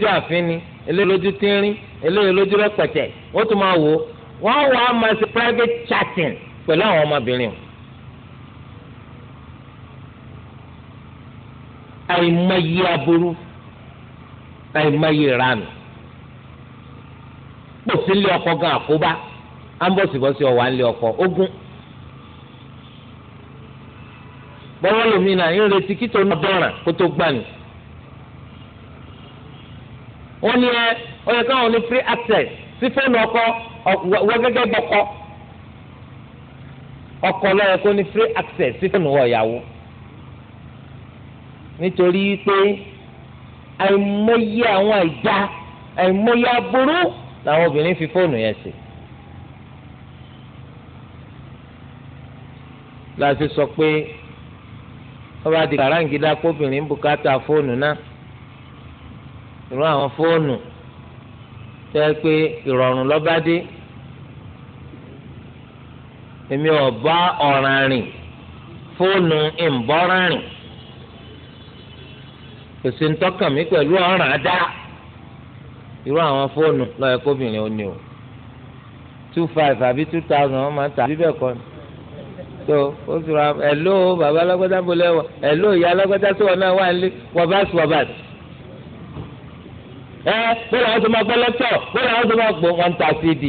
ni eléyìí olójú tínrín eléyìí olójú rẹpẹtẹ ó tún máa wò wọ́n máa ṣe private chatting pẹ̀lú àwọn ọmọbìnrin àìmọye aburú àìmọye ìranù kò sí ilé ọkọ gan àkóbá á ń bọ̀sibọ́sí ọ̀wà ń lé ọkọ ogún bọ́wọ́ lómi náà ń retí kí tó ń dọ̀ràn kó tó gbà ní. wọ́n ní ẹ ọ yẹ káwọn ní free access sí fóònù ọkọ wọ́n gẹ́gẹ́ bọ́kọ ọkọ ló kó ní free access sí fóònù ọ̀yàwó. nítorí pé àìmọye àwọn àìdá àìmọye aburú làwọn obìnrin fi fóònù yẹn sí. láti sọ pé wọ́n bá di kàráǹgídá kóbìnrin bùkátà fóònù náà irú àwọn fóònù tẹ́ pé ìrọ̀rùn lọ́ba dé èmi ò bá ọ̀ràn rìn fóònù ìbọ̀ràn kò sí ntọ́kàn mi pẹ̀lú ọ̀ràn àdá irú àwọn fóònù lọ́yẹ̀ kóbìnrin ó ní o two five àbí two thousand wọ́n máa ń tà àbí bẹ́ẹ̀ kọ́ ni so ó sì ra hello bàbá alágbádá ń bolẹ̀ wọ hello ìyá alágbádá tó wà náà wà nílé wọ́bàtì wọ́bàtì ẹ bẹ́ẹ̀ làwọn tó máa gbọ́ lẹ́tọ̀ bẹ́ẹ̀ làwọn tó máa gbọ́ wọn ta cd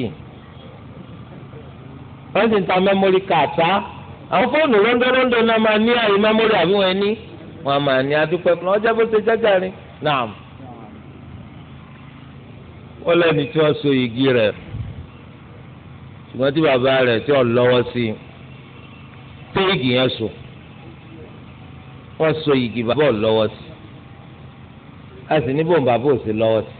wọ́n sì ń ta mẹ́mórì kàtá àwọn fóònù rọ́ńdọ́rọ́ńdọ́ náà máa ní àyè mẹ́mórì àbí wọn ní wọn máa ní adúpẹ́ fún ọjọ́ bó ṣe jẹ́jà rí náà ó lẹ́ni tí wọ́n so igi rẹ̀ ṣùgbọ́n tí bàbá rẹ̀ tí ò lọ́wọ́ sí i tí igi yẹn so wọ́n so igi bàbá ò lọ́wọ́ sí i a sì ní bòun bàbá ò sí lọ́wọ́ sí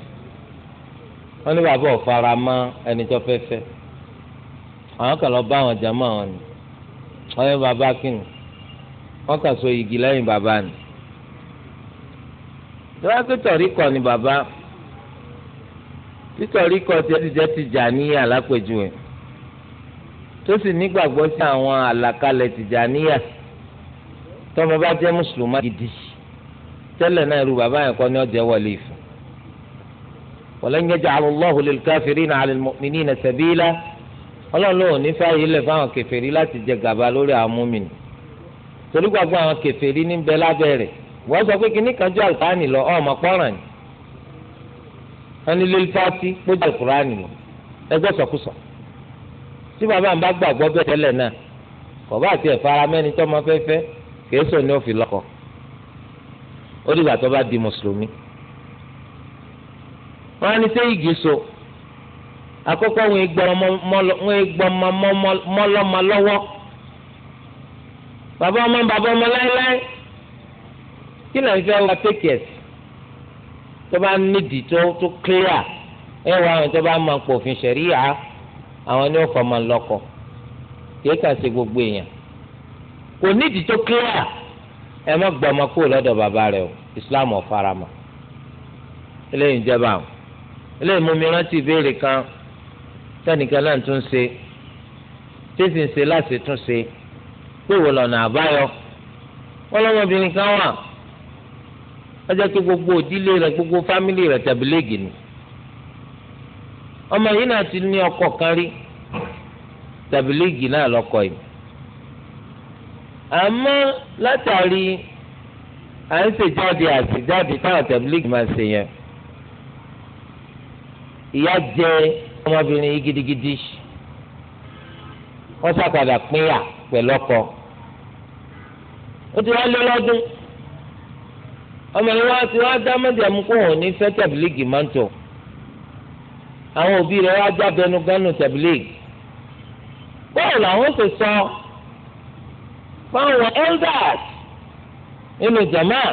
i wọ́n ní bàbá ò fara mọ́ ẹni tó fẹ́ fẹ́ àwọn kan lọ bá àwọn jàmọ́ àwọn ni wọ́n ní bàbá kìnnìún wọ́n kà so igi lẹ́yìn bàbá ni tọ́wọ́pẹ́ tọ̀ríkọ̀ ni bàbá títọ̀ríkọ̀ tiẹ̀ ti jẹ́ Tìjàníyà lápèjúwe tó sì nígbàgbọ́ sí àwọn àlàkalẹ̀ Tìjàníyà tọ́mọ bá jẹ́ mùsùlùmá gidi tẹ́lẹ̀ náà irú bàbá yẹn kọ́ ni ó jẹ́ wọlé ìfún. walan yaj'ala Allahu lil-kafirina 'ala al-mu'minina sabila ọlọ́run ló ní fáyìí lẹ̀ fáwọn kèfèrí láti jẹ gàba lórí àwọn múmìnì torí gbàgbọ́ àwọn kèfèrí ní bẹ lábẹ́rẹ̀ wọ́n sọ pé kíní kan jọ àlùkùránì lọ ọmọ pọ́nrán ni wọ́n ní lórí fáti kó jọ àlùkùránì lọ ẹgbẹ́ sọkúsọ tí bàbá mi bá gbàgbọ́ bẹ́ẹ̀ tẹ́lẹ̀ náà kò bá àti ẹ̀fara mẹ́ni tọ́mọ fẹ́fẹ́ kìí sọ ní òfin lọ́kọ̀ ó dìgbà tó bá di mùsùlùmí wọ́n á ní sẹ́yìn igi so àkọ́kọ́ wọn gbọ́ ọmọ mọ́lọ́mọ lọ́wọ́ bàbá ọmọ bàbá ọmọ láéláé kí náà ń fẹ́ wá pékèsì tó bá nídìí tó tó clear ẹ wá àwọn tó bá máa pò òfin ṣẹ̀ríyà àwọn ni ó fọmọ lọ́kọ kìí kà sí gbogbo èèyàn kò nídìí tó clear ẹ má gbọ́ ọmọ kúrò lọ́dọ̀ bàbá rẹ o Islam ọ̀farama eléyìí ń jẹba o eléyìí mú mi rántí ìbéèrè kan tẹnìkan náà tún ṣe tẹsí ń ṣe láti tún ṣe pé wò lọ́nà àbáyọ wọn lọ́mọbìnrin kan wà wọ́n jẹ́ pé gbogbo òdílé rẹ̀ gbogbo fámìlì rẹ̀ tàbílẹ́gì ni ọmọ yìí náà ti ní ọkọ kan rí tàbílẹ́gì náà lọ́kọ yìí àmọ́ látàrí à ń ṣèjáde àṣejáde táwọn tàbílẹ́gì máa ṣe yẹn ìyá jẹ ọmọbìnrin yìí gidigidi wọ́n sá padà pínyà pẹ̀lú ọkọ ó ti wá lé lọ́dún ọmọ yìí wá ti wá dá mọ́jàmú kó wọn ní fẹ́ tẹ̀bílíìgì máa ń tọ̀ àwọn òbí rẹ̀ wá jábẹnu gánú tẹ̀bílíìgì báwo làwọn ṣe sọ fáwọn elders nínú jama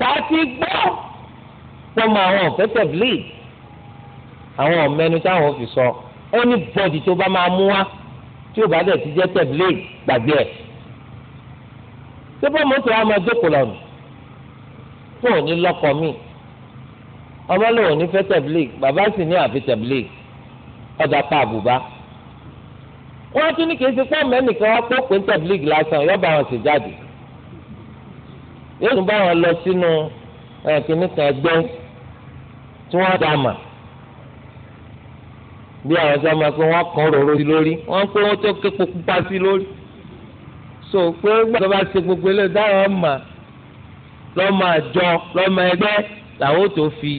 ká ti gbọ́ pọ́nmọ́ àwọn ọ̀fẹ́ tẹ̀bílíìgì àwọn ọ̀mẹ́nu táwọn fi sọ ó ní bọ́ọ̀dì tó bá máa mú wá tí o bá dẹ̀ ti jẹ́ tẹ̀blé gbàgbé ẹ̀. síbò mọ́tò wa máa jókòó lọ́nù tó ò ní lọ́kọ mi ọmọ lòun ò ní fẹ́ tẹ̀blé bàbá sì ní àfi tẹ̀blé ọ̀dà pa àbùbá. wọ́n tún ní kì í ṣe pọ́ mẹ́nìkan wá pé òpin tẹ̀blé lásán yóò bá wọn sì jáde yóò tún bá wọn lọ sínú kìnnìkan ẹgbẹ́ tí wọ́n dá mà bí àwọn sọ ma pé wọ́n kàn róró sí lórí wọ́n pé wọ́n tó képo pupa sí lórí so pé gbọ́dọ̀ bá ṣe gbogbo eléyìí dáhùn ọmọ lọ́mọ àjọ lọ́mọ ẹgbẹ́ làwọn ò tó fi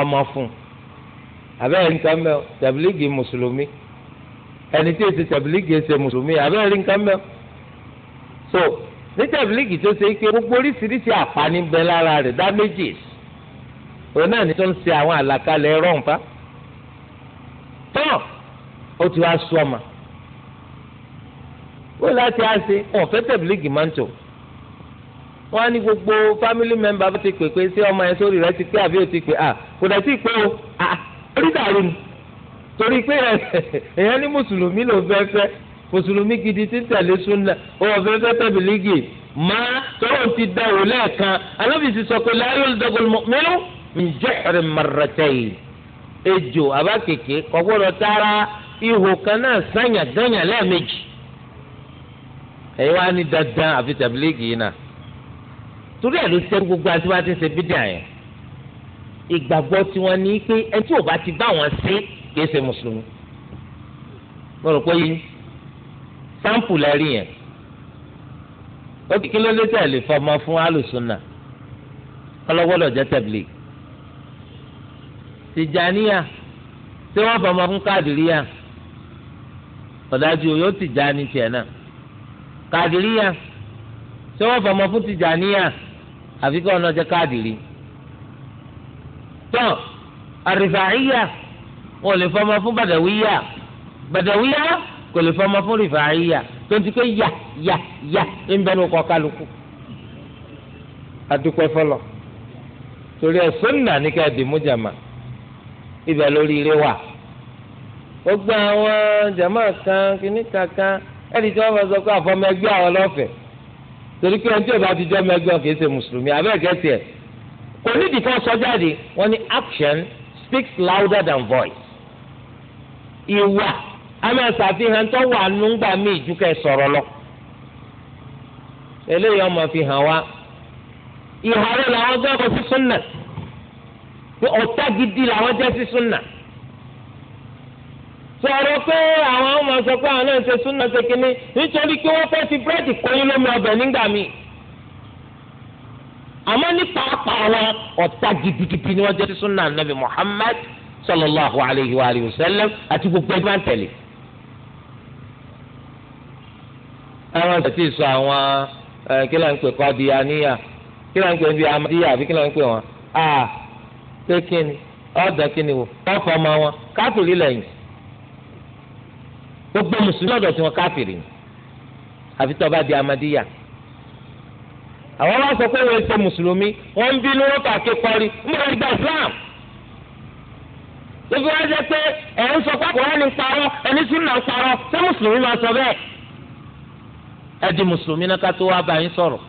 ọmọ fún abẹ́rẹ́ nǹkan mẹ́ tàbílígì mùsùlùmí ẹni tí èsì tàbílígì èsì mùsùlùmí abẹ́rẹ́ nǹkan mẹ́ so ní tàbílígì tó ṣe pé gbogbo oríṣiríṣi àpáni bẹ lára rẹ̀ dá méjì òun náà ní tó ń ṣe àwọn àlàkalẹ̀ rọ̀ǹpa tán ó ti wá sọ ọmọ wọ́n láti á ṣe wọn fẹ́ tẹ̀bílígì máa ń tò wọ́n á ní gbogbo family member bá ti pè pé sí ọmọ yẹn sórí rẹ ti pé àbí ó ti pè à kò dẹ̀ sí pé o à orí dàrú ni torí pé èèyàn ní mùsùlùmí ló fẹ́ fẹ́ mùsùlùmí gidi ti ń tẹ̀lé súnà ó fẹ́ fẹ́ tẹ̀bílígì máa tọ́wọ́ ti dẹ̀wò lẹ́ẹ̀kan alábìsí sọ pé láyé olùdókòlùmọ́ mẹ́rún ǹjẹ́ ẹ̀rẹ̀ mọ̀rẹ̀tẹ̀ ejò àbá kèké kò gbọ́dọ̀ tara ihò kan náà sáyà dáyà lẹ́ẹ̀mejì ẹ̀yin wá ní dandan àfi tàbílẹ́gì yìí náà torí ẹ̀ ló ṣe gbogbo àti bá ti ṣe bídà yẹn ìgbàgbọ́ tiwọn ni pé ẹni tí ò bá ti bá wọn ṣe kìí ṣe mùsùlùmí mo rò pé yìí sáǹpù lẹ́rìí yẹn ó kí ló dé tẹ̀lé fọmọ fún alùsùnà ọlọ́gbọ́dọ̀ jẹ́ tẹ̀blígì tìjàníyà tí wọ́n fọmọ fún kádìríyà ọ̀dájú yóò tìjàní tiẹ̀ náà kádìríyà tí wọ́n fọmọ fún tìjàníyà àfi kí ọ̀nà jẹ́ kádìrí tọ́ àrífàáyà wọn ò lè fọmọ fún bàdàwíyà bàdàwíyà kò lè fọmọ fún rìfàáyà tó ń ti pé yà yà yà ń bẹ́ẹ̀ ní ọkọ̀ kálukú adúpẹ́ fọlọ́ torí ẹ̀ sọ́nà ní ká ẹ̀ dì mú jàmá ibẹ̀ lórí ilé wà gbogbo àwọn jama kan kìnnì kankan ẹni tí wọ́n fẹ́ sọ pé àfọmẹgbẹ́ àwọn lọ́fẹ̀ẹ́ torí pé ẹni tí òbá ti jọ mẹgbẹ́ ọ̀ ṣe mùsùlùmí abẹ́ẹ̀kẹ́ tiẹ̀ kò nídìí kan sọ wọ́n ní action speaks louder than voice ìwà amẹ́sàfihàn tó wà nùgbà míì ju kẹ́ sọ̀rọ̀ lọ eléyìí ọmọ fi hàn wá ìhàrẹ́ làwọn gbọ́dọ̀ sí sunnah pé ọ̀tá gidi làwọn jẹ́ sí súnà sọ̀rọ̀ pé àwọn ọmọ sọ pé àwọn náà ń ṣe súnà ṣe kínní nítorí pé wọ́n fẹ́ fi búrẹ́dì kọyún lómi ọbẹ̀ nígbà míì àmọ́ ní pàápàá wọn ọ̀tá gidigidi ni wọ́n jẹ́ sí súnà nàbì Muhammad sallallahu alayhi wa alihi wa sallam àti gbogbo ẹgbẹ́ máa ń tẹ̀lé. àwọn àti sọ àwọn kí ló ń pè kọ́ di aníyà kí ló ń pè bí amadíyà àbí kí ló ń pè wọn. Ah, pé kí ni ọ̀dà kí ni wò wọ́n fọ ọmọ wọn káfìrí lẹ́yìn gbogbo mùsùlùmí ọ̀dọ̀ tí wọ́n káfìrí ni àfi tó bá di amadíyà àwọn wá sọ pé wọ́n ṣe mùsùlùmí wọ́n ń bínú wọn kàké kọrí mọ́ ìgbà Islam lóbi wá jẹ́ pé ẹ̀ ń sọ pé àkùrẹ́ ni parọ́ ẹni sún náà parọ́ ṣé mùsùlùmí máa sọ bẹ́ẹ̀ ẹ di mùsùlùmí náà ká tó wá bá yín sọ̀rọ̀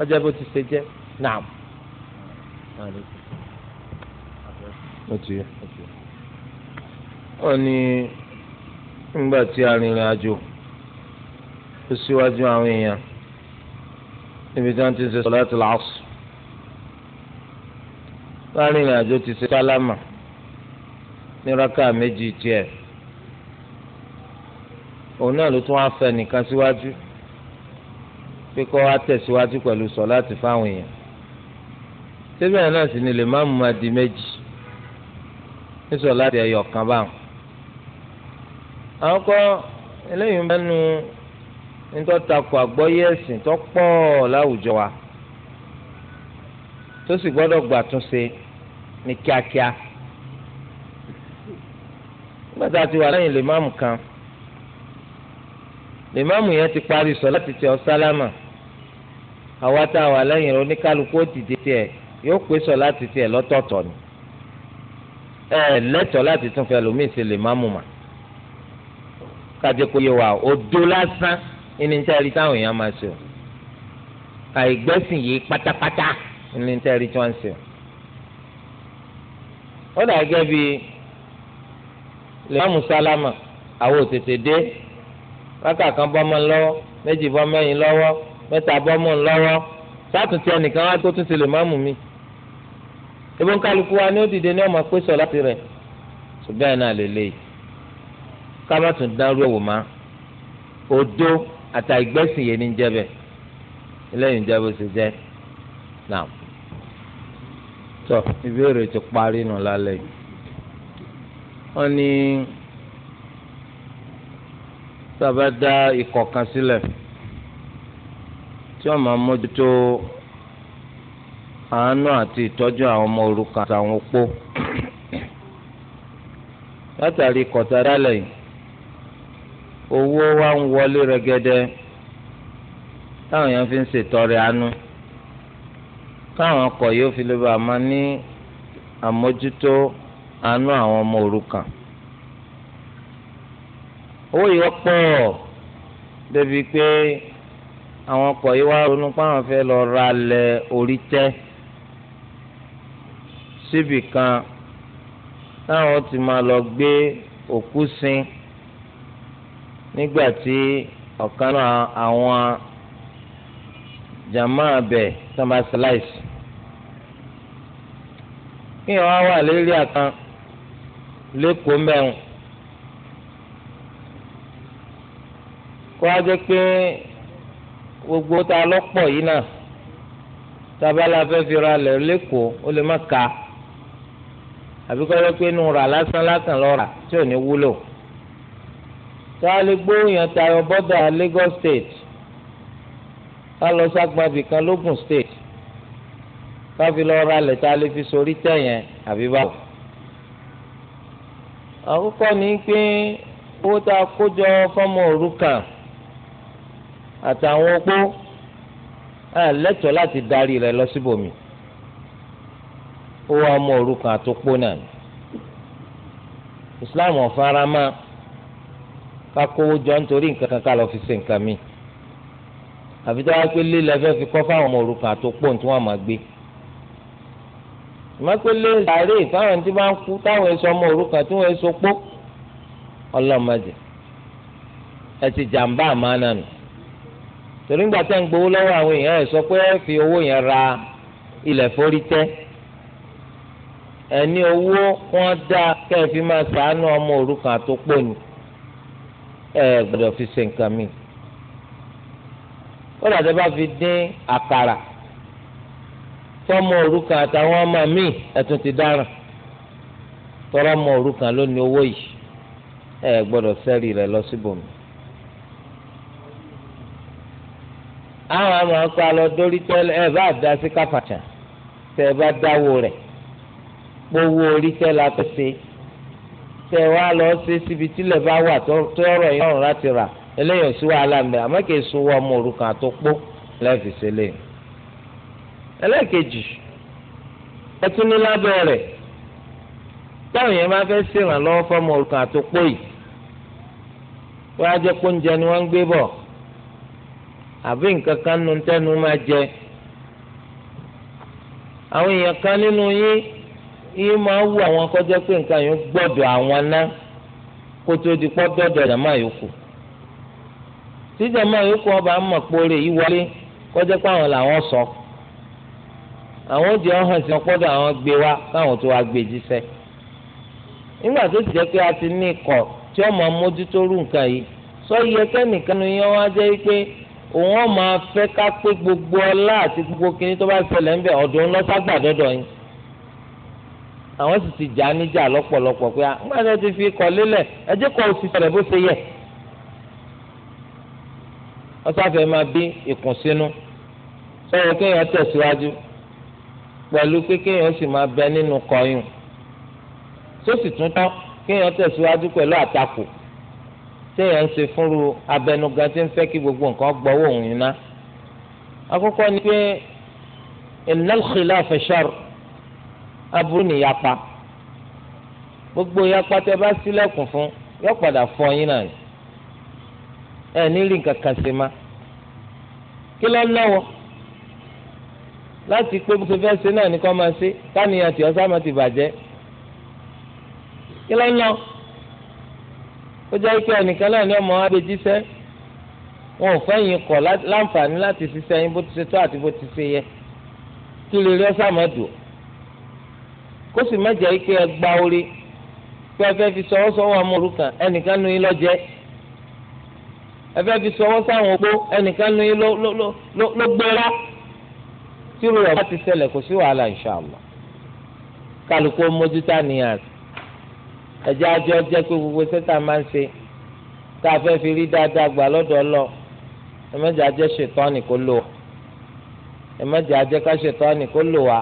ọjọ́ bó ti ṣe jẹ́ náà. ọtí ọ ní nígbà tí arìnrìn àjò ó síwájú àwọn èèyàn níbi tí wọ́n ti ń ṣe sọlá ti làásù láàrin ìrìn àjò ti ṣe sálámà ní rákà méjì tiẹ̀ òun náà ló tún wá fẹ́ nìkan síwájú pé kó wá tẹ̀síwájú pẹ̀lú sọlá ti fáwọn èèyàn síbẹ̀ náà sì ni lè má mú adi méjì nísọ láti ẹyọ kan báwọn. àwọn kọ́ eléyìí ń bá nu nítorí takò àgbọ́yé ẹ̀sìn tó pọ̀ láwùjọ wa tó sì gbọ́dọ̀ gbàtúnṣe ní kíákíá. nígbà tá a ti wà lẹ́yìn lè máàmù kan lè máàmù yẹn ti parí sọ láti tẹ ọ sálámà àwa tá a wà lẹ́yìn oníkálukú ó ti dé tiẹ̀ yóò pè sọ láti tiẹ̀ lọ́tọ̀ọ̀tọ̀ ni ẹ lẹ́tọ̀ọ́ láti tún fẹ́ lómi ṣe lè má mú ma kájẹ́ kó yé wa odo lásán ní ní tẹ́lẹ̀ táwọn èèyàn máa ṣe o àìgbẹ́sìn yìí pátápátá ní ní tẹ́lẹ̀ tí wọ́n ń ṣe o. ó dà gẹ́gẹ́ bí lèmọ́mù sálámà àwọn òtètè dé rákà kan bọ́mọ lọ́wọ́ méjì bọ́mọ ẹ̀yìn lọ́wọ́ mẹ́ta bọ́mọ lọ́wọ́ sátúntì ẹnìkan wá tó tún ṣe lèmọ́mù mi ebo kálukú wa ni ó dìde ní ọmọ pé sọ láti rẹ̀ ṣùgbọ́n ẹ̀ náà lélẹ̀ ká má tún dárú ẹ̀wò má odó àtà ìgbẹ́sìn yẹn ní jẹ́bẹ̀ eléyìí ń jẹ́ bó ṣe jẹ́ náà tọ ìbéèrè ti parí nù lálẹ́ yìí ní sábà dá ikọ̀ kan sílẹ̀ tí wọ́n máa mójútó. àánú àti ìtọ́jú àwọn ọmọ òrukàn àtàwọn opó látàrí kọ̀tàdálẹ̀ owó wa ń wọlé rẹ́gẹ́dẹ́ táwọn èèyàn fi ń ṣètọrẹ àánú káwọn ọkọ̀ yóò fi lè bá a máa àwọn ọmọ owó yìí wọ́pọ̀ débi pé àwọn ọkọ̀ yìí wá ronú pé àwọn fẹ́ lọ ra síbì kan táwọn ti máa lọ gbé òkú sin nígbà tí ọ̀kan náà àwọn jàmá abẹ tó máa slice kí wọ́n wà lérí àkàn lẹ́kọ̀ọ́ mẹ́rin kó a jẹ́ pé gbogbo ta lọ́pọ̀ yìí náà tábàlà fẹ́ fi ra lẹ́kọ̀ọ́ ó lè má ka àbí kọ́ ló pé inú rà lásán lásán lọ rà tí ò ní wúlò. tá a lè gbóyàn tayọ bọ́dà Lagos state ká lọ ságbàbì kan lógùn state ká fi lọ ra lẹ̀ tá a lè fi sórí tẹ̀yẹn àbí báwò. àkókò ní pé owó tá a kó jọ fọ́mọ òrukàn àtàwọn opó ẹ̀ lẹ́tọ̀ọ́ láti darí rẹ̀ lọ síbòmíì ó wá ọmọ òrukàn àtòpó náà ni Islam ọ̀farama ká kówó jọ nítorí nǹkan kan ká lọ fi ṣe nǹkan mi àfi tó wá pé lílẹ̀ fẹ́ fi kọ́ fáwọn ọmọ òrukàn àtòpó tí wọ́n máa gbé ìmọ̀pẹ́lẹ́ sàárè táwọn tí bá ń kú táwọn èso ọmọ òrukàn tí wọ́n èso pó ọlọ́mọdé ẹ ti jàǹbá àmàna nù torí ńgbà tẹ́ ń gbowó lọ́wọ́ àwọn èèyàn ẹ̀ sọ pé fi owó yẹn ra ilẹ̀ forí tẹ́ ẹni owó wọn dá kẹfì máa sàánú ọmọ òrukàn tó pọ̀ ni ẹ gbọ́dọ̀ fi ṣe nǹkan mi ó dàdé bá fi dín àkàrà tọmọ òrukàn àtàwọn ọmọ mi ẹtún ti dáràn tọrọ ọmọ òrukàn ló ní owó yìí ẹ gbọ́dọ̀ sẹrí rẹ lọ síbòmí. àwọn àmọ̀ ọkọ alọ dórí tẹ́lẹ̀ ẹ bá dá sí káfàtà tẹ́ ẹ bá dáwó rẹ̀ gbowó orí tẹ́ la fẹ́ ṣe tẹ́ wá lọ ṣe síbi tílẹ̀ bá wà tọ́rọ̀ yìí ọ̀run láti rà eléyìí sí wàhálà ń bẹ àmọ́ kì í sunwọ́ ọmọ òrukàn àtọ́pọ́ lẹ́ẹ̀fì sílẹ̀ ẹlẹ́ẹ̀kejì ẹtún ní lábẹ́ rẹ̀ táwọn yẹn máa fẹ́ ṣèrànlọ́wọ́ fọmọ òrukàn àtọ́pọ́ yìí wọ́n á jẹ́ pé ni wọ́n ń gbé bọ̀ àbí nǹkan kan nu tẹ́nu máa jẹ àwọn èèyàn kan nínú yín. ihe máa wù àwọn pé nǹkan gbọ́dọ̀ àwọn ná kó tó di pọ́ dọ́dọ̀ jàmá ọba mọ̀ pòórè yìí wọlé kọjá pé àwọn làwọn sọ àwọn jẹ́ ọ̀hún sí ọpọ́dọ̀ àwọn gbé wá káwọn tó wá gbé jíṣẹ́ nígbà tó ti jẹ́ pé a ti ní ọmọ mójútó rú nǹkan yìí sọ yẹ kẹ́nìkan ni yẹn wá jẹ́ pé òun gbogbo ọlá àti gbogbo kinní tó bá ṣẹlẹ̀ ńlọ́sàgbà dọ́dọ̀ àwọn sì ti jà níjà lọ́pọ̀lọpọ̀ pé àgbàdo ah, ti fi kọ́ lélẹ̀ ẹjẹ́ kọ́ òsì tẹ̀lé bó ṣe yẹ. wọ́n sáfẹ́ máa bí ìkùnsínú sọ̀rọ̀ kéèyàn tẹ̀síwájú pẹ̀lú pé kéèyàn sì máa bẹ nínú kọyún tó sì tún tán kéèyàn tẹ̀síwájú pẹ̀lú àtakò téèyàn ń ṣe fúnru abẹnugan tí ń fẹ́ kí gbogbo nǹkan gbọ́wọ́ òun yìí ná. àkọ́kọ́ ni pé innal aburú nìyapa gbogbo yapa tẹ bá sílẹ̀kùn fún yọ padà fọ yín náà ni ẹ nílì kankan sí ma kí ló ń náwó láti pé bó ṣe fẹ́ ṣe náà ni kọ́ máa ṣe káníyàn tí ọ̀sán máa ti bàjẹ́ kí ló ń náwó ó jẹ́ pé ẹnìkan náà ní ọmọ abẹ́jíṣẹ́ wọn ò fẹ́ kọ̀ láǹfààní láti ṣiṣẹ́ yín bó ti ṣe tó àti bó ti ṣe yẹ kí lè rí ọ̀sán máa dùn kó sì má jẹ́ pé ẹ gba orí pé ẹ fẹ́ fi sọwọ́ sọwọ́ ọmọ òrukàn ẹnìkan nu yín lọ́jẹ́ ẹ fẹ́ fi sọwọ́ sáwọn opó ẹnìkan nu yín ló gbéra tírú rẹ̀ bá ti ṣẹlẹ̀ kò sí wàhálà inṣàlá kálukú mójútà nìyàn ẹ̀jẹ̀ àjọ jẹ́ pé gbogbo sẹ́tà máa ń ṣe tá fẹ́ fi rí dáadáa gbà lọ́dọ̀ ọlọ́ọ̀ ẹ̀mẹ́jẹ̀ àjẹ́ ṣètọ́ni kó lò ẹ̀mẹ́jẹ̀ àjẹ́ ká ṣètọ́ni kó lò wá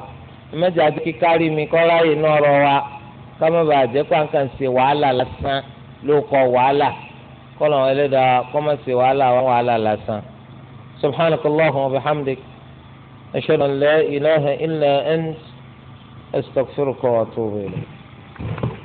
mẹ́jọ àti kíkárí mi kọ́ ráyè náà rọ wa kámẹ́ bàa jẹ́ pàǹkà ń ṣe wàhálà lásán ló kọ wàhálà kọ́lọ̀ ẹlẹ́dàá kọ́mọ̀ ṣe wàhálà wọn wàhálà lásán. سبحانك اللهم وبحمدك أشهد أن لا إله إلا أنت أستغفرك وأتوب إليك